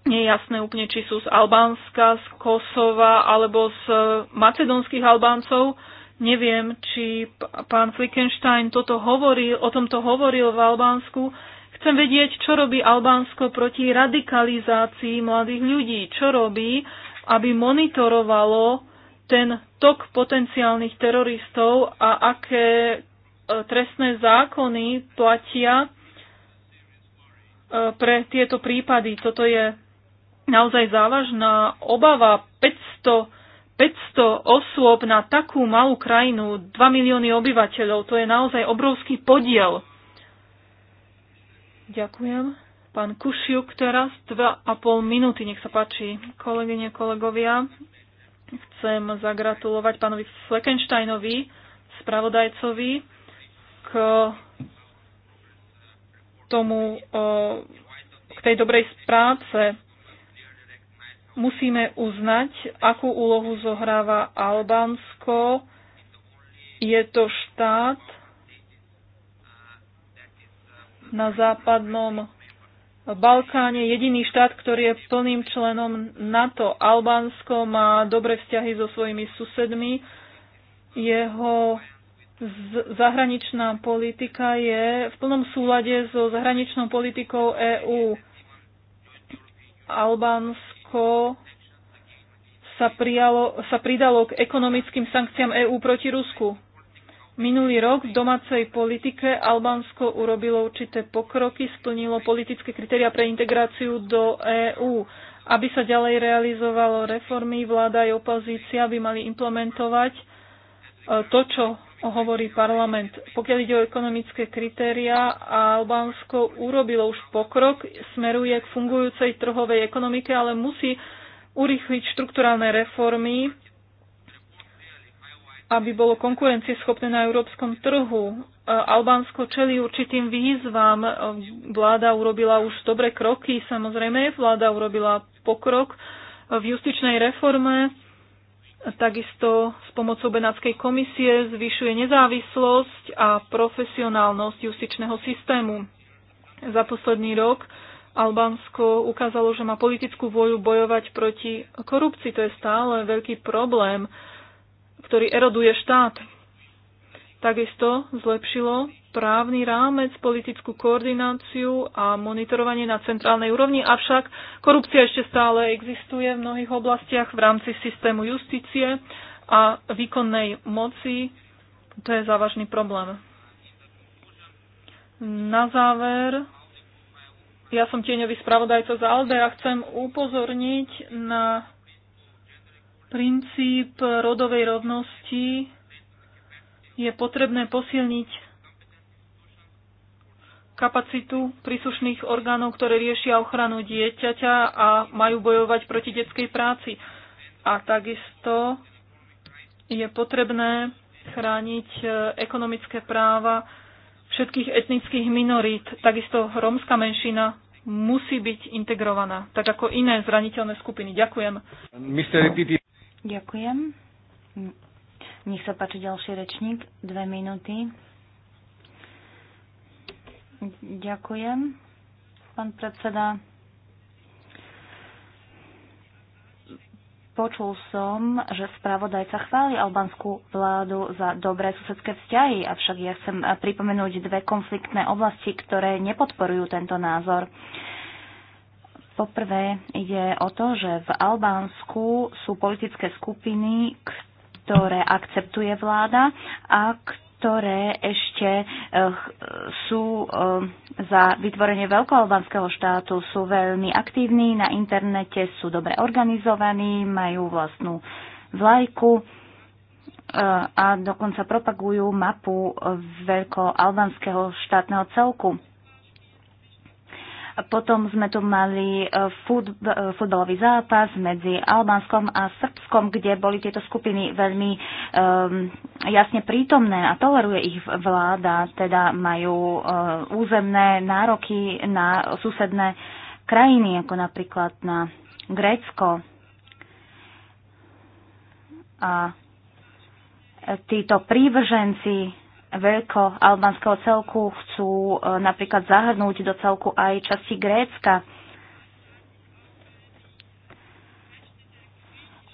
Nie je jasné úplne, či sú z Albánska, z Kosova alebo z macedónskych Albáncov. Neviem, či pán Flickenstein toto hovoril, o tomto hovoril v Albánsku. Chcem vedieť, čo robí Albánsko proti radikalizácii mladých ľudí. Čo robí, aby monitorovalo ten tok potenciálnych teroristov a aké e, trestné zákony platia e, pre tieto prípady. Toto je naozaj závažná obava. 500 500 osôb na takú malú krajinu, 2 milióny obyvateľov, to je naozaj obrovský podiel. Ďakujem. Pán Kušiuk teraz 2,5 minúty, nech sa páči. Kolegyne, kolegovia, chcem zagratulovať pánovi Fleckensteinovi, spravodajcovi, k tomu, k tej dobrej práce musíme uznať, akú úlohu zohráva Albánsko. Je to štát na západnom Balkáne jediný štát, ktorý je plným členom NATO. Albánsko má dobré vzťahy so svojimi susedmi. Jeho zahraničná politika je v plnom súlade so zahraničnou politikou EÚ. Albánsko Rusko sa, prijalo, sa pridalo k ekonomickým sankciám EÚ proti Rusku. Minulý rok v domácej politike Albánsko urobilo určité pokroky, splnilo politické kritéria pre integráciu do EÚ. Aby sa ďalej realizovalo reformy, vláda aj opozícia by mali implementovať e, to, čo hovorí parlament. Pokiaľ ide o ekonomické kritéria, Albánsko urobilo už pokrok, smeruje k fungujúcej trhovej ekonomike, ale musí urýchliť štrukturálne reformy, aby bolo konkurencieschopné na európskom trhu. E, Albánsko čelí určitým výzvam. E, vláda urobila už dobré kroky, samozrejme, vláda urobila pokrok v justičnej reforme Takisto s pomocou Benátskej komisie zvyšuje nezávislosť a profesionálnosť justičného systému. Za posledný rok Albánsko ukázalo, že má politickú vôľu bojovať proti korupcii. To je stále veľký problém, ktorý eroduje štát. Takisto zlepšilo právny rámec, politickú koordináciu a monitorovanie na centrálnej úrovni, avšak korupcia ešte stále existuje v mnohých oblastiach v rámci systému justície a výkonnej moci. To je závažný problém. Na záver, ja som tieňový spravodajca za ALDE a chcem upozorniť na princíp rodovej rovnosti je potrebné posilniť kapacitu príslušných orgánov, ktoré riešia ochranu dieťaťa a majú bojovať proti detskej práci. A takisto je potrebné chrániť e, ekonomické práva všetkých etnických minorít. Takisto rómska menšina musí byť integrovaná, tak ako iné zraniteľné skupiny. Ďakujem. Ďakujem. Nech sa páči ďalší rečník. Dve minúty. Ďakujem, pán predseda. Počul som, že spravodajca chváli albanskú vládu za dobré susedské vzťahy, avšak ja chcem pripomenúť dve konfliktné oblasti, ktoré nepodporujú tento názor. Poprvé ide o to, že v Albánsku sú politické skupiny, ktoré akceptuje vláda a ktoré ktoré ešte eh, sú eh, za vytvorenie veľkoalbanského štátu, sú veľmi aktívni na internete, sú dobre organizovaní, majú vlastnú vlajku eh, a dokonca propagujú mapu veľkoalbanského štátneho celku. Potom sme tu mali e, fut, e, futbalový zápas medzi Albánskom a Srbskom, kde boli tieto skupiny veľmi um, jasne prítomné a toleruje ich vláda, teda majú uh, územné nároky na susedné krajiny, ako napríklad na Grécko. A títo prívrženci veľko albanského celku chcú e, napríklad zahrnúť do celku aj časti Grécka.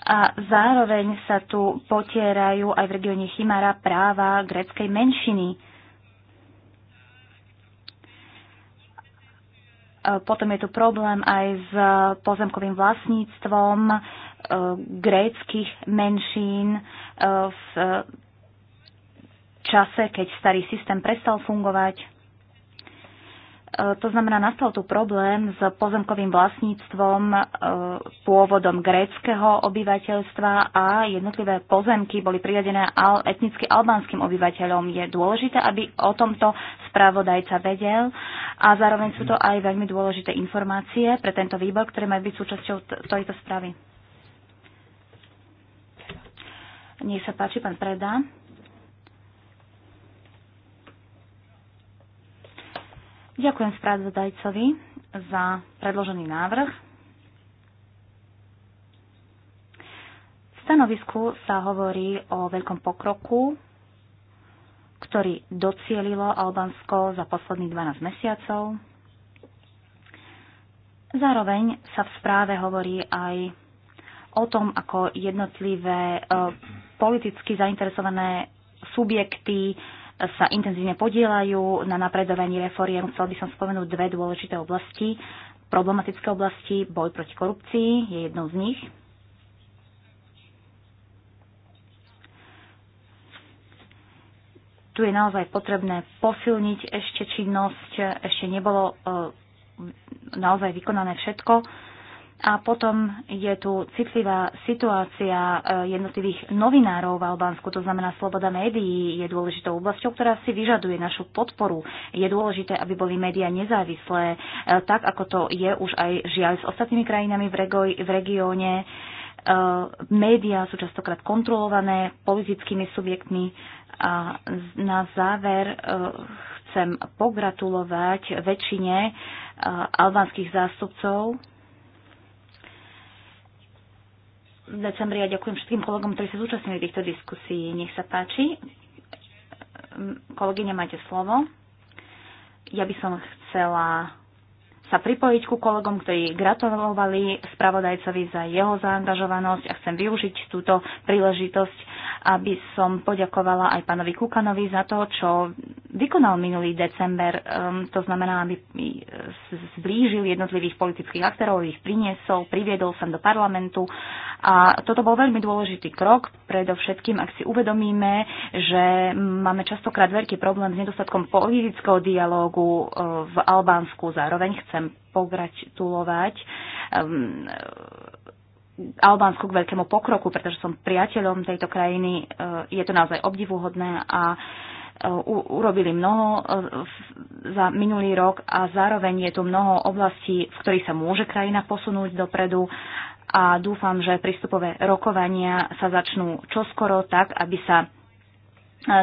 A zároveň sa tu potierajú aj v regióne Chimara práva gréckej menšiny. E, potom je tu problém aj s pozemkovým vlastníctvom e, gréckých menšín v čase, keď starý systém prestal fungovať. E, to znamená, nastal tu problém s pozemkovým vlastníctvom e, pôvodom gréckého obyvateľstva a jednotlivé pozemky boli priradené etnicky albánskym obyvateľom. Je dôležité, aby o tomto spravodajca vedel a zároveň sú to aj veľmi dôležité informácie pre tento výbor, ktoré majú byť súčasťou tejto správy. Nech sa páči, pán Preda. Ďakujem spravodajcovi za predložený návrh. V stanovisku sa hovorí o veľkom pokroku, ktorý docielilo Albánsko za posledných 12 mesiacov. Zároveň sa v správe hovorí aj o tom, ako jednotlivé eh, politicky zainteresované subjekty sa intenzívne podielajú na napredovaní reforiem. Chcel by som spomenúť dve dôležité oblasti. Problematické oblasti, boj proti korupcii je jednou z nich. Tu je naozaj potrebné posilniť ešte činnosť, ešte nebolo eh, naozaj vykonané všetko a potom je tu citlivá situácia e, jednotlivých novinárov v Albánsku, to znamená sloboda médií je dôležitou oblasťou, ktorá si vyžaduje našu podporu. Je dôležité, aby boli médiá nezávislé, e, tak ako to je už aj žiaľ s ostatnými krajinami v, regoj, v regióne. E, Média sú častokrát kontrolované politickými subjektmi a na záver chcem pogratulovať väčšine albánskych zástupcov decembri a ďakujem všetkým kolegom, ktorí sa zúčastnili týchto diskusí. Nech sa páči. Kolegy máte slovo. Ja by som chcela sa pripojiť ku kolegom, ktorí gratulovali spravodajcovi za jeho zaangažovanosť a chcem využiť túto príležitosť, aby som poďakovala aj pánovi Kukanovi za to, čo vykonal minulý december. Um, to znamená, aby zblížil jednotlivých politických aktérov, ich priniesol, priviedol sem do parlamentu. A toto bol veľmi dôležitý krok, predovšetkým, ak si uvedomíme, že máme častokrát veľký problém s nedostatkom politického dialógu uh, v Albánsku. Zároveň chcem pogratulovať um, Albánsku k veľkému pokroku, pretože som priateľom tejto krajiny. Uh, je to naozaj obdivuhodné a urobili mnoho e, za minulý rok a zároveň je tu mnoho oblastí, v ktorých sa môže krajina posunúť dopredu a dúfam, že prístupové rokovania sa začnú čoskoro tak, aby sa e,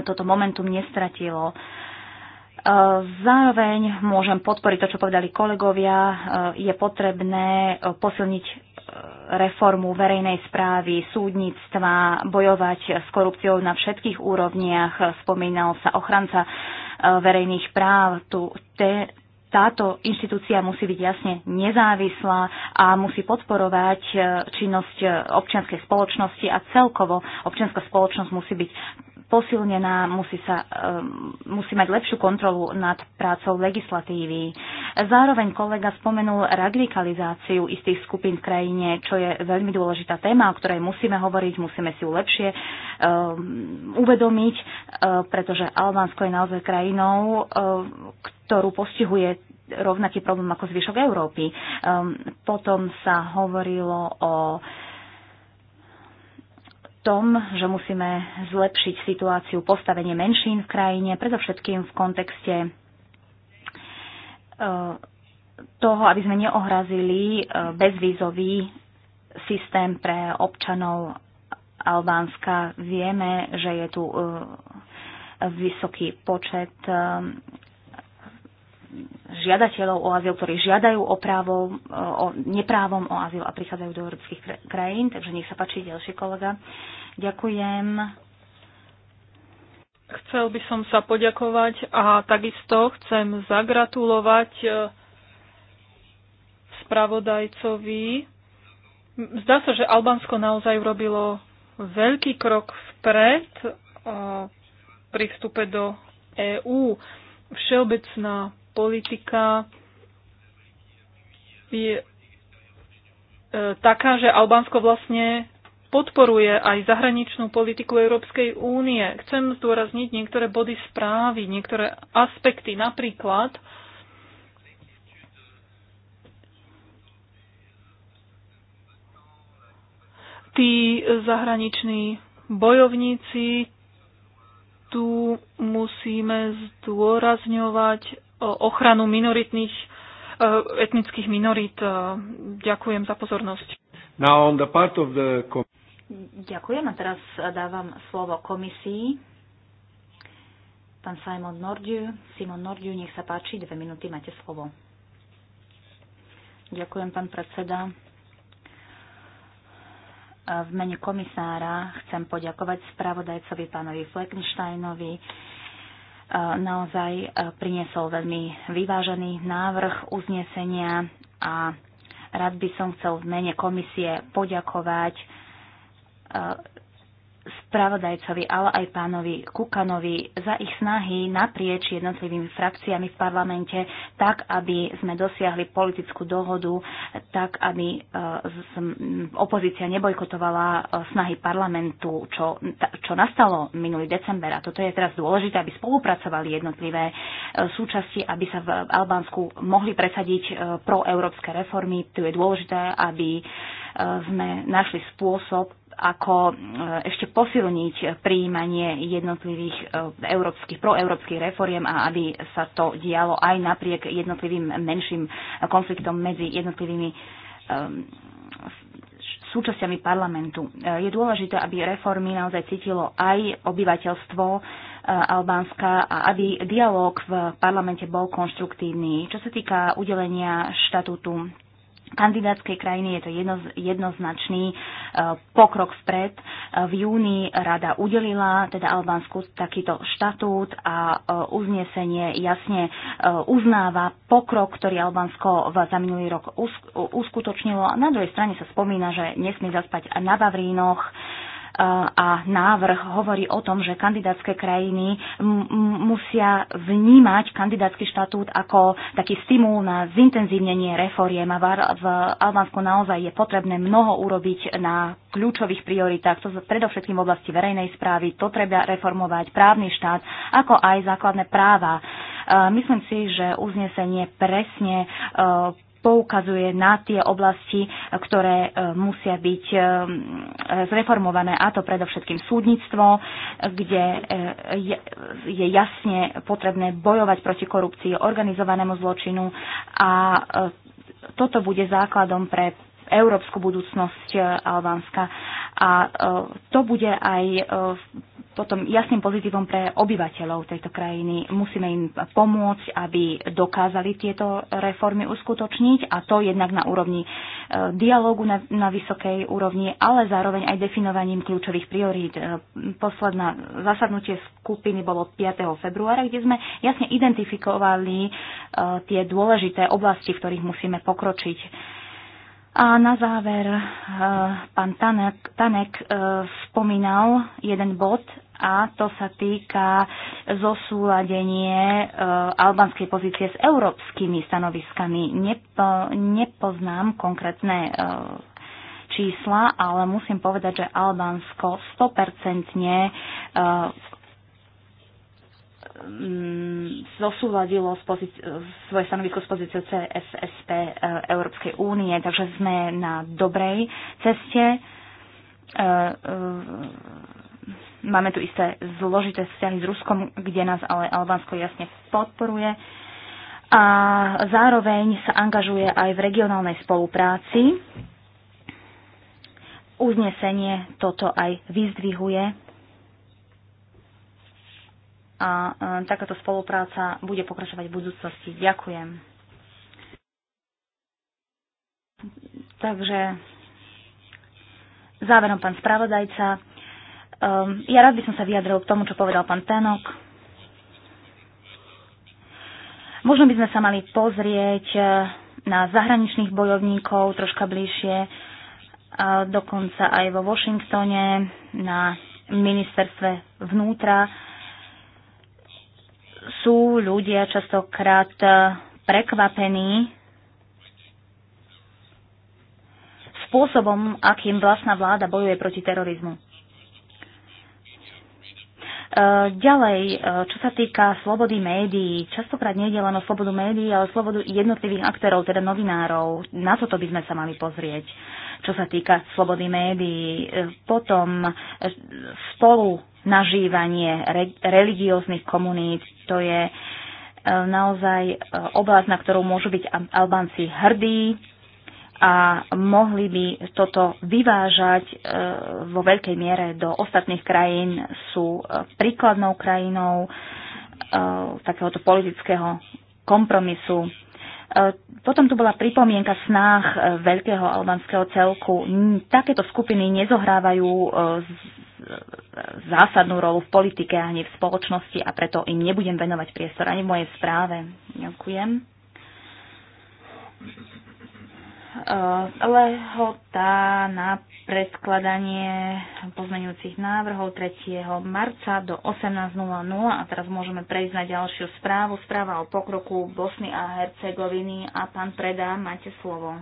toto momentum nestratilo. E, zároveň môžem podporiť to, čo povedali kolegovia. Je potrebné posilniť reformu verejnej správy, súdnictva, bojovať s korupciou na všetkých úrovniach. Spomínal sa ochranca e, verejných práv. Tu, te, táto inštitúcia musí byť jasne nezávislá a musí podporovať e, činnosť e, občianskej spoločnosti a celkovo občianská spoločnosť musí byť posilnená, musí, sa, e, musí mať lepšiu kontrolu nad prácou legislatívy. Zároveň kolega spomenul radikalizáciu istých skupín v krajine, čo je veľmi dôležitá téma, o ktorej musíme hovoriť, musíme si ju lepšie um, uvedomiť, uh, pretože Albánsko je naozaj krajinou, uh, ktorú postihuje rovnaký problém ako zvyšok Európy. Um, potom sa hovorilo o tom, že musíme zlepšiť situáciu postavenie menšín v krajine, predovšetkým v kontexte ehm, toho, aby sme neohrazili ehm, bezvízový systém pre občanov Albánska. Vieme, že je tu vysoký počet žiadateľov o azyl, ktorí žiadajú o, právo, eh, o neprávom o azyl a prichádzajú do európskych krajín. Takže nech sa páči ďalší kolega. Ďakujem. Chcel by som sa poďakovať a takisto chcem zagratulovať eh, spravodajcovi. Zdá sa, že Albánsko naozaj urobilo veľký krok vpred eh, pri vstupe do EÚ. Všeobecná politika je e, taká, že Albánsko vlastne podporuje aj zahraničnú politiku Európskej únie. Chcem zdôrazniť niektoré body správy, niektoré aspekty. Napríklad tí zahraniční bojovníci, tu musíme zdôrazňovať ochranu minoritných e, etnických minorít. E, ďakujem za pozornosť. Now on the part of the... Ďakujem a teraz dávam slovo komisii. Pán Simon Nordiu, Simon Nordiu, nech sa páči, dve minúty, máte slovo. Ďakujem, pán predseda. V mene komisára chcem poďakovať spravodajcovi pánovi Fleckensteinovi naozaj e, priniesol veľmi vyvážený návrh uznesenia a rád by som chcel v mene komisie poďakovať e, spravodajcovi, ale aj pánovi Kukanovi za ich snahy naprieč jednotlivými frakciami v parlamente, tak aby sme dosiahli politickú dohodu, tak aby e, opozícia nebojkotovala e, snahy parlamentu, čo, čo nastalo minulý december. A toto je teraz dôležité, aby spolupracovali jednotlivé e, súčasti, aby sa v Albánsku mohli presadiť proeurópske reformy. Tu je dôležité, aby sme našli spôsob, ako e, ešte posilniť príjmanie jednotlivých e, európskych, proeurópskych reforiem a aby sa to dialo aj napriek jednotlivým menším konfliktom medzi jednotlivými e, súčasťami parlamentu. Je dôležité, aby reformy naozaj cítilo aj obyvateľstvo Albánska a aby dialog v parlamente bol konštruktívny. Čo sa týka udelenia štatútu kandidátskej krajiny je to jedno, jednoznačný e, pokrok vpred. E, v júni rada udelila teda Albánsku takýto štatút a e, uznesenie jasne uznáva pokrok, ktorý Albánsko za minulý rok uskutočnilo. Na druhej strane sa spomína, že nesmie zaspať na Vavrínoch a návrh hovorí o tom, že kandidátske krajiny musia vnímať kandidátsky štatút ako taký stimul na zintenzívnenie reforiem a v Albánsku naozaj je potrebné mnoho urobiť na kľúčových prioritách, to predovšetkým v oblasti verejnej správy, to treba reformovať, právny štát, ako aj základné práva. Myslím si, že uznesenie presne e, poukazuje na tie oblasti, ktoré e, musia byť e, zreformované, a to predovšetkým súdnictvo, kde e, je jasne potrebné bojovať proti korupcii, organizovanému zločinu a toto bude základom pre európsku budúcnosť Albánska. A to bude aj potom jasným pozitívom pre obyvateľov tejto krajiny. Musíme im pomôcť, aby dokázali tieto reformy uskutočniť a to jednak na úrovni e, dialógu na, na vysokej úrovni, ale zároveň aj definovaním kľúčových priorít. E, posledná zasadnutie skupiny bolo 5. februára, kde sme jasne identifikovali e, tie dôležité oblasti, v ktorých musíme pokročiť. A na záver pán Tanek, Tanek spomínal jeden bod a to sa týka zosúladenie e, albanskej pozície s európskymi stanoviskami. Nepo, nepoznám konkrétne e, čísla, ale musím povedať, že Albánsko 100% e, mm, zosúladilo svoje stanovisko s pozíciou CSSP Európskej únie, takže sme na dobrej ceste Máme tu isté zložité vzťahy s Ruskom, kde nás ale Albánsko jasne podporuje a zároveň sa angažuje aj v regionálnej spolupráci. Uznesenie toto aj vyzdvihuje a e, takáto spolupráca bude pokračovať v budúcnosti. Ďakujem. Takže záverom pán spravodajca Um, ja rád by som sa vyjadril k tomu, čo povedal pán Tenok. Možno by sme sa mali pozrieť uh, na zahraničných bojovníkov troška bližšie, uh, dokonca aj vo Washingtone, na ministerstve vnútra. Sú ľudia častokrát uh, prekvapení spôsobom, akým vlastná vláda bojuje proti terorizmu. Eh, ďalej, eh, čo sa týka slobody médií, častokrát nejde len o slobodu médií, ale o slobodu jednotlivých aktérov, teda novinárov. Na toto by sme sa mali pozrieť, čo sa týka slobody médií. Eh, potom spolu nažívanie religióznych komunít, to je naozaj oblasť, na ktorú môžu byť Albánci hrdí, a mohli by toto vyvážať e, vo veľkej miere do ostatných krajín, sú e, príkladnou krajinou e, takéhoto politického kompromisu. Potom tu bola pripomienka snách veľkého albanského celku. Takéto skupiny nezohrávajú zásadnú rolu v politike ani v spoločnosti a preto im nebudem venovať priestor ani v mojej správe. Ďakujem. Eh, lehota na predkladanie pozmeňujúcich návrhov 3. marca do 18.00 a teraz môžeme prejsť na ďalšiu správu. Správa o pokroku Bosny a Hercegoviny a pán Preda, máte slovo.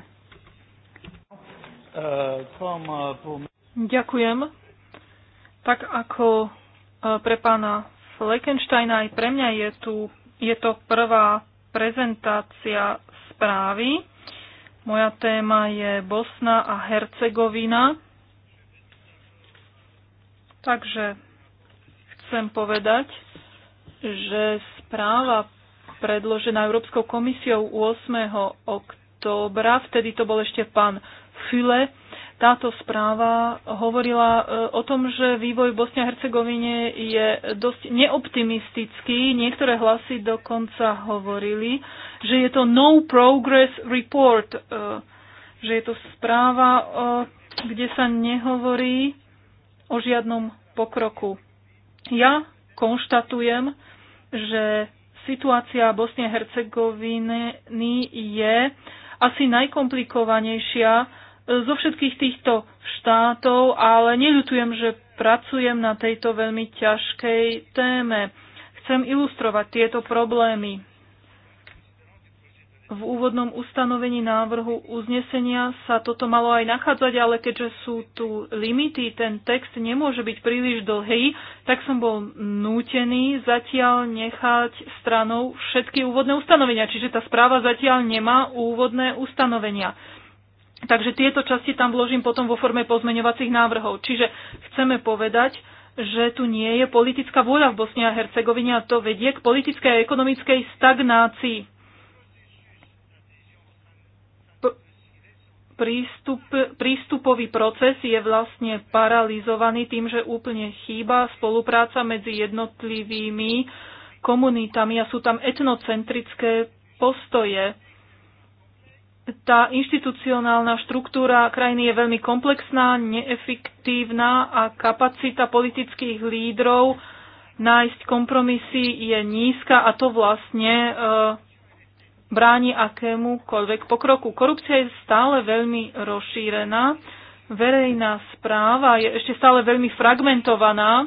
Ďakujem. Tak ako eh, pre pána Fleckensteina aj pre mňa je, tu, je to prvá prezentácia správy moja téma je Bosna a Hercegovina. Takže chcem povedať, že správa predložená Európskou komisiou 8. októbra, vtedy to bol ešte pán Füle, táto správa hovorila e, o tom, že vývoj v Bosne a Hercegovine je dosť neoptimistický. Niektoré hlasy dokonca hovorili, že je to no progress report, e, že je to správa, e, kde sa nehovorí o žiadnom pokroku. Ja konštatujem, že situácia Bosne a Hercegoviny je asi najkomplikovanejšia e, zo všetkých týchto štátov, ale neľutujem, že pracujem na tejto veľmi ťažkej téme. Chcem ilustrovať tieto problémy v úvodnom ustanovení návrhu uznesenia sa toto malo aj nachádzať, ale keďže sú tu limity, ten text nemôže byť príliš dlhý, tak som bol nútený zatiaľ nechať stranou všetky úvodné ustanovenia. Čiže tá správa zatiaľ nemá úvodné ustanovenia. Takže tieto časti tam vložím potom vo forme pozmeňovacích návrhov. Čiže chceme povedať, že tu nie je politická vôľa v Bosne a Hercegovine a to vedie k politickej a ekonomickej stagnácii. prístup, prístupový proces je vlastne paralizovaný tým, že úplne chýba spolupráca medzi jednotlivými komunitami a sú tam etnocentrické postoje. Tá inštitucionálna štruktúra krajiny je veľmi komplexná, neefektívna a kapacita politických lídrov nájsť kompromisy je nízka a to vlastne e, bráni akémukoľvek pokroku. Korupcia je stále veľmi rozšírená, verejná správa je ešte stále veľmi fragmentovaná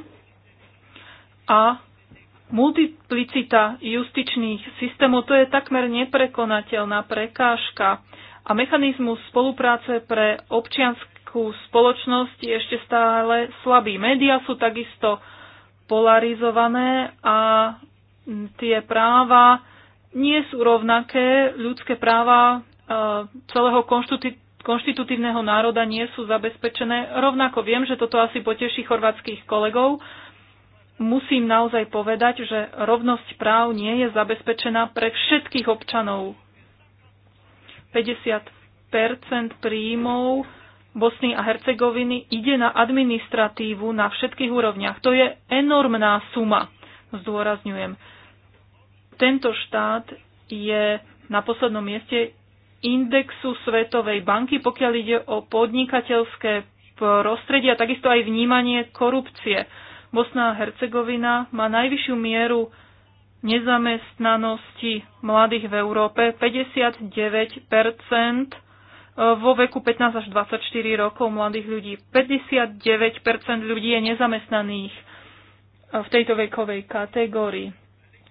a multiplicita justičných systémov to je takmer neprekonateľná prekážka a mechanizmus spolupráce pre občianskú spoločnosť je ešte stále slabý. Média sú takisto polarizované a tie práva nie sú rovnaké. Ľudské práva eh, celého konštitutívneho národa nie sú zabezpečené. Rovnako viem, že toto asi poteší chorvátskych kolegov. Musím naozaj povedať, že rovnosť práv nie je zabezpečená pre všetkých občanov. 50 príjmov Bosny a Hercegoviny ide na administratívu na všetkých úrovniach. To je enormná suma, zdôrazňujem. Tento štát je na poslednom mieste indexu Svetovej banky, pokiaľ ide o podnikateľské prostredie a takisto aj vnímanie korupcie. Bosná a Hercegovina má najvyššiu mieru nezamestnanosti mladých v Európe, 59 e, vo veku 15 až 24 rokov mladých ľudí. 59 ľudí je nezamestnaných e, v tejto vekovej kategórii.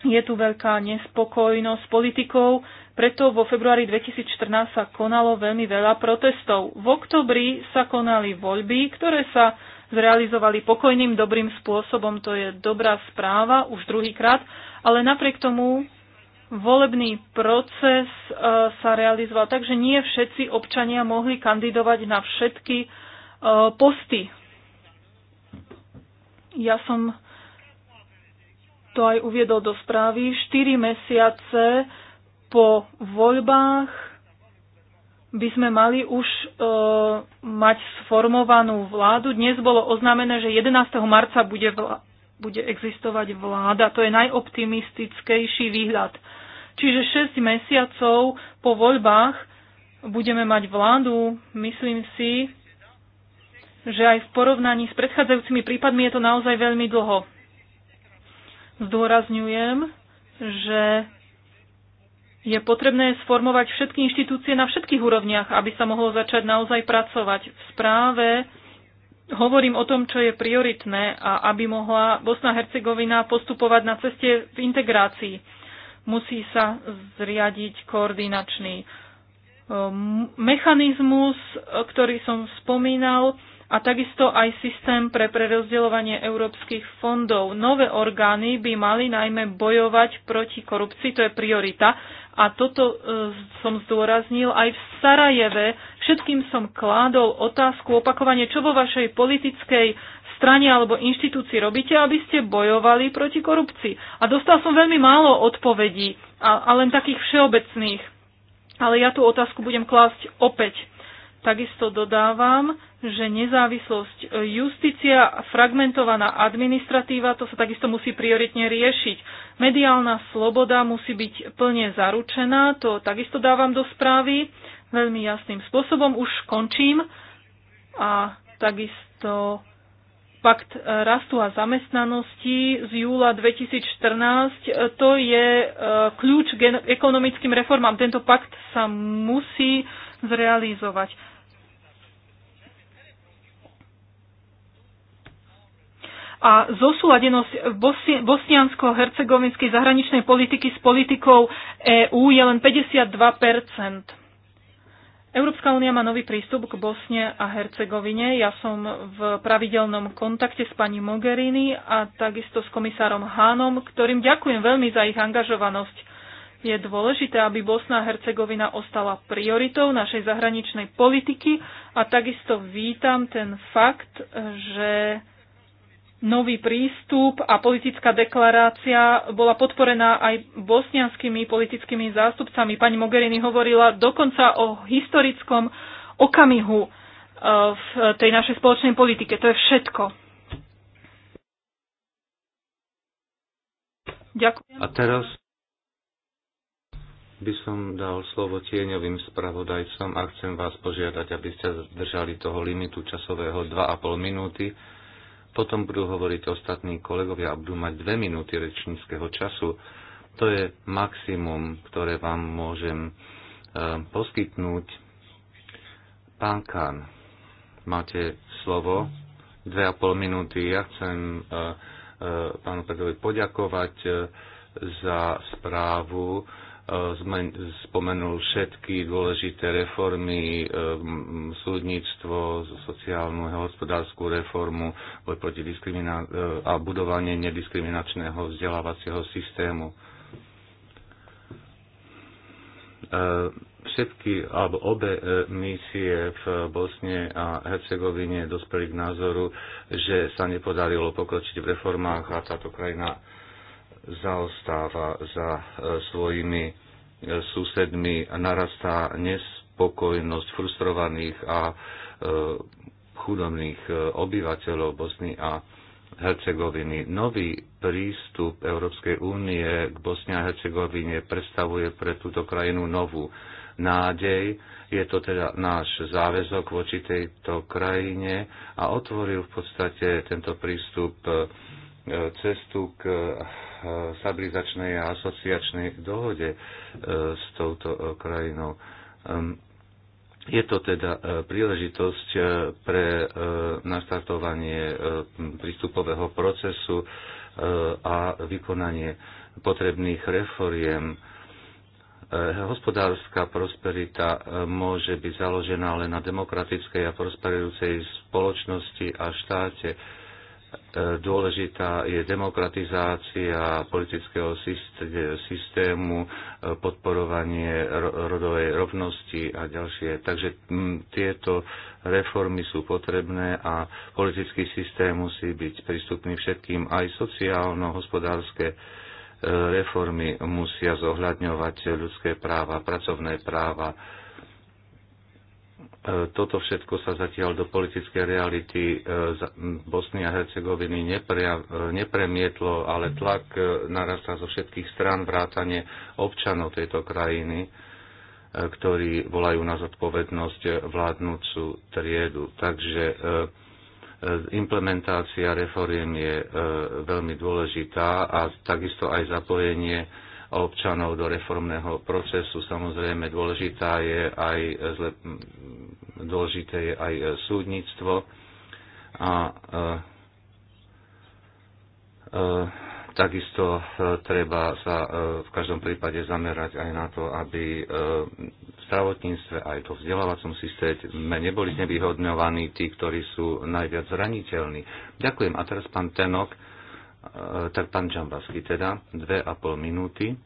Je tu veľká nespokojnosť politikov. preto vo februári 2014 sa konalo veľmi veľa protestov. V oktobri sa konali voľby, ktoré sa zrealizovali pokojným, dobrým spôsobom. To je dobrá správa, už druhýkrát, ale napriek tomu volebný proces e, sa realizoval tak, že nie všetci občania mohli kandidovať na všetky e, posty. Ja som to aj uviedol do správy, 4 mesiace po voľbách by sme mali už e, mať sformovanú vládu. Dnes bolo oznámené, že 11. marca bude, vla, bude existovať vláda. To je najoptimistickejší výhľad. Čiže 6 mesiacov po voľbách budeme mať vládu. Myslím si, že aj v porovnaní s predchádzajúcimi prípadmi je to naozaj veľmi dlho. Zdôrazňujem, že je potrebné sformovať všetky inštitúcie na všetkých úrovniach, aby sa mohlo začať naozaj pracovať. V správe hovorím o tom, čo je prioritné a aby mohla Bosna Hercegovina postupovať na ceste v integrácii. Musí sa zriadiť koordinačný eh, mechanizmus, eh, ktorý som spomínal, a takisto aj systém pre prerozdeľovanie európskych fondov. Nové orgány by mali najmä bojovať proti korupcii, to je priorita. A toto e, som zdôraznil aj v Sarajeve. Všetkým som kládol otázku opakovanie, čo vo vašej politickej strane alebo inštitúcii robíte, aby ste bojovali proti korupcii. A dostal som veľmi málo odpovedí, a, a len takých všeobecných. Ale ja tú otázku budem klásť opäť Takisto dodávam, že nezávislosť e, justícia, fragmentovaná administratíva, to sa takisto musí prioritne riešiť. Mediálna sloboda musí byť plne zaručená, to takisto dávam do správy veľmi jasným spôsobom. Už končím a takisto pakt rastu a zamestnanosti z júla 2014, e, to je e, kľúč k ekonomickým reformám. Tento pakt sa musí zrealizovať. a zosúladenosť bosniansko-hercegovinskej zahraničnej politiky s politikou EÚ je len 52 Európska únia má nový prístup k Bosne a Hercegovine. Ja som v pravidelnom kontakte s pani Mogherini a takisto s komisárom Hánom, ktorým ďakujem veľmi za ich angažovanosť. Je dôležité, aby Bosna a Hercegovina ostala prioritou našej zahraničnej politiky a takisto vítam ten fakt, že nový prístup a politická deklarácia bola podporená aj bosnianskými politickými zástupcami. Pani Mogherini hovorila dokonca o historickom okamihu e, v tej našej spoločnej politike. To je všetko. Ďakujem. A teraz by som dal slovo tieňovým spravodajcom a chcem vás požiadať, aby ste držali toho limitu časového 2,5 minúty potom budú hovoriť ostatní kolegovia a budú mať dve minúty rečníckého času. To je maximum, ktoré vám môžem e, poskytnúť. Pán Kán, máte slovo. Dve a pol minúty. Ja chcem e, e, pánu Pedovi poďakovať za správu spomenul všetky dôležité reformy, ehm, súdnictvo, sociálnu a hospodárskú reformu, boj proti diskriminá- eh, a budovanie nediskriminačného vzdelávacieho systému. Ehm, všetky, alebo obe eh, misie v Bosne a Hercegovine dospeli k názoru, že sa nepodarilo pokročiť v reformách a táto krajina zaostáva za e, svojimi e, susedmi a narastá nespokojnosť frustrovaných a e, chudobných obyvateľov Bosny a Hercegoviny. Nový prístup Európskej únie k Bosne a Hercegovine predstavuje pre túto krajinu novú nádej. Je to teda náš záväzok voči tejto krajine a otvoril v podstate tento prístup cestu k eh, stabilizačnej a asociačnej dohode eh, s touto eh, krajinou. Je to teda príležitosť pre nastartovanie prístupového procesu a vykonanie potrebných reforiem. Hospodárska prosperita môže byť založená len na demokratickej a prosperujúcej spoločnosti a štáte Dôležitá je demokratizácia politického systému, podporovanie rodovej rovnosti a ďalšie. Takže mm, tieto reformy sú potrebné a politický systém musí byť prístupný všetkým. Aj sociálno-hospodárske e, reformy musia zohľadňovať ľudské práva, pracovné práva, E, toto všetko sa zatiaľ do politickej reality e, Bosny a Hercegoviny e, nepremietlo, ale tlak narastá zo všetkých strán vrátane občanov tejto krajiny, ktorí volajú na zodpovednosť vládnúcu triedu. Takže implementácia reforiem je veľmi dôležitá a takisto aj zapojenie občanov do reformného procesu. Samozrejme dôležitá je aj, dôležité je aj e, súdnictvo a a, e, a, e, Takisto treba sa v každom prípade zamerať aj na to, aby v zdravotníctve aj to vzdelávacom systéme neboli znevýhodňovaní tí, ktorí sú najviac zraniteľní. Ďakujem. A teraz pán Tenok E, tak pán Čambasky teda, dve a pol minúty.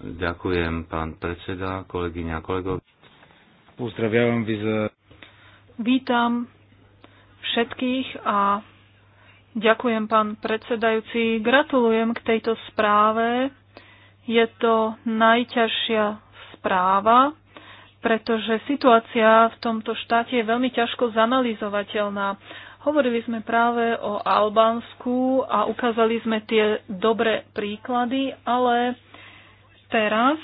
Ďakujem, pán predseda, kolegyňa a kolegov. Pozdravujem vás. Vítam všetkých a ďakujem, pán predsedajúci. Gratulujem k tejto správe. Je to najťažšia správa, pretože situácia v tomto štáte je veľmi ťažko zanalizovateľná Hovorili sme práve o Albánsku a ukázali sme tie dobré príklady, ale teraz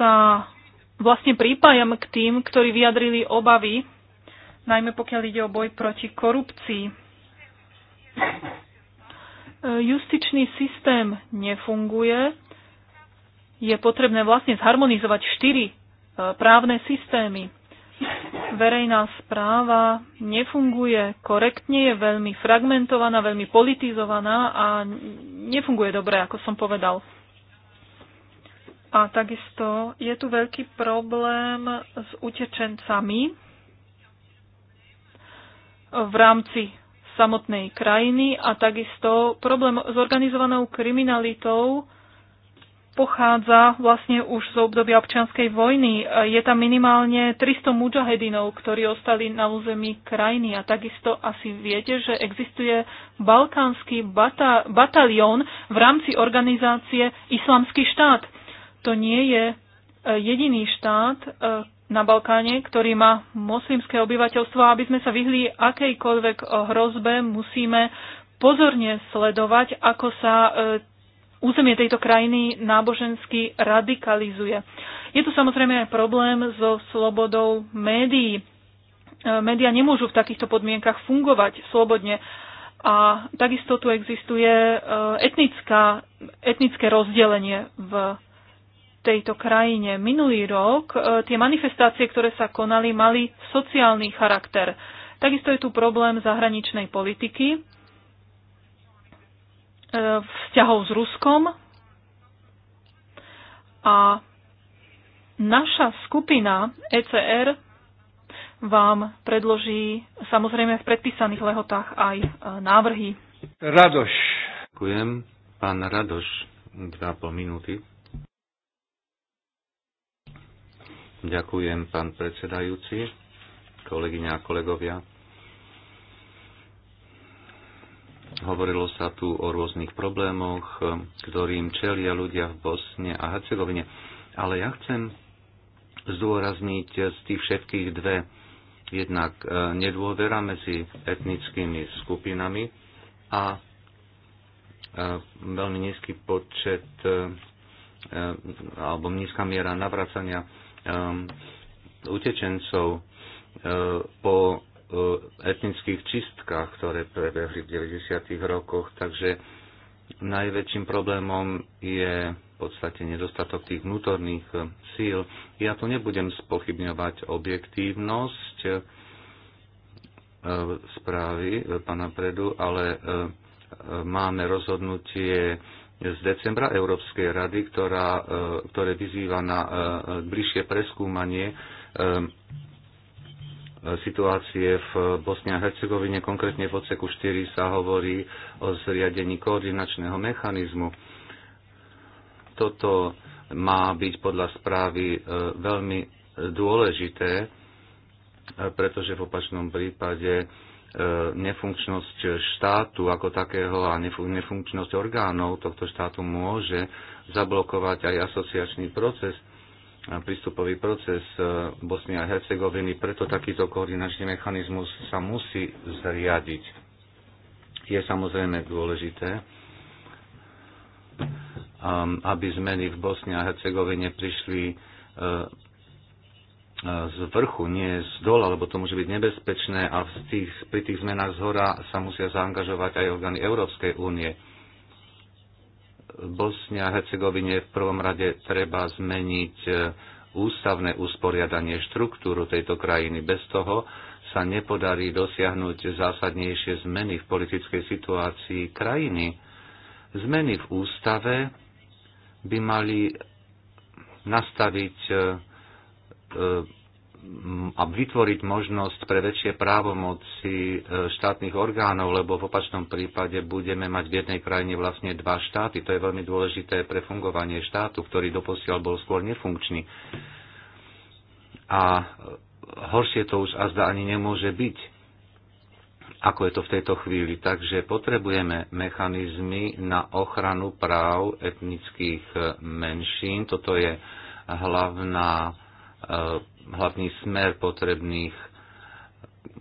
sa vlastne pripájam k tým, ktorí vyjadrili obavy, najmä pokiaľ ide o boj proti korupcii. Justičný systém nefunguje. Je potrebné vlastne zharmonizovať štyri e, právne systémy verejná správa nefunguje korektne, je veľmi fragmentovaná, veľmi politizovaná a nefunguje dobre, ako som povedal. A takisto je tu veľký problém s utečencami v rámci samotnej krajiny a takisto problém s organizovanou kriminalitou pochádza vlastne už z obdobia občianskej vojny. Je tam minimálne 300 mužahedinov, ktorí ostali na území krajiny. A takisto asi viete, že existuje balkánsky bata- batalión v rámci organizácie Islamský štát. To nie je e, jediný štát e, na Balkáne, ktorý má moslimské obyvateľstvo. Aby sme sa vyhli akejkoľvek hrozbe, musíme pozorne sledovať, ako sa e, územie tejto krajiny nábožensky radikalizuje. Je tu samozrejme aj problém so slobodou médií. E, Média nemôžu v takýchto podmienkach fungovať slobodne. A takisto tu existuje e, etnická, etnické rozdelenie v tejto krajine. Minulý rok e, tie manifestácie, ktoré sa konali, mali sociálny charakter. Takisto je tu problém zahraničnej politiky vzťahov s Ruskom a naša skupina ECR vám predloží samozrejme v predpísaných lehotách aj e, návrhy. Radoš. Ďakujem. Pán Radoš, dva po minúty. Ďakujem, pán predsedajúci, kolegyňa a kolegovia. Hovorilo sa tu o rôznych problémoch, ktorým čelia ľudia v Bosne a Hercegovine. Ale ja chcem zdôrazniť z tých všetkých dve. Jednak e, nedôvera medzi etnickými skupinami a e, veľmi nízky počet e, alebo nízka miera navracania utečencov po E, etnických čistkách, ktoré prebehli v 90. rokoch, takže najväčším problémom je v podstate nedostatok tých vnútorných e, síl. Ja tu nebudem spochybňovať objektívnosť e, správy pána Predu, ale máme rozhodnutie z decembra Európskej rady, ktorá, ktoré vyzýva na bližšie preskúmanie situácie v Bosne a Hercegovine. Konkrétne v odseku 4 sa hovorí o zriadení koordinačného mechanizmu. Toto má byť podľa správy e, veľmi dôležité, e, pretože v opačnom prípade e, nefunkčnosť štátu ako takého a nefunkčnosť orgánov tohto štátu môže zablokovať aj asociačný proces prístupový proces e, Bosny a Hercegoviny, preto takýto koordinačný mechanizmus sa musí zriadiť. Je samozrejme dôležité, um, aby zmeny v Bosne a Hercegovine prišli e, e, z vrchu, nie z dola, lebo to môže byť nebezpečné a v tých, pri tých zmenách z hora sa musia zaangažovať aj orgány Európskej únie. Bosnia a Hercegovine v prvom rade treba zmeniť e, ústavné usporiadanie štruktúru tejto krajiny. Bez toho sa nepodarí dosiahnuť zásadnejšie zmeny v politickej situácii krajiny. Zmeny v ústave by mali nastaviť e, e, a vytvoriť možnosť pre väčšie právomoci e, štátnych orgánov, lebo v opačnom prípade budeme mať v jednej krajine vlastne dva štáty. To je veľmi dôležité pre fungovanie štátu, ktorý doposiaľ bol skôr nefunkčný. A e, horšie to už azda ani nemôže byť, ako je to v tejto chvíli. Takže potrebujeme mechanizmy na ochranu práv etnických e, menšín. Toto je hlavná hlavný smer potrebných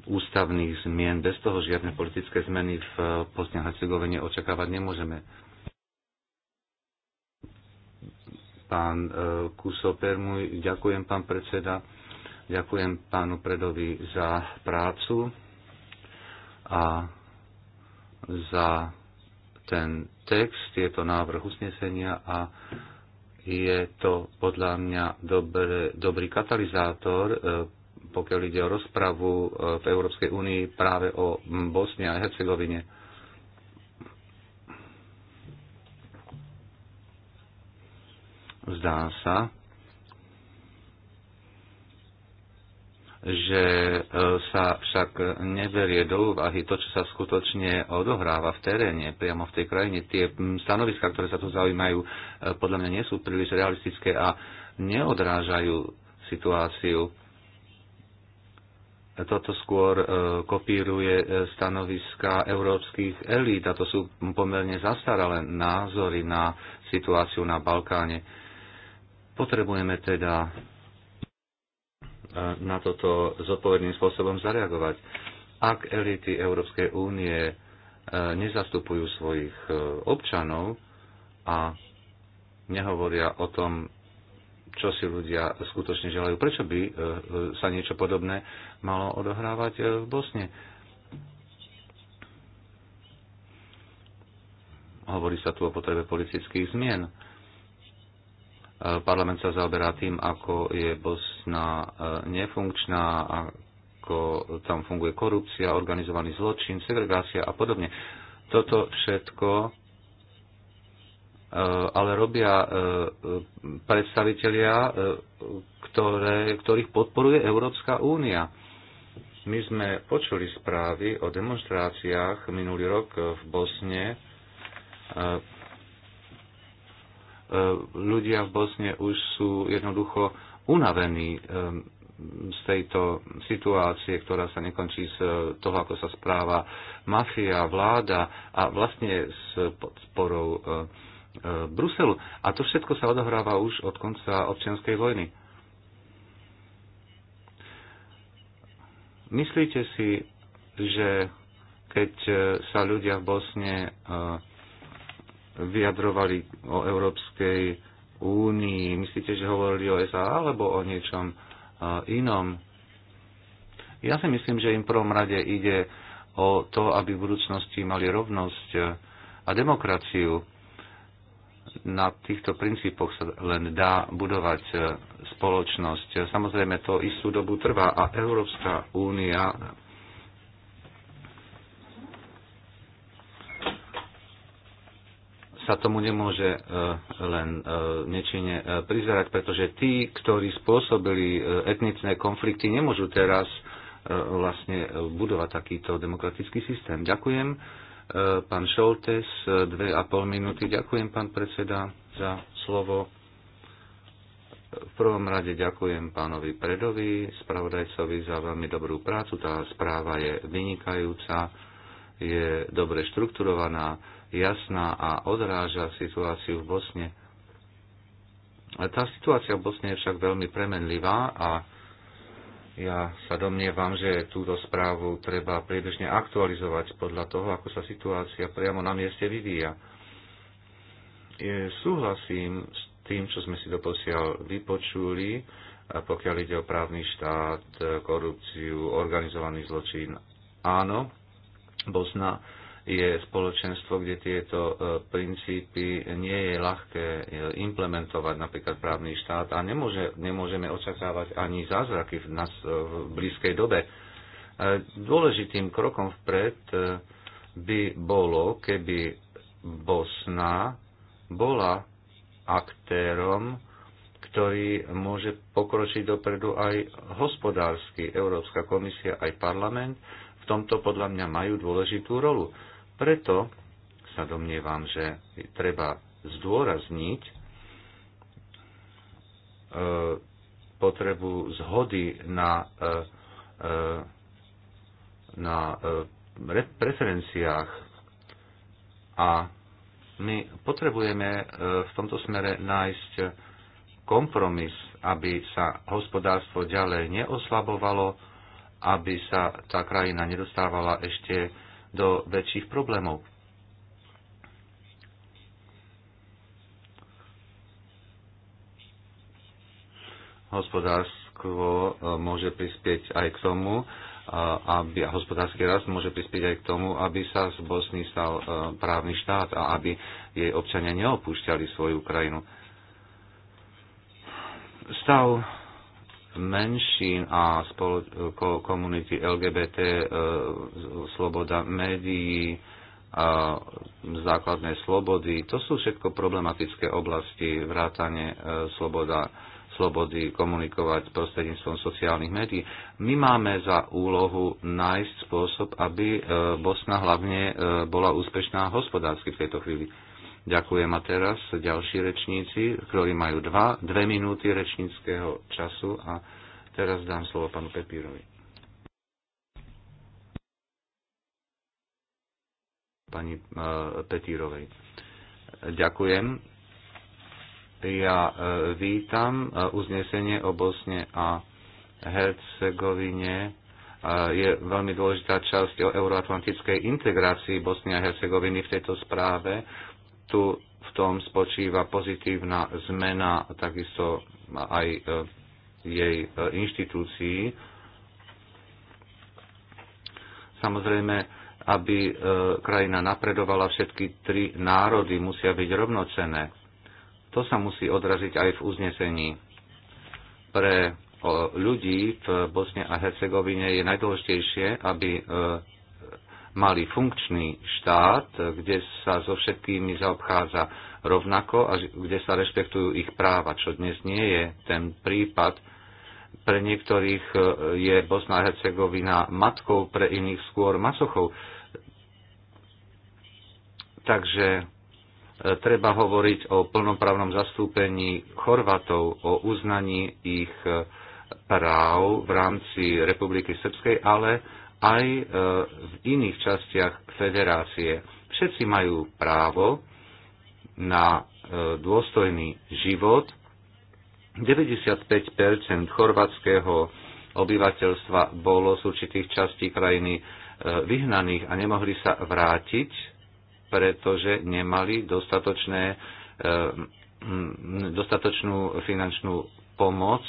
ústavných zmien. Bez toho žiadne politické zmeny v Bosne a Hercegovine očakávať nemôžeme. Pán e, Kuso Permuj, ďakujem pán predseda, ďakujem pánu Predovi za prácu a za ten text, je to návrh usnesenia a je to podľa mňa dobrý, dobrý katalizátor, e, pokiaľ ide o rozpravu e, v Európskej únii práve o Bosne a Hercegovine. Zdá sa, že e, sa však neberie do úvahy to, čo sa skutočne odohráva v teréne, priamo v tej krajine. Tie stanoviská, ktoré sa tu zaujímajú, e, podľa mňa nie sú príliš realistické a neodrážajú situáciu. Toto skôr e, kopíruje stanoviska európskych elít a to sú pomerne zastaralé názory na situáciu na Balkáne. Potrebujeme teda na toto zodpovedným spôsobom zareagovať. Ak elity Európskej únie e, nezastupujú svojich e, občanov a nehovoria o tom, čo si ľudia skutočne želajú, prečo by e, sa niečo podobné malo odohrávať v Bosne. Hovorí sa tu o potrebe politických zmien Parlament sa zaoberá tým, ako je Bosna eh, nefunkčná, ako tam funguje korupcia, organizovaný zločin, segregácia a podobne. Toto všetko eh, ale robia eh, predstavitelia, ktoré, ktorých podporuje Európska únia. My sme počuli správy o demonstráciách minulý rok v Bosne, E, ľudia v Bosne už sú jednoducho unavení e, z tejto situácie, ktorá sa nekončí z e, toho, ako sa správa mafia, vláda a vlastne s podporou Bruselu. A to všetko sa odohráva už od konca občianskej vojny. Myslíte si, že keď sa ľudia v Bosne vyjadrovali o Európskej únii. Myslíte, že hovorili o SA alebo o niečom e, inom? Ja si myslím, že im v prvom rade ide o to, aby v budúcnosti mali rovnosť e, a demokraciu. Na týchto princípoch sa len dá budovať e, spoločnosť. Samozrejme, to istú dobu trvá a Európska únia sa tomu nemôže e, len e, nečine e, prizerať, pretože tí, ktorí spôsobili etnické konflikty, nemôžu teraz vlastne budovať takýto demokratický systém. Ďakujem. Pán Šoltes, dve a pol minúty. Ďakujem, pán predseda, za slovo. V prvom rade ďakujem pánovi Predovi, spravodajcovi za veľmi dobrú prácu. Tá správa je vynikajúca, je dobre štrukturovaná jasná a odráža situáciu v Bosne. Tá situácia v Bosne je však veľmi premenlivá a ja sa domnievam, že túto správu treba priebežne aktualizovať podľa toho, ako sa situácia priamo na mieste vyvíja. Súhlasím s tým, čo sme si doposiaľ vypočuli, pokiaľ ide o právny štát, korupciu, organizovaný zločin. Áno, Bosna je spoločenstvo, kde tieto e, princípy nie je ľahké e, implementovať, napríklad právny štát a nemôže, nemôžeme očakávať ani zázraky v, nás, e, v blízkej dobe. Dôležitým krokom vpred by bolo, keby Bosna bola aktérom, ktorý môže pokročiť dopredu aj hospodársky. Európska komisia, aj parlament v tomto podľa mňa majú dôležitú rolu preto sa domnievam, že treba zdôrazniť e, potrebu zhody na, e, e, na preferenciách a my potrebujeme v tomto smere nájsť kompromis, aby sa hospodárstvo ďalej neoslabovalo, aby sa tá krajina nedostávala ešte do väčších problémov. Hospodárstvo eh, môže prispieť aj k tomu, eh, aby, hospodársky rast môže prispieť aj k tomu, aby sa z Bosny stal eh, právny štát a aby jej občania neopúšťali svoju krajinu. Stav menšín a komunity LGBT, e, sloboda médií, a základné slobody. To sú všetko problematické oblasti, vrátane e, sloboda, slobody komunikovať prostredníctvom sociálnych médií. My máme za úlohu nájsť spôsob, aby e, Bosna hlavne bola úspešná hospodársky v tejto chvíli. Ďakujem a teraz ďalší rečníci, ktorí majú dva, dve minúty rečníckého času a teraz dám slovo panu Pepírovi. Pani e, eh, Petírovej. Ďakujem. Ja e, vítam e, uznesenie o Bosne a Hercegovine je veľmi dôležitá časť o euroatlantickej integrácii Bosny a Hercegoviny v tejto správe tu v tom spočíva pozitívna zmena takisto aj e, jej e, inštitúcií. Samozrejme, aby e, krajina napredovala, všetky tri národy musia byť rovnocené. To sa musí odraziť aj v uznesení. Pre ľudí v Bosne a Hercegovine je najdôležitejšie, aby mali funkčný štát, kde sa so všetkými zaobchádza rovnako a kde sa rešpektujú ich práva, čo dnes nie je ten prípad. Pre niektorých e, je Bosna a Hercegovina matkou, pre iných skôr masochou. Takže e, treba hovoriť o plnoprávnom zastúpení Chorvatov, o uznaní ich e, práv v rámci Republiky Srbskej, ale aj e, v iných častiach federácie. Všetci majú právo na e, dôstojný život. 95 chorvátskeho obyvateľstva bolo z určitých častí krajiny e, vyhnaných a nemohli sa vrátiť, pretože nemali dostatočné, dostatočnú finančnú pomoc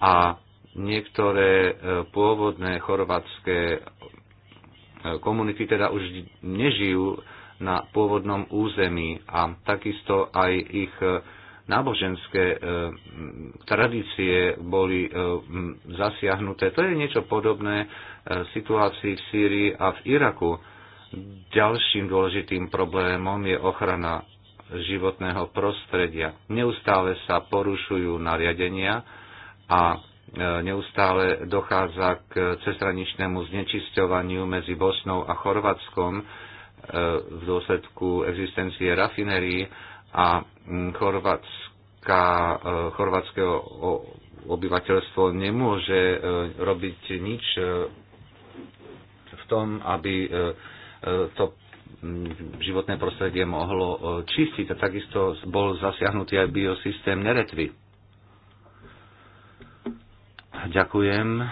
a niektoré e, pôvodné chorvatské e, komunity teda už nežijú na pôvodnom území a takisto aj ich e, náboženské tradície boli zasiahnuté. To je niečo podobné situácii v Sýrii a v Iraku. Ďalším dôležitým problémom je ochrana životného prostredia. Neustále sa porušujú nariadenia a neustále dochádza k cestraničnému znečisťovaniu medzi Bosnou a Chorvátskom e, v dôsledku existencie rafinerí a mm, chorvátska, e, chorvátske obyvateľstvo nemôže e, robiť nič v tom, aby to mm, životné prostredie mohlo čistiť a takisto bol zasiahnutý aj biosystém Neretvy. Ďakujem, eh,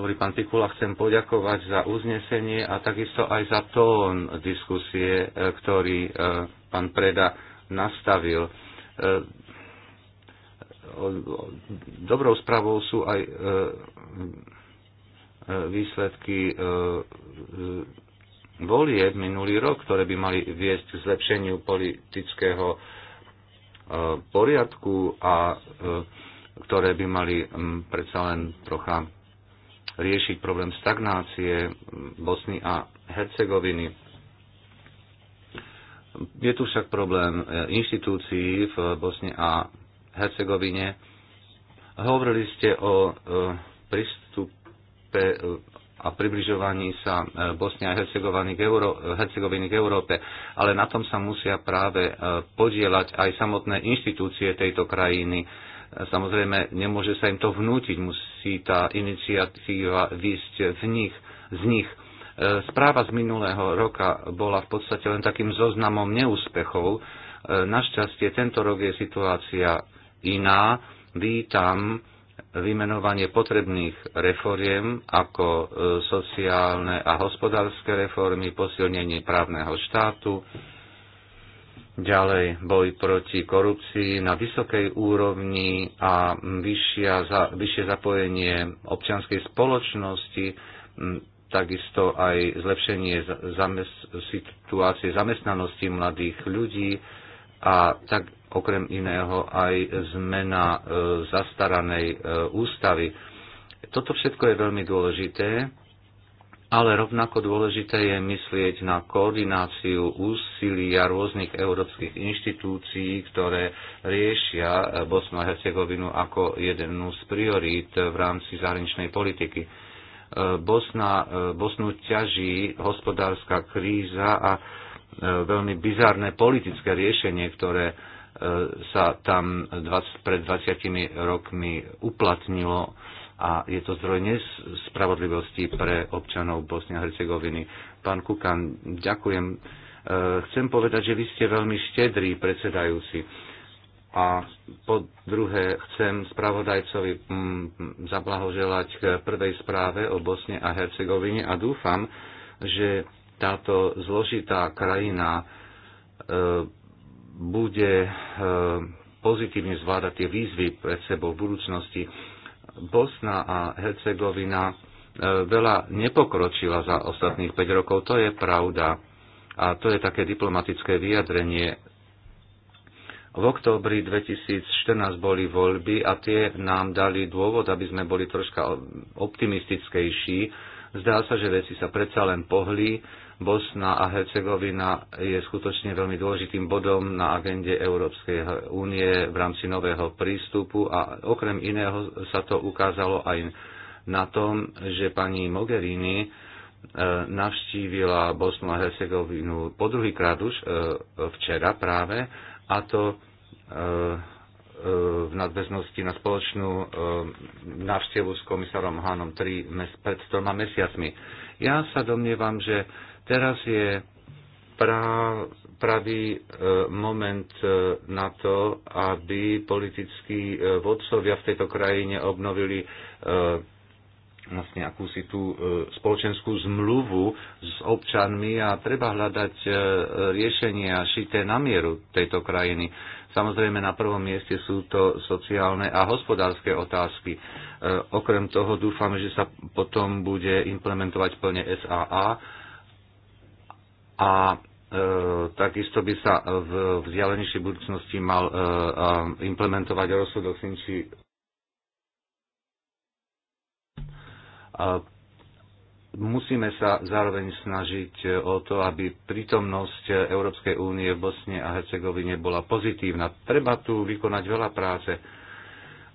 hovorí pán Pikula. Chcem poďakovať za uznesenie a takisto aj za tón diskusie, eh, ktorý eh, pán Preda nastavil. Dobrou správou sú aj výsledky volieb minulý rok, ktoré by mali viesť k zlepšeniu politického poriadku a ktoré by mali mm, predsa len trocha riešiť problém stagnácie mm, Bosny a Hercegoviny. Je tu však problém e, inštitúcií v Bosne a Hercegovine. Hovorili ste o e, prístupe e, a približovaní sa Bosne a Hercegoviny k, Euró- Hercegoviny k Európe, ale na tom sa musia práve podielať aj samotné inštitúcie tejto krajiny Samozrejme, nemôže sa im to vnútiť, musí tá iniciatíva výsť v nich, z nich. E, správa z minulého roka bola v podstate len takým zoznamom neúspechov. E, našťastie tento rok je situácia iná. Vítam vymenovanie potrebných reforiem ako e, sociálne a hospodárske reformy, posilnenie právneho štátu, ďalej boj proti korupcii na vysokej úrovni a za, vyššie zapojenie občianskej spoločnosti, takisto aj zlepšenie zamest, situácie zamestnanosti mladých ľudí a tak okrem iného aj zmena e, zastaranej e, ústavy. Toto všetko je veľmi dôležité ale rovnako dôležité je myslieť na koordináciu úsilia rôznych európskych inštitúcií, ktoré riešia eh, Bosnu a Hercegovinu ako jednu z priorít v rámci zahraničnej politiky. Eh, Bosna, eh, Bosnu ťaží hospodárska kríza a veľmi bizárne politické riešenie, ktoré sa tam 20, pred 20 rokmi uplatnilo a je to zdroj nespravodlivosti pre občanov Bosny a Hercegoviny. Pán Kukan, ďakujem. E, chcem povedať, že vy ste veľmi štedrý predsedajúci. A po druhé, chcem spravodajcovi mm, zablahoželať k prvej správe o Bosne a Hercegovine a dúfam, že táto zložitá krajina e, bude e, pozitívne zvládať tie výzvy pred sebou v budúcnosti. Bosna a Hercegovina e, veľa nepokročila za ostatných 5 rokov. To je pravda. A to je také diplomatické vyjadrenie. V októbri 2014 boli voľby a tie nám dali dôvod, aby sme boli troška optimistickejší. Zdá sa, že veci sa predsa len pohli Bosna a Hercegovina je skutočne veľmi dôležitým bodom na agende Európskej únie v rámci nového prístupu a okrem iného sa to ukázalo aj na tom, že pani Mogherini e, navštívila Bosnu a Hercegovinu po druhýkrát už e, včera práve a to e, v nadväznosti na spoločnú návštevu s komisárom Hánom 3 pred troma mesiacmi. Ja sa domnievam, že Teraz je prá, pravý e, moment e, na to, aby politickí e, vodcovia v tejto krajine obnovili vlastne akúsi tú spoločenskú zmluvu s občanmi a treba hľadať riešenia šité na mieru tejto krajiny. Samozrejme, na prvom mieste sú to sociálne a hospodárske otázky. Okrem toho dúfame, že sa potom bude implementovať plne SAA a e, takisto by sa v vzdialenejšej budúcnosti mal e, implementovať rozsudok Sinči musíme sa zároveň snažiť o to, aby prítomnosť Európskej únie v Bosne a Hercegovine bola pozitívna. Treba tu vykonať veľa práce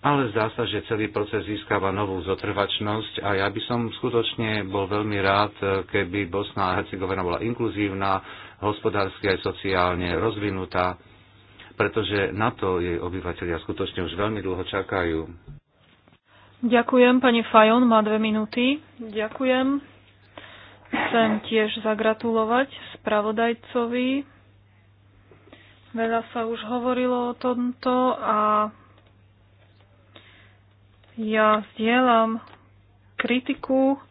ale zdá sa, že celý proces získava novú zotrvačnosť a ja by som skutočne bol veľmi rád, keby Bosna a Hercegovina bola inkluzívna, hospodársky aj sociálne rozvinutá, pretože na to jej obyvateľia skutočne už veľmi dlho čakajú. Ďakujem, pani Fajon, má dve minúty. Ďakujem. Chcem tiež zagratulovať spravodajcovi. Veľa sa už hovorilo o tomto a ja zdieľam kritiku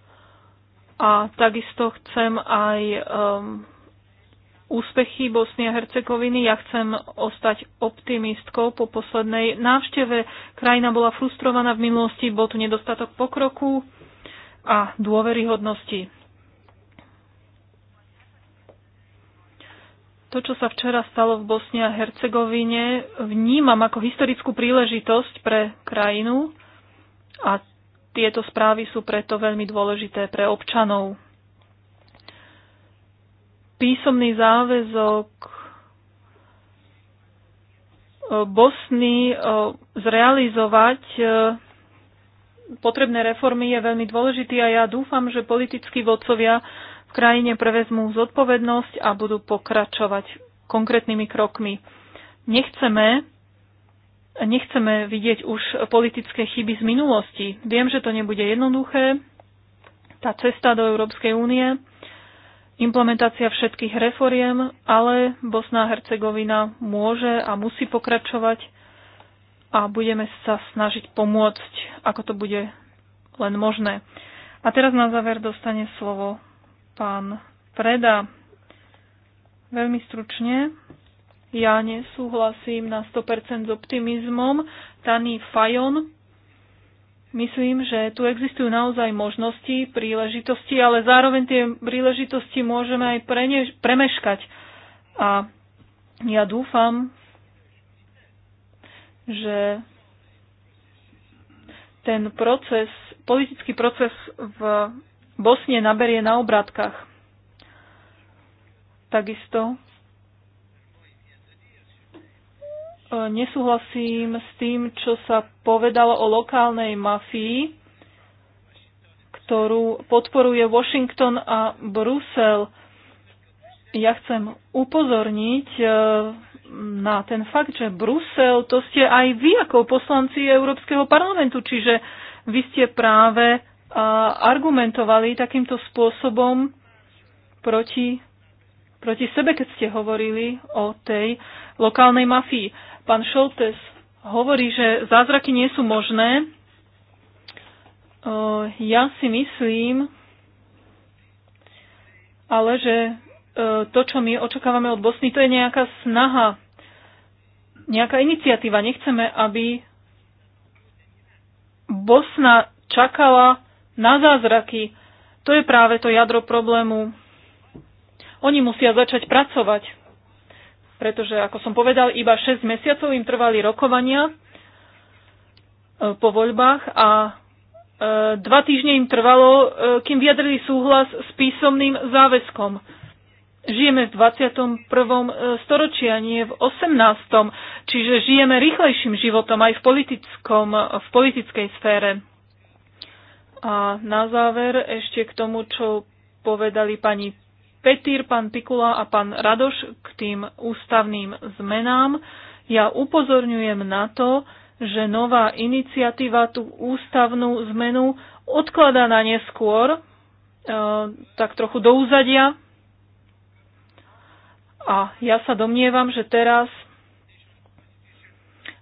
a takisto chcem aj um, úspechy Bosny a Hercegoviny. Ja chcem ostať optimistkou po poslednej návšteve. Krajina bola frustrovaná v minulosti, bol tu nedostatok pokroku a dôveryhodnosti. To, čo sa včera stalo v Bosne a Hercegovine, vnímam ako historickú príležitosť pre krajinu, a tieto správy sú preto veľmi dôležité pre občanov. Písomný záväzok e, Bosny e, zrealizovať e, potrebné reformy je veľmi dôležitý a ja dúfam, že politickí vodcovia v krajine prevezmú zodpovednosť a budú pokračovať konkrétnymi krokmi. Nechceme, nechceme vidieť už politické chyby z minulosti. Viem, že to nebude jednoduché, tá cesta do Európskej únie, implementácia všetkých reforiem, ale Bosná a Hercegovina môže a musí pokračovať a budeme sa snažiť pomôcť, ako to bude len možné. A teraz na záver dostane slovo pán Preda. Veľmi stručne. Ja nesúhlasím na 100% s optimizmom. Tani Fajon, myslím, že tu existujú naozaj možnosti, príležitosti, ale zároveň tie príležitosti môžeme aj prenež- premeškať. A ja dúfam, že ten proces, politický proces v Bosne naberie na obratkách. Takisto E, nesúhlasím s tým, čo sa povedalo o lokálnej mafii, ktorú podporuje Washington a Brusel. Ja chcem upozorniť e, na ten fakt, že Brusel to ste aj vy ako poslanci Európskeho parlamentu, čiže vy ste práve e, argumentovali takýmto spôsobom proti, proti sebe, keď ste hovorili o tej lokálnej mafii. Pán Šoltes hovorí, že zázraky nie sú možné. Ja si myslím, ale že e, to, čo my očakávame od Bosny, to je nejaká snaha, nejaká iniciatíva. Nechceme, aby Bosna čakala na zázraky. To je práve to jadro problému. Oni musia začať pracovať pretože, ako som povedal, iba 6 mesiacov im trvali rokovania e, po voľbách a e, dva týždne im trvalo, e, kým vyjadrili súhlas s písomným záväzkom. Žijeme v 21. storočí a nie v 18. Čiže žijeme rýchlejším životom aj v, politickom, v politickej sfére. A na záver ešte k tomu, čo povedali pani Petír, pán Pikula a pán Radoš k tým ústavným zmenám. Ja upozorňujem na to, že nová iniciatíva tú ústavnú zmenu odkladá na neskôr, e, tak trochu do úzadia. A ja sa domnievam, že teraz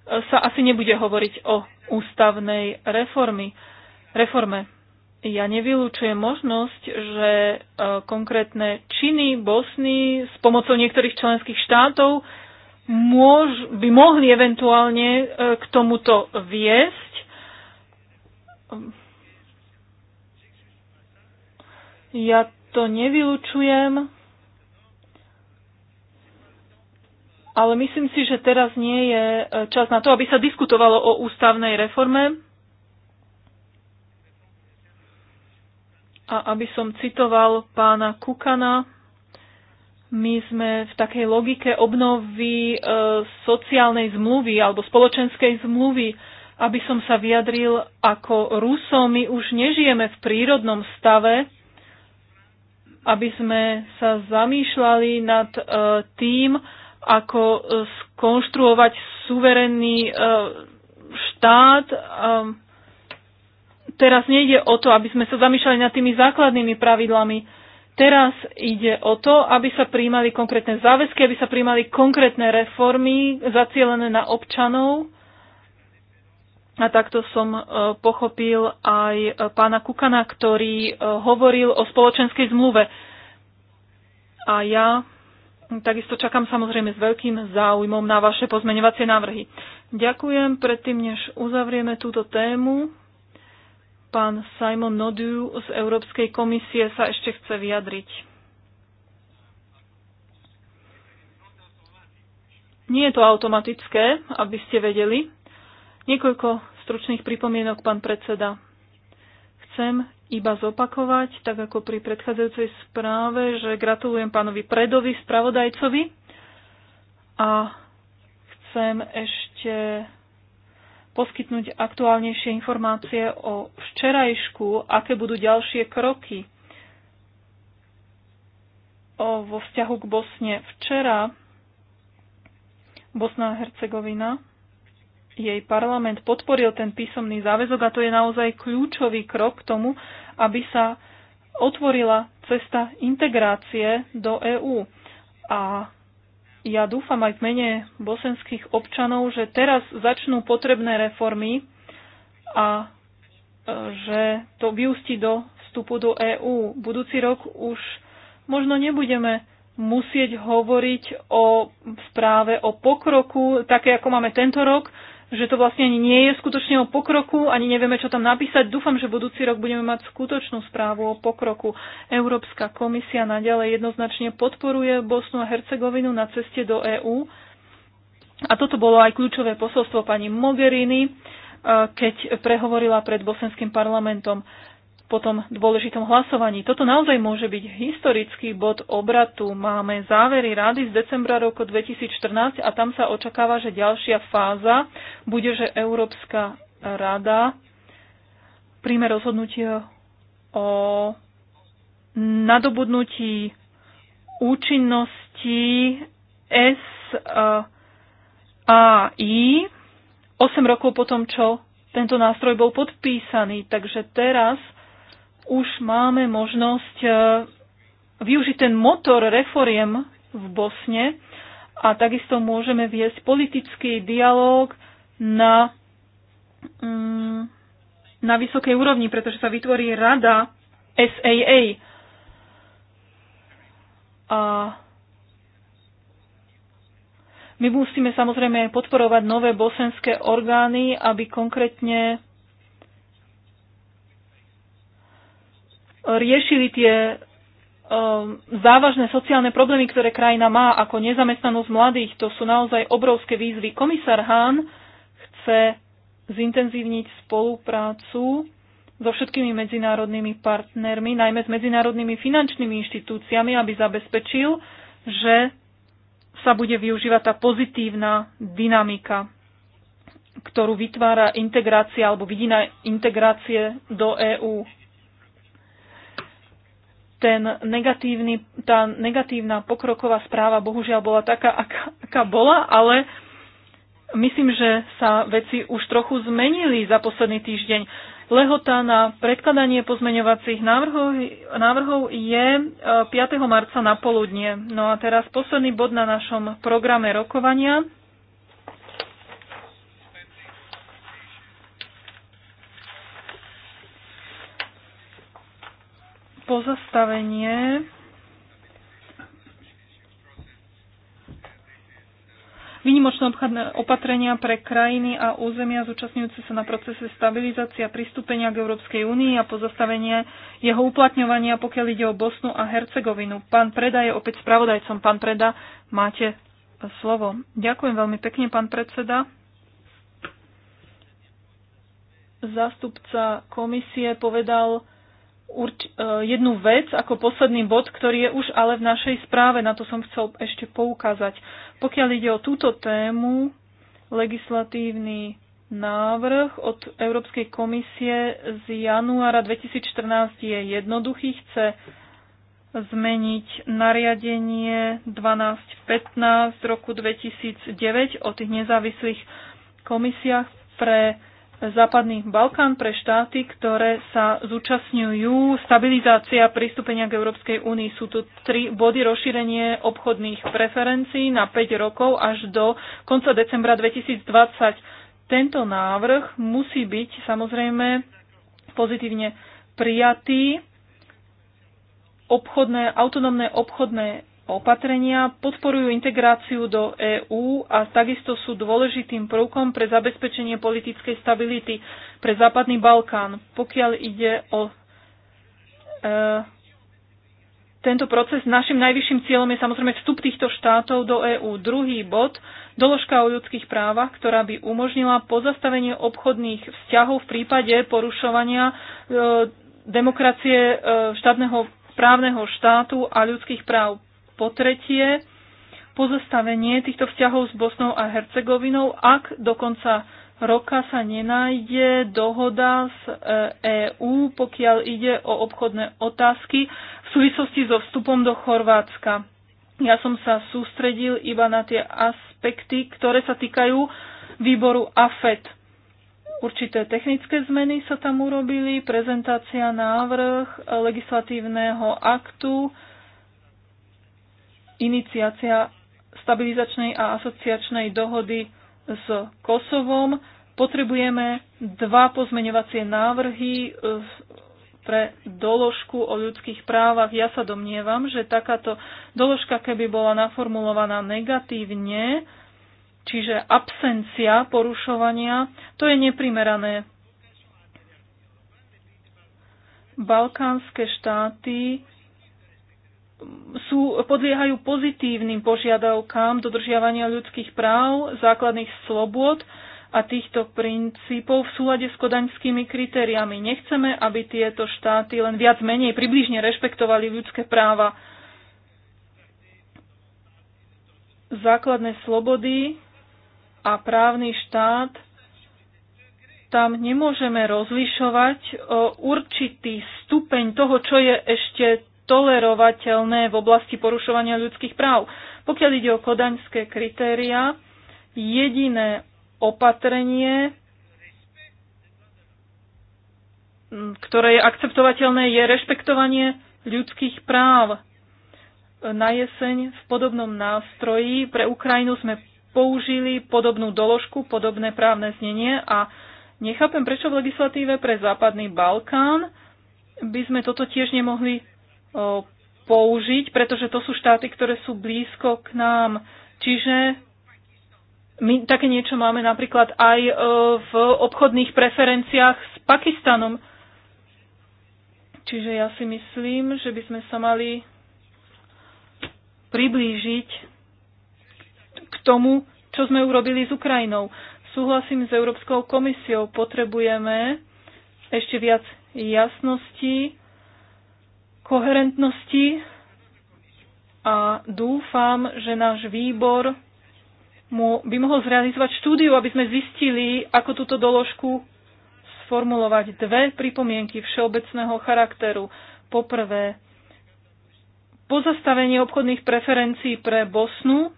sa asi nebude hovoriť o ústavnej reformy, reforme ja nevylučujem možnosť, že e, konkrétne činy Bosny s pomocou niektorých členských štátov môž, by mohli eventuálne e, k tomuto viesť. Ja to nevylučujem, ale myslím si, že teraz nie je e, čas na to, aby sa diskutovalo o ústavnej reforme A aby som citoval pána Kukana, my sme v takej logike obnovy e, sociálnej zmluvy alebo spoločenskej zmluvy. Aby som sa vyjadril ako Rusom, my už nežijeme v prírodnom stave, aby sme sa zamýšľali nad e, tým, ako e, skonštruovať suverenný e, štát. E, teraz nejde o to, aby sme sa zamýšľali nad tými základnými pravidlami. Teraz ide o to, aby sa príjmali konkrétne záväzky, aby sa príjmali konkrétne reformy zacielené na občanov. A takto som e, pochopil aj e, pána Kukana, ktorý e, hovoril o spoločenskej zmluve. A ja takisto čakám samozrejme s veľkým záujmom na vaše pozmeňovacie návrhy. Ďakujem predtým, než uzavrieme túto tému. Pán Simon Nodu z Európskej komisie sa ešte chce vyjadriť. Nie je to automatické, aby ste vedeli. Niekoľko stručných pripomienok, pán predseda. Chcem iba zopakovať, tak ako pri predchádzajúcej správe, že gratulujem pánovi Predovi, spravodajcovi. A chcem ešte poskytnúť aktuálnejšie informácie o včerajšku, aké budú ďalšie kroky o, vo vzťahu k Bosne. Včera Bosna a Hercegovina, jej parlament podporil ten písomný záväzok a to je naozaj kľúčový krok k tomu, aby sa otvorila cesta integrácie do EÚ. A ja dúfam aj v mene bosenských občanov, že teraz začnú potrebné reformy a e, že to vyústi do vstupu do EÚ. Budúci rok už možno nebudeme musieť hovoriť o správe o pokroku, také ako máme tento rok, že to vlastne ani nie je skutočne o pokroku, ani nevieme, čo tam napísať. Dúfam, že budúci rok budeme mať skutočnú správu o pokroku. Európska komisia naďalej jednoznačne podporuje Bosnu a Hercegovinu na ceste do EÚ. A toto bolo aj kľúčové posolstvo pani Mogherini, eh, keď prehovorila pred bosenským parlamentom potom dôležitom hlasovaní. Toto naozaj môže byť historický bod obratu. Máme závery rady z decembra roku 2014 a tam sa očakáva, že ďalšia fáza bude, že Európska rada príjme rozhodnutie o nadobudnutí účinnosti SAI 8 rokov po tom, čo tento nástroj bol podpísaný. Takže teraz už máme možnosť e, využiť ten motor reforiem v Bosne a takisto môžeme viesť politický dialog na, mm, na vysokej úrovni, pretože sa vytvorí rada SAA. A my musíme samozrejme podporovať nové bosenské orgány, aby konkrétne riešili tie um, závažné sociálne problémy, ktoré krajina má, ako nezamestnanosť mladých, to sú naozaj obrovské výzvy. Komisár Hahn chce zintenzívniť spoluprácu so všetkými medzinárodnými partnermi, najmä s medzinárodnými finančnými inštitúciami, aby zabezpečil, že sa bude využívať tá pozitívna dynamika, ktorú vytvára integrácia alebo vidina integrácie do EÚ ten negatívny, tá negatívna pokroková správa bohužiaľ bola taká, aká, aká bola, ale myslím, že sa veci už trochu zmenili za posledný týždeň. Lehota na predkladanie pozmeňovacích návrhov, návrhov je 5. E, marca na poludne. No a teraz posledný bod na našom programe rokovania pozastavenie Výnimočné obchodné opatrenia pre krajiny a územia zúčastňujúce sa na procese stabilizácia pristúpenia k Európskej únii a pozastavenie jeho uplatňovania, pokiaľ ide o Bosnu a Hercegovinu. Pán Preda je opäť spravodajcom. Pán Preda, máte slovo. Ďakujem veľmi pekne, pán predseda. Zástupca komisie povedal, urč- e, jednu vec ako posledný bod, ktorý je už ale v našej správe, na to som chcel ešte poukázať. Pokiaľ ide o túto tému, legislatívny návrh od Európskej komisie z januára 2014 je jednoduchý, chce zmeniť nariadenie 1215 z roku 2009 o tých nezávislých komisiách pre Západný Balkán pre štáty, ktoré sa zúčastňujú stabilizácia pristúpenia k Európskej únii. Sú tu tri body rozšírenie obchodných preferencií na 5 rokov až do konca decembra 2020. Tento návrh musí byť samozrejme pozitívne prijatý. Obchodné, autonómne obchodné opatrenia podporujú integráciu do EÚ a takisto sú dôležitým prvkom pre zabezpečenie politickej stability pre Západný Balkán. Pokiaľ ide o e, tento proces, našim najvyšším cieľom je samozrejme vstup týchto štátov do EÚ. Druhý bod, doložka o ľudských právach, ktorá by umožnila pozastavenie obchodných vzťahov v prípade porušovania e, demokracie e, štátneho právneho štátu a ľudských práv po tretie, pozastavenie týchto vzťahov s Bosnou a Hercegovinou, ak do konca roka sa nenájde dohoda z EÚ, e pokiaľ ide o obchodné otázky v súvislosti so vstupom do Chorvátska. Ja som sa sústredil iba na tie aspekty, ktoré sa týkajú výboru AFET. Určité technické zmeny sa tam urobili, prezentácia návrh legislatívneho aktu, iniciácia stabilizačnej a asociačnej dohody s Kosovom. Potrebujeme dva pozmeňovacie návrhy eh, pre doložku o ľudských právach. Ja sa domnievam, že takáto doložka, keby bola naformulovaná negatívne, čiže absencia porušovania, to je neprimerané. Balkánske štáty sú, podliehajú pozitívnym požiadavkám dodržiavania ľudských práv, základných slobôd a týchto princípov v súlade s kodaňskými kritériami. Nechceme, aby tieto štáty len viac menej približne rešpektovali ľudské práva. Základné slobody a právny štát tam nemôžeme rozlišovať e, určitý stupeň toho, čo je ešte tolerovateľné v oblasti porušovania ľudských práv. Pokiaľ ide o kodaňské kritéria, jediné opatrenie, ktoré je akceptovateľné, je rešpektovanie ľudských práv. Na jeseň v podobnom nástroji pre Ukrajinu sme použili podobnú doložku, podobné právne znenie a nechápem, prečo v legislatíve pre Západný Balkán by sme toto tiež nemohli použiť, pretože to sú štáty, ktoré sú blízko k nám. Čiže my také niečo máme napríklad aj e, v obchodných preferenciách s Pakistanom. Čiže ja si myslím, že by sme sa mali priblížiť k tomu, čo sme urobili s Ukrajinou. Súhlasím s Európskou komisiou, potrebujeme ešte viac jasnosti koherentnosti a dúfam, že náš výbor mu by mohol zrealizovať štúdiu, aby sme zistili, ako túto doložku sformulovať. Dve pripomienky všeobecného charakteru. Poprvé, pozastavenie obchodných preferencií pre Bosnu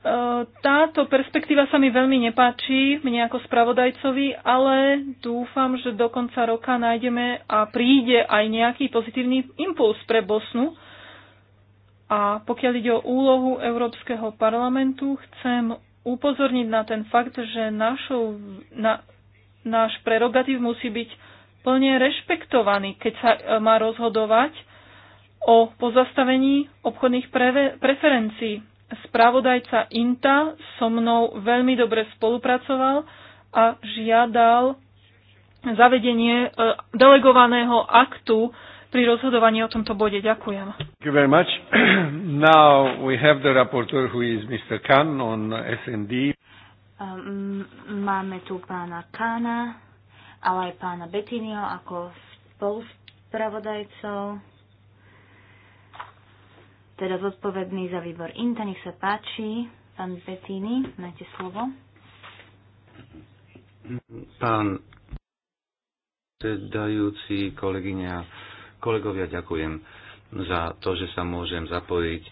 E, táto perspektíva sa mi veľmi nepáči, mne ako spravodajcovi, ale dúfam, že do konca roka nájdeme a príde aj nejaký pozitívny impuls pre Bosnu. A pokiaľ ide o úlohu Európskeho parlamentu, chcem upozorniť na ten fakt, že našou, na, náš prerogatív musí byť plne rešpektovaný, keď sa e, má rozhodovať o pozastavení obchodných preferencií Spravodajca INTA so mnou veľmi dobre spolupracoval a žiadal zavedenie e, delegovaného aktu pri rozhodovaní o tomto bode. Ďakujem. Thank you very much. Now we have the rapporteur who is Mr. Khan on SND. Um, ehm, máme tu pána Kana, ale aj pána Betinio ako spoluspravodajcov teda zodpovedný za výbor INTA. Nech sa páči, pán Bettini, máte slovo. Pán predsedajúci, kolegyňa, kolegovia, ďakujem za to, že sa môžem zapojiť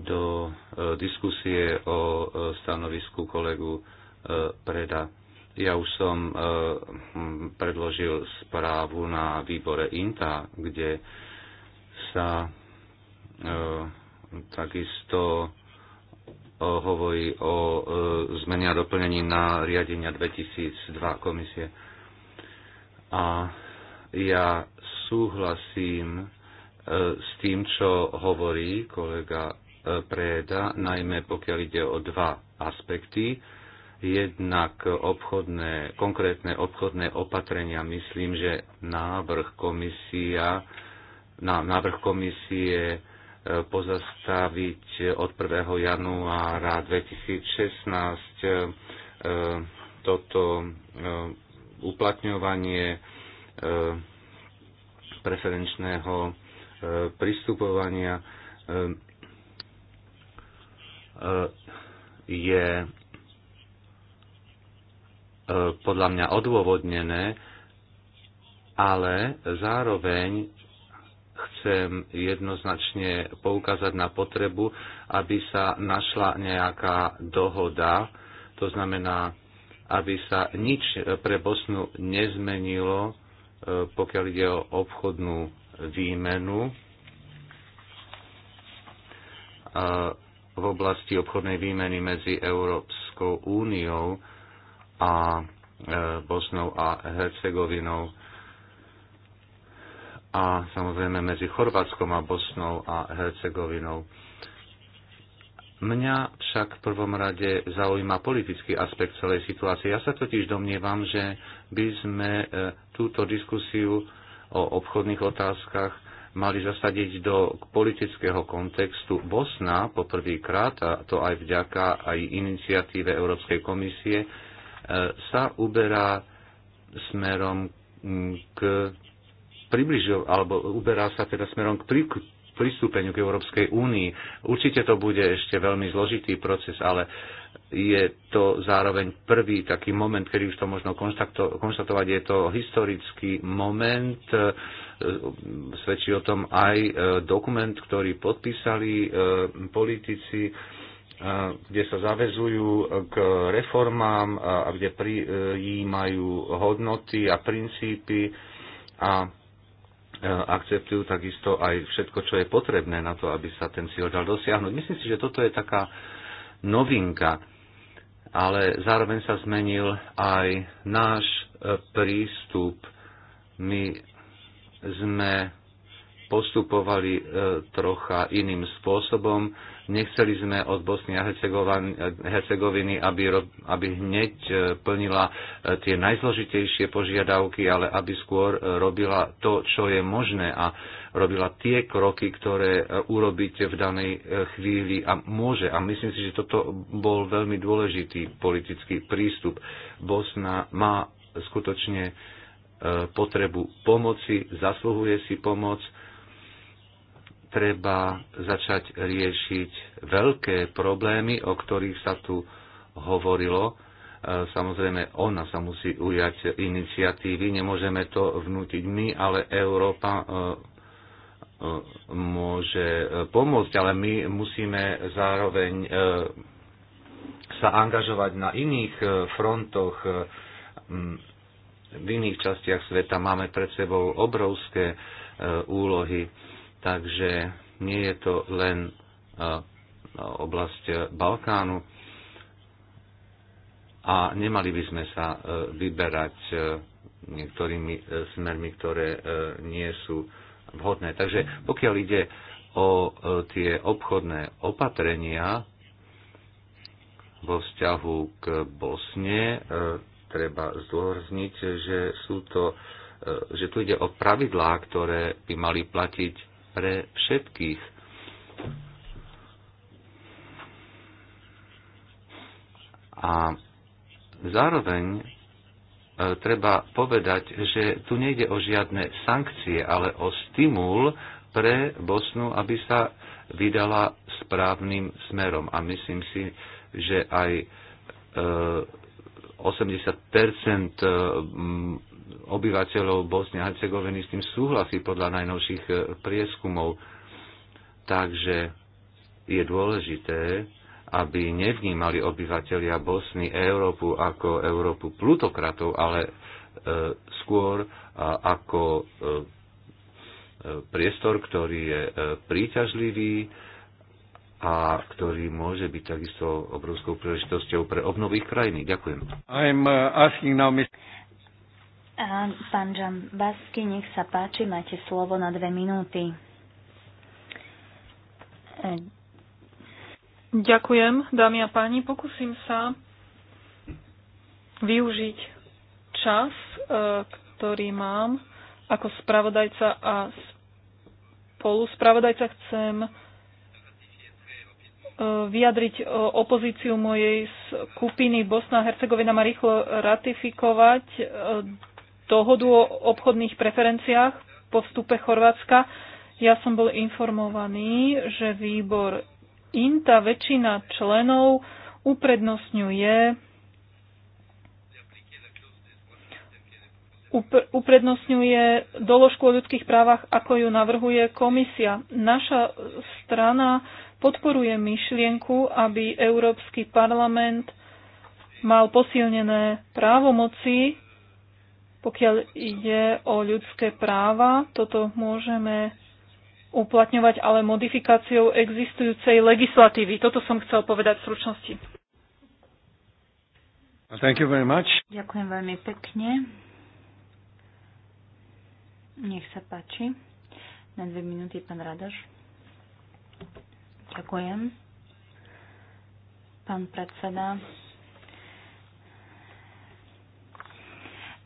do e, diskusie o e, stanovisku kolegu e, Preda. Ja už som predložil správu na výbore INTA, kde sa E, takisto e, hovorí o e, zmene a doplnení na riadenia 2002 komisie. A ja súhlasím s tým, čo hovorí kolega Preda, najmä pokiaľ ide o dva aspekty. Jednak obchodné, konkrétne obchodné opatrenia, myslím, že návrh komisia, návrh komisie pozastaviť od 1. januára 2016 e, toto e, uplatňovanie e, preferenčného pristupovania je podľa mňa odôvodnené, ale zároveň chcem jednoznačne poukázať na potrebu, aby sa našla nejaká dohoda, to znamená, aby sa nič pre Bosnu nezmenilo, e, pokiaľ ide o obchodnú výmenu e, v oblasti obchodnej výmeny medzi Európskou úniou a e, Bosnou a Hercegovinou a samozrejme medzi Chorvátskom a Bosnou a Hercegovinou. Mňa však v prvom rade zaujíma politický aspekt celej situácie. Ja sa totiž domnievam, že by sme e, túto diskusiu o obchodných otázkach mali zasadiť do politického kontextu. Bosna poprvýkrát, a to aj vďaka aj iniciatíve Európskej komisie, e, sa uberá smerom k približil, alebo uberá sa teda smerom k prí, pristúpeniu k Európskej únii. Určite to bude ešte veľmi zložitý proces, ale je to zároveň prvý taký moment, kedy už to možno konštatovať. Je to historický moment, e, svedčí o tom aj e, dokument, ktorý podpísali e, politici, kde sa zavezujú k reformám a kde prijímajú hodnoty a princípy a Eh, akceptujú takisto aj všetko, čo je potrebné na to, aby sa ten cieľ dal dosiahnuť. Myslím si, že toto je taká novinka, ale zároveň sa zmenil aj náš eh, prístup. My sme postupovali eh, trocha iným spôsobom Nechceli sme od Bosny a Hercegoviny, aby, aby hneď e, plnila e, tie najzložitejšie požiadavky, ale aby skôr e, robila to, čo je možné a robila tie kroky, ktoré urobíte v danej chvíli a môže. A myslím si, že toto bol veľmi dôležitý politický prístup. Bosna má skutočne potrebu pomoci, zasluhuje si pomoc treba začať riešiť veľké problémy, o ktorých sa tu hovorilo. E, samozrejme, ona sa musí ujať iniciatívy, nemôžeme to vnútiť my, ale Európa e, e, môže pomôcť, ale my musíme zároveň sa angažovať na iných frontoch, v iných častiach sveta. Máme pred sebou obrovské úlohy Takže nie je to len e, e, oblasť Balkánu a nemali by sme sa e, vyberať niektorými smermi, ktoré nie sú vhodné. Takže pokiaľ ide o tie obchodné opatrenia vo vzťahu k Bosne, treba zdôrazniť, že sú to že tu ide o pravidlá, ktoré by mali platiť pre všetkých. A zároveň e, treba povedať, že tu nejde o žiadne sankcie, ale o stimul pre Bosnu, aby sa vydala správnym smerom. A myslím si, že aj 80 e, obyvateľov Bosne a Hercegoviny s tým súhlasí podľa najnovších e, prieskumov. Takže je dôležité, aby nevnímali obyvateľia Bosny Európu ako Európu plutokratov, ale e, skôr a, ako e, e, priestor, ktorý je e, príťažlivý a ktorý môže byť takisto obrovskou príležitosťou pre obnových krajiny. Ďakujem. I'm uh, asking now, Mr. Pán Žan Basky, nech sa páči, máte slovo na dve minúty. E, ďakujem, dámy a páni. Pokúsim sa využiť čas, e, ktorý mám ako spravodajca a spoluspravodajca. Chcem e, vyjadriť opozíciu mojej skupiny Bosna a Hercegovina má rýchlo ratifikovať dohodu o obchodných preferenciách po vstupe Chorvátska. Ja som bol informovaný, že výbor INTA väčšina členov uprednostňuje uprednostňuje doložku o ľudských právach, ako ju navrhuje komisia. Naša strana podporuje myšlienku, aby Európsky parlament mal posilnené právomoci pokiaľ ide o ľudské práva, toto môžeme uplatňovať ale modifikáciou existujúcej legislatívy. Toto som chcel povedať v stručnosti. Thank you very much. Ďakujem veľmi pekne. Nech sa páči. Na dve minúty pán Radaš. Ďakujem. Pán predseda,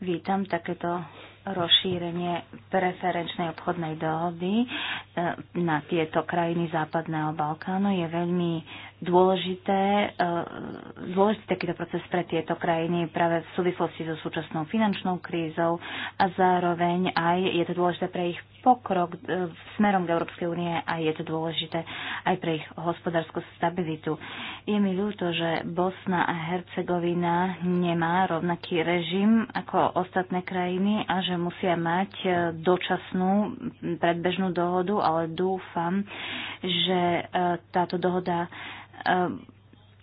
Vítam takéto rozšírenie preferenčnej obchodnej dohody eh, na tieto krajiny Západného Balkánu. Je veľmi dôležité, eh, dôležitý takýto proces pre tieto krajiny práve v súvislosti so súčasnou finančnou krízou a zároveň aj je to dôležité pre ich pokrok eh, smerom k Európskej únie a je to dôležité aj pre ich hospodárskú stabilitu. Je mi ľúto, že Bosna a Hercegovina nemá rovnaký režim ako ostatné krajiny a že musia mať eh, dočasnú predbežnú dohodu, ale dúfam, že táto dohoda Eh,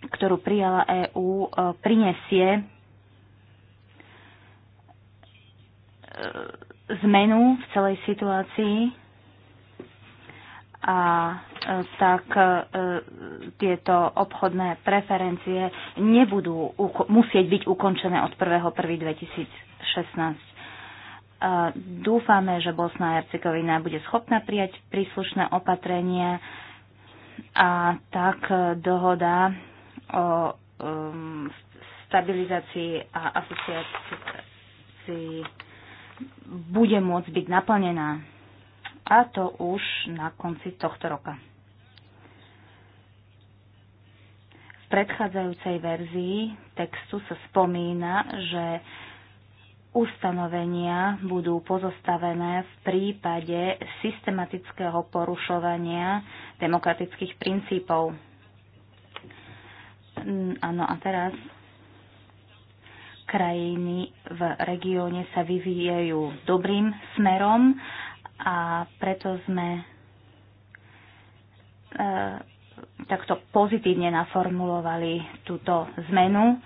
ktorú prijala EÚ, eh, prinesie eh, zmenu v celej situácii a tak tieto obchodné preferencie nebudú musieť byť ukončené od 1.1.2016 dúfame, že Bosna a Hercegovina bude schopná prijať príslušné opatrenia a tak e, dohoda o um, stabilizácii a asociácii bude môcť byť naplnená. A to už na konci tohto roka. V predchádzajúcej verzii textu sa spomína, že ustanovenia budú pozostavené v prípade systematického porušovania demokratických princípov. Mm, áno, a teraz krajiny v regióne sa vyvíjajú dobrým smerom a preto sme e, takto pozitívne naformulovali túto zmenu.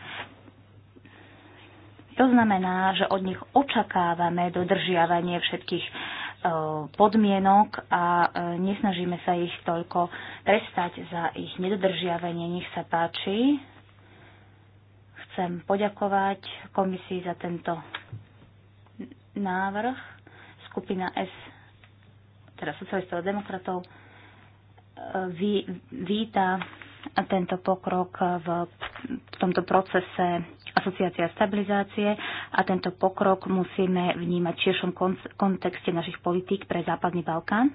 To znamená, že od nich očakávame dodržiavanie všetkých e, podmienok a e, nesnažíme sa ich toľko trestať za ich nedodržiavanie. Nech sa páči. Chcem poďakovať komisii za tento návrh. Skupina S, teda socialistov a demokratov, e, ví, víta tento pokrok v tomto procese asociácia stabilizácie a tento pokrok musíme vnímať v širšom kontexte našich politík pre Západný Balkán.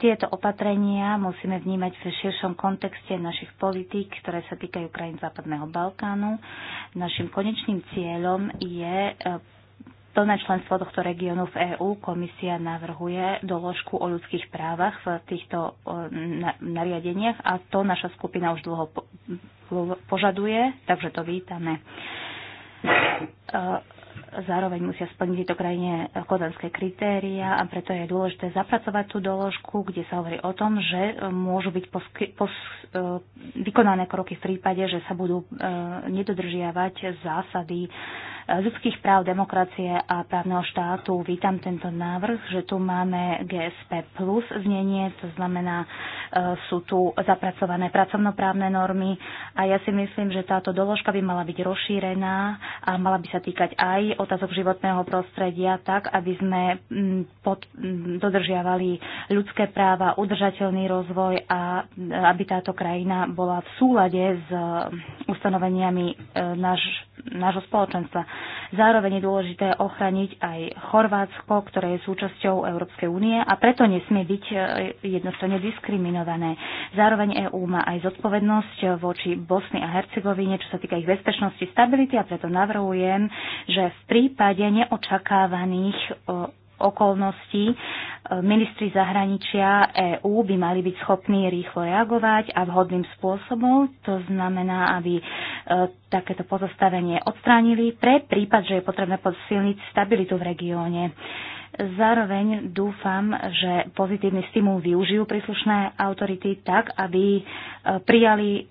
Tieto opatrenia musíme vnímať v širšom kontexte našich politík, ktoré sa týkajú krajín Západného Balkánu. Našim konečným cieľom je e, Plné členstvo tohto regiónu v EÚ komisia navrhuje doložku o ľudských právach v týchto nariadeniach a to naša skupina už dlho požaduje, takže to vítame. E, zároveň musia splniť tieto krajine kodanské kritéria a preto je dôležité zapracovať tú doložku, kde sa hovorí o tom, že môžu byť posky, pos, e, vykonané kroky v prípade, že sa budú e, nedodržiavať zásady ľudských práv, demokracie a právneho štátu. Vítam tento návrh, že tu máme GSP plus znenie, to znamená, e, sú tu zapracované pracovnoprávne normy a ja si myslím, že táto doložka by mala byť rozšírená a mala by sa týkať aj otázok životného prostredia, tak aby sme mm, pod, mm, dodržiavali ľudské práva, udržateľný rozvoj a e, aby táto krajina bola v súlade s e, ustanoveniami náš, nášho spoločenstva. Zároveň je dôležité ochraniť aj Chorvátsko, ktoré je súčasťou Európskej únie a preto nesmie byť e, jednostranne diskriminované. Zároveň EÚ má aj zodpovednosť voči Bosny a Hercegovine, čo sa týka ich bezpečnosti, stability a preto navrhujem, že v prípade neočakávaných e, okolností e, ministri zahraničia EÚ by mali byť schopní rýchlo reagovať a vhodným spôsobom. To znamená, aby e, takéto pozostavenie odstránili pre prípad, že je potrebné posilniť stabilitu v regióne. Zároveň dúfam, že pozitívny stimul využijú príslušné autority tak, aby e, prijali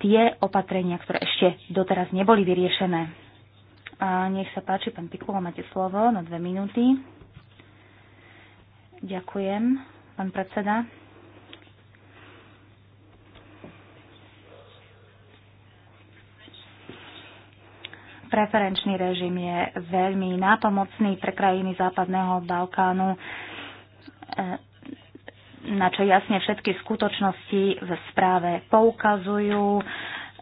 tie opatrenia, ktoré ešte doteraz neboli vyriešené. A nech sa páči, pán Pikula, máte slovo na dve minúty. Ďakujem, pán predseda. Preferenčný režim je veľmi nápomocný pre krajiny Západného Balkánu e, na čo jasne všetky skutočnosti v správe poukazujú.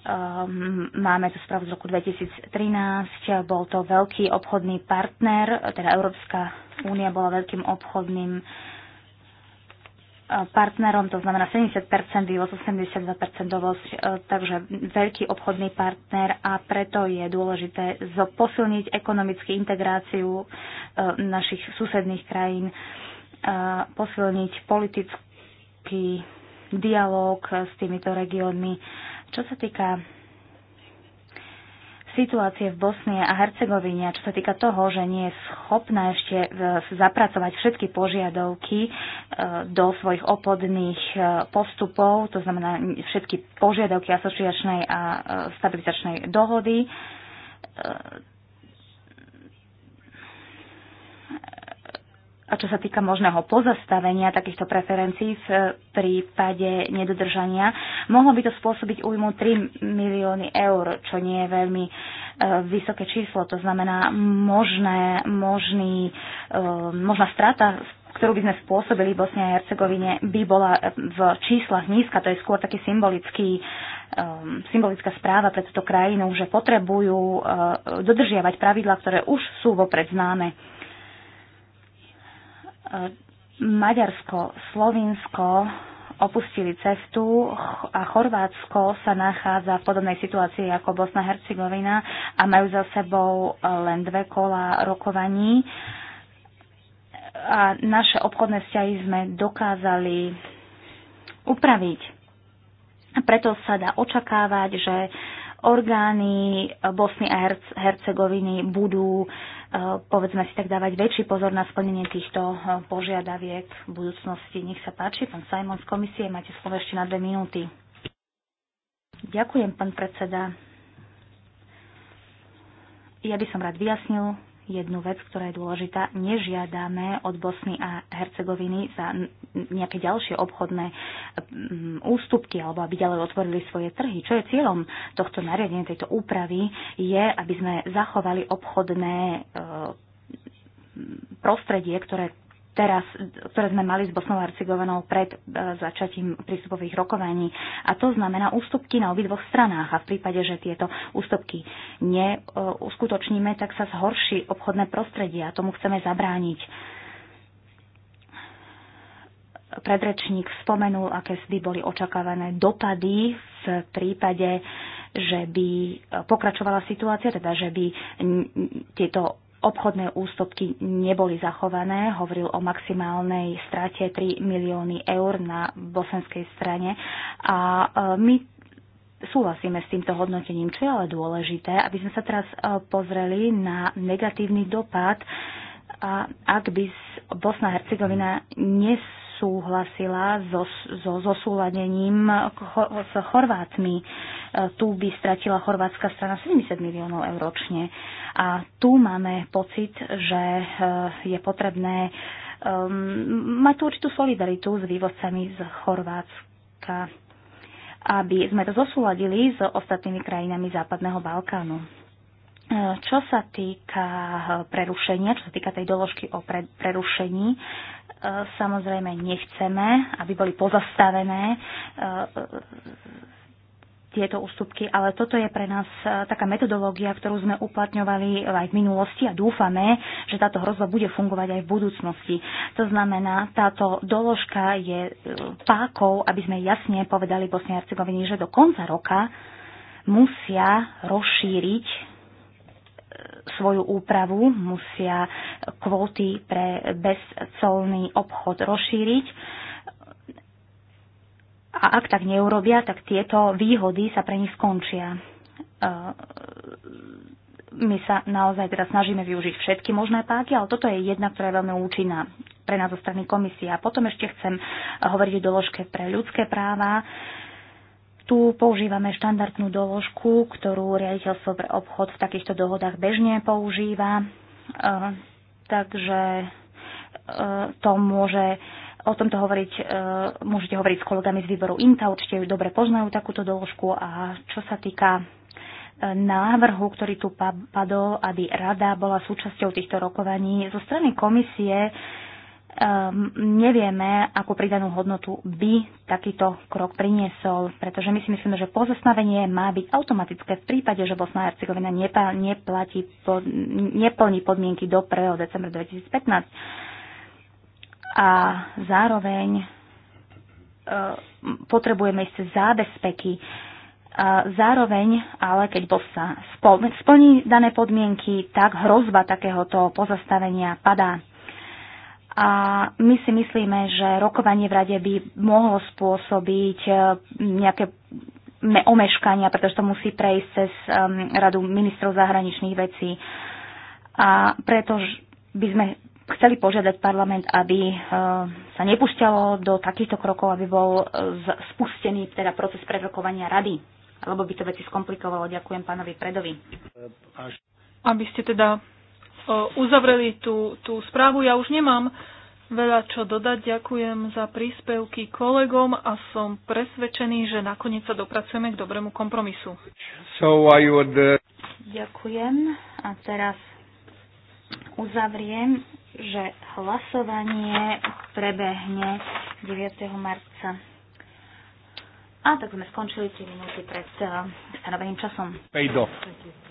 Ehm, máme tu správu z roku 2013, bol to veľký obchodný partner, teda Európska únia bola veľkým obchodným eh, partnerom, to znamená 70% vývoz, 82% dovoz, eh, takže veľký obchodný partner a preto je dôležité posilniť ekonomickú integráciu eh, našich susedných krajín, posilniť politický dialog s týmito regiónmi čo sa týka situácie v Bosne a Hercegovine, čo sa týka toho, že nie je schopná ešte e, zapracovať všetky požiadavky e, do svojich opodných e, postupov, to znamená všetky požiadavky asociačnej a stabilizačnej dohody, A čo sa týka možného pozastavenia takýchto preferencií v e, prípade nedodržania, mohlo by to spôsobiť újmu 3 milióny eur, čo nie je veľmi e, vysoké číslo. To znamená možné, možný, e, možná strata ktorú by sme spôsobili v Bosne a Hercegovine, by bola v číslach nízka. To je skôr taký symbolický, um, symbolická správa pre túto krajinu, že potrebujú uh, dodržiavať pravidlá, ktoré už sú vopred známe. Maďarsko, Slovinsko opustili cestu a Chorvátsko sa nachádza v podobnej situácii ako Bosna Hercegovina a majú za sebou eh, len dve kola rokovaní. A naše obchodné vzťahy sme dokázali upraviť. A preto sa dá očakávať, že orgány Bosny a Hercegoviny budú uh, Eh, povedzme si tak dávať väčší pozor na splnenie týchto eh, požiadaviek v budúcnosti. Nech sa páči, pán Simon z komisie, máte slovo ešte na dve minúty. Ďakujem, pán predseda. Ja by som rád vyjasnil jednu vec, ktorá je dôležitá. Nežiadame od Bosny a Hercegoviny za nejaké ďalšie obchodné ústupky alebo aby ďalej otvorili svoje trhy. Čo je cieľom tohto nariadenia, tejto úpravy, je, aby sme zachovali obchodné e, prostredie, ktoré teraz, ktoré sme mali s Bosnou Hercegovinou pred e, začatím prístupových rokovaní. A to znamená ústupky na obidvoch stranách. A v prípade, že tieto ústupky neuskutočníme, tak sa zhorší obchodné prostredie a tomu chceme zabrániť. Predrečník spomenul, aké by boli očakávané dopady v prípade, že by pokračovala situácia, teda že by tieto obchodné ústupky neboli zachované. Hovoril o maximálnej strate 3 milióny eur na bosenskej strane. A e, my súhlasíme s týmto hodnotením, čo je ale dôležité, aby sme sa teraz e, pozreli na negatívny dopad, ak by Bosna Hercegovina nes súhlasila so, so, so súladením s Chorvátmi. E, tu by stratila chorvátska strana 70 miliónov eur ročne. A tu máme pocit, že e, je potrebné um, mať tú určitú solidaritu s vývozcami z Chorvátska, aby sme to zosúladili s ostatnými krajinami Západného Balkánu. E, čo sa týka prerušenia, čo sa týka tej doložky o prerušení, E, samozrejme nechceme, aby boli pozastavené e, tieto ústupky, ale toto je pre nás e, taká metodológia, ktorú sme uplatňovali aj v minulosti a dúfame, že táto hrozba bude fungovať aj v budúcnosti. To znamená, táto doložka je pákou, aby sme jasne povedali Bosnia a Hercegovine, že do konca roka musia rozšíriť svoju úpravu, musia kvóty pre bezcolný obchod rozšíriť. A ak tak neurobia, tak tieto výhody sa pre nich skončia. E, my sa naozaj teda snažíme využiť všetky možné páky, ale toto je jedna, ktorá je veľmi účinná pre nás zo strany komisie. A potom ešte chcem hovoriť o doložke pre ľudské práva. Uh, tu používame štandardnú doložku, ktorú riaditeľstvo pre obchod v takýchto dohodách bežne používa, e, takže e, to môže o tomto hovoriť, e, môžete hovoriť s kolegami z výboru INTA, určite dobre poznajú takúto doložku a čo sa týka návrhu, ktorý tu padol, aby rada bola súčasťou týchto rokovaní. Zo strany komisie Ehm, nevieme, akú pridanú hodnotu by takýto krok priniesol, pretože my si myslíme, že pozastavenie má byť automatické v prípade, že Bosna a Hercegovina neplatí, neplní podmienky do 1. decembra 2015. A zároveň ehm, potrebujeme ísť zábezpeky, Zároveň, ale keď sa splní dané podmienky, tak hrozba takéhoto pozastavenia padá. A my si myslíme, že rokovanie v rade by mohlo spôsobiť e, nejaké omeškania, pretože to musí prejsť cez um, radu ministrov zahraničných vecí. A preto by sme chceli požiadať parlament, aby e, sa nepúšťalo do takýchto krokov, aby bol e, spustený teda proces prerokovania rady lebo by to veci skomplikovalo. Ďakujem pánovi Predovi. Aby ste teda uzavreli tú, tú správu. Ja už nemám veľa čo dodať. Ďakujem za príspevky kolegom a som presvedčený, že nakoniec sa dopracujeme k dobrému kompromisu. So I would, uh... Ďakujem a teraz uzavriem, že hlasovanie prebehne 9. marca. A tak sme skončili 3 minúty pred eh, stanoveným časom. Pejdo.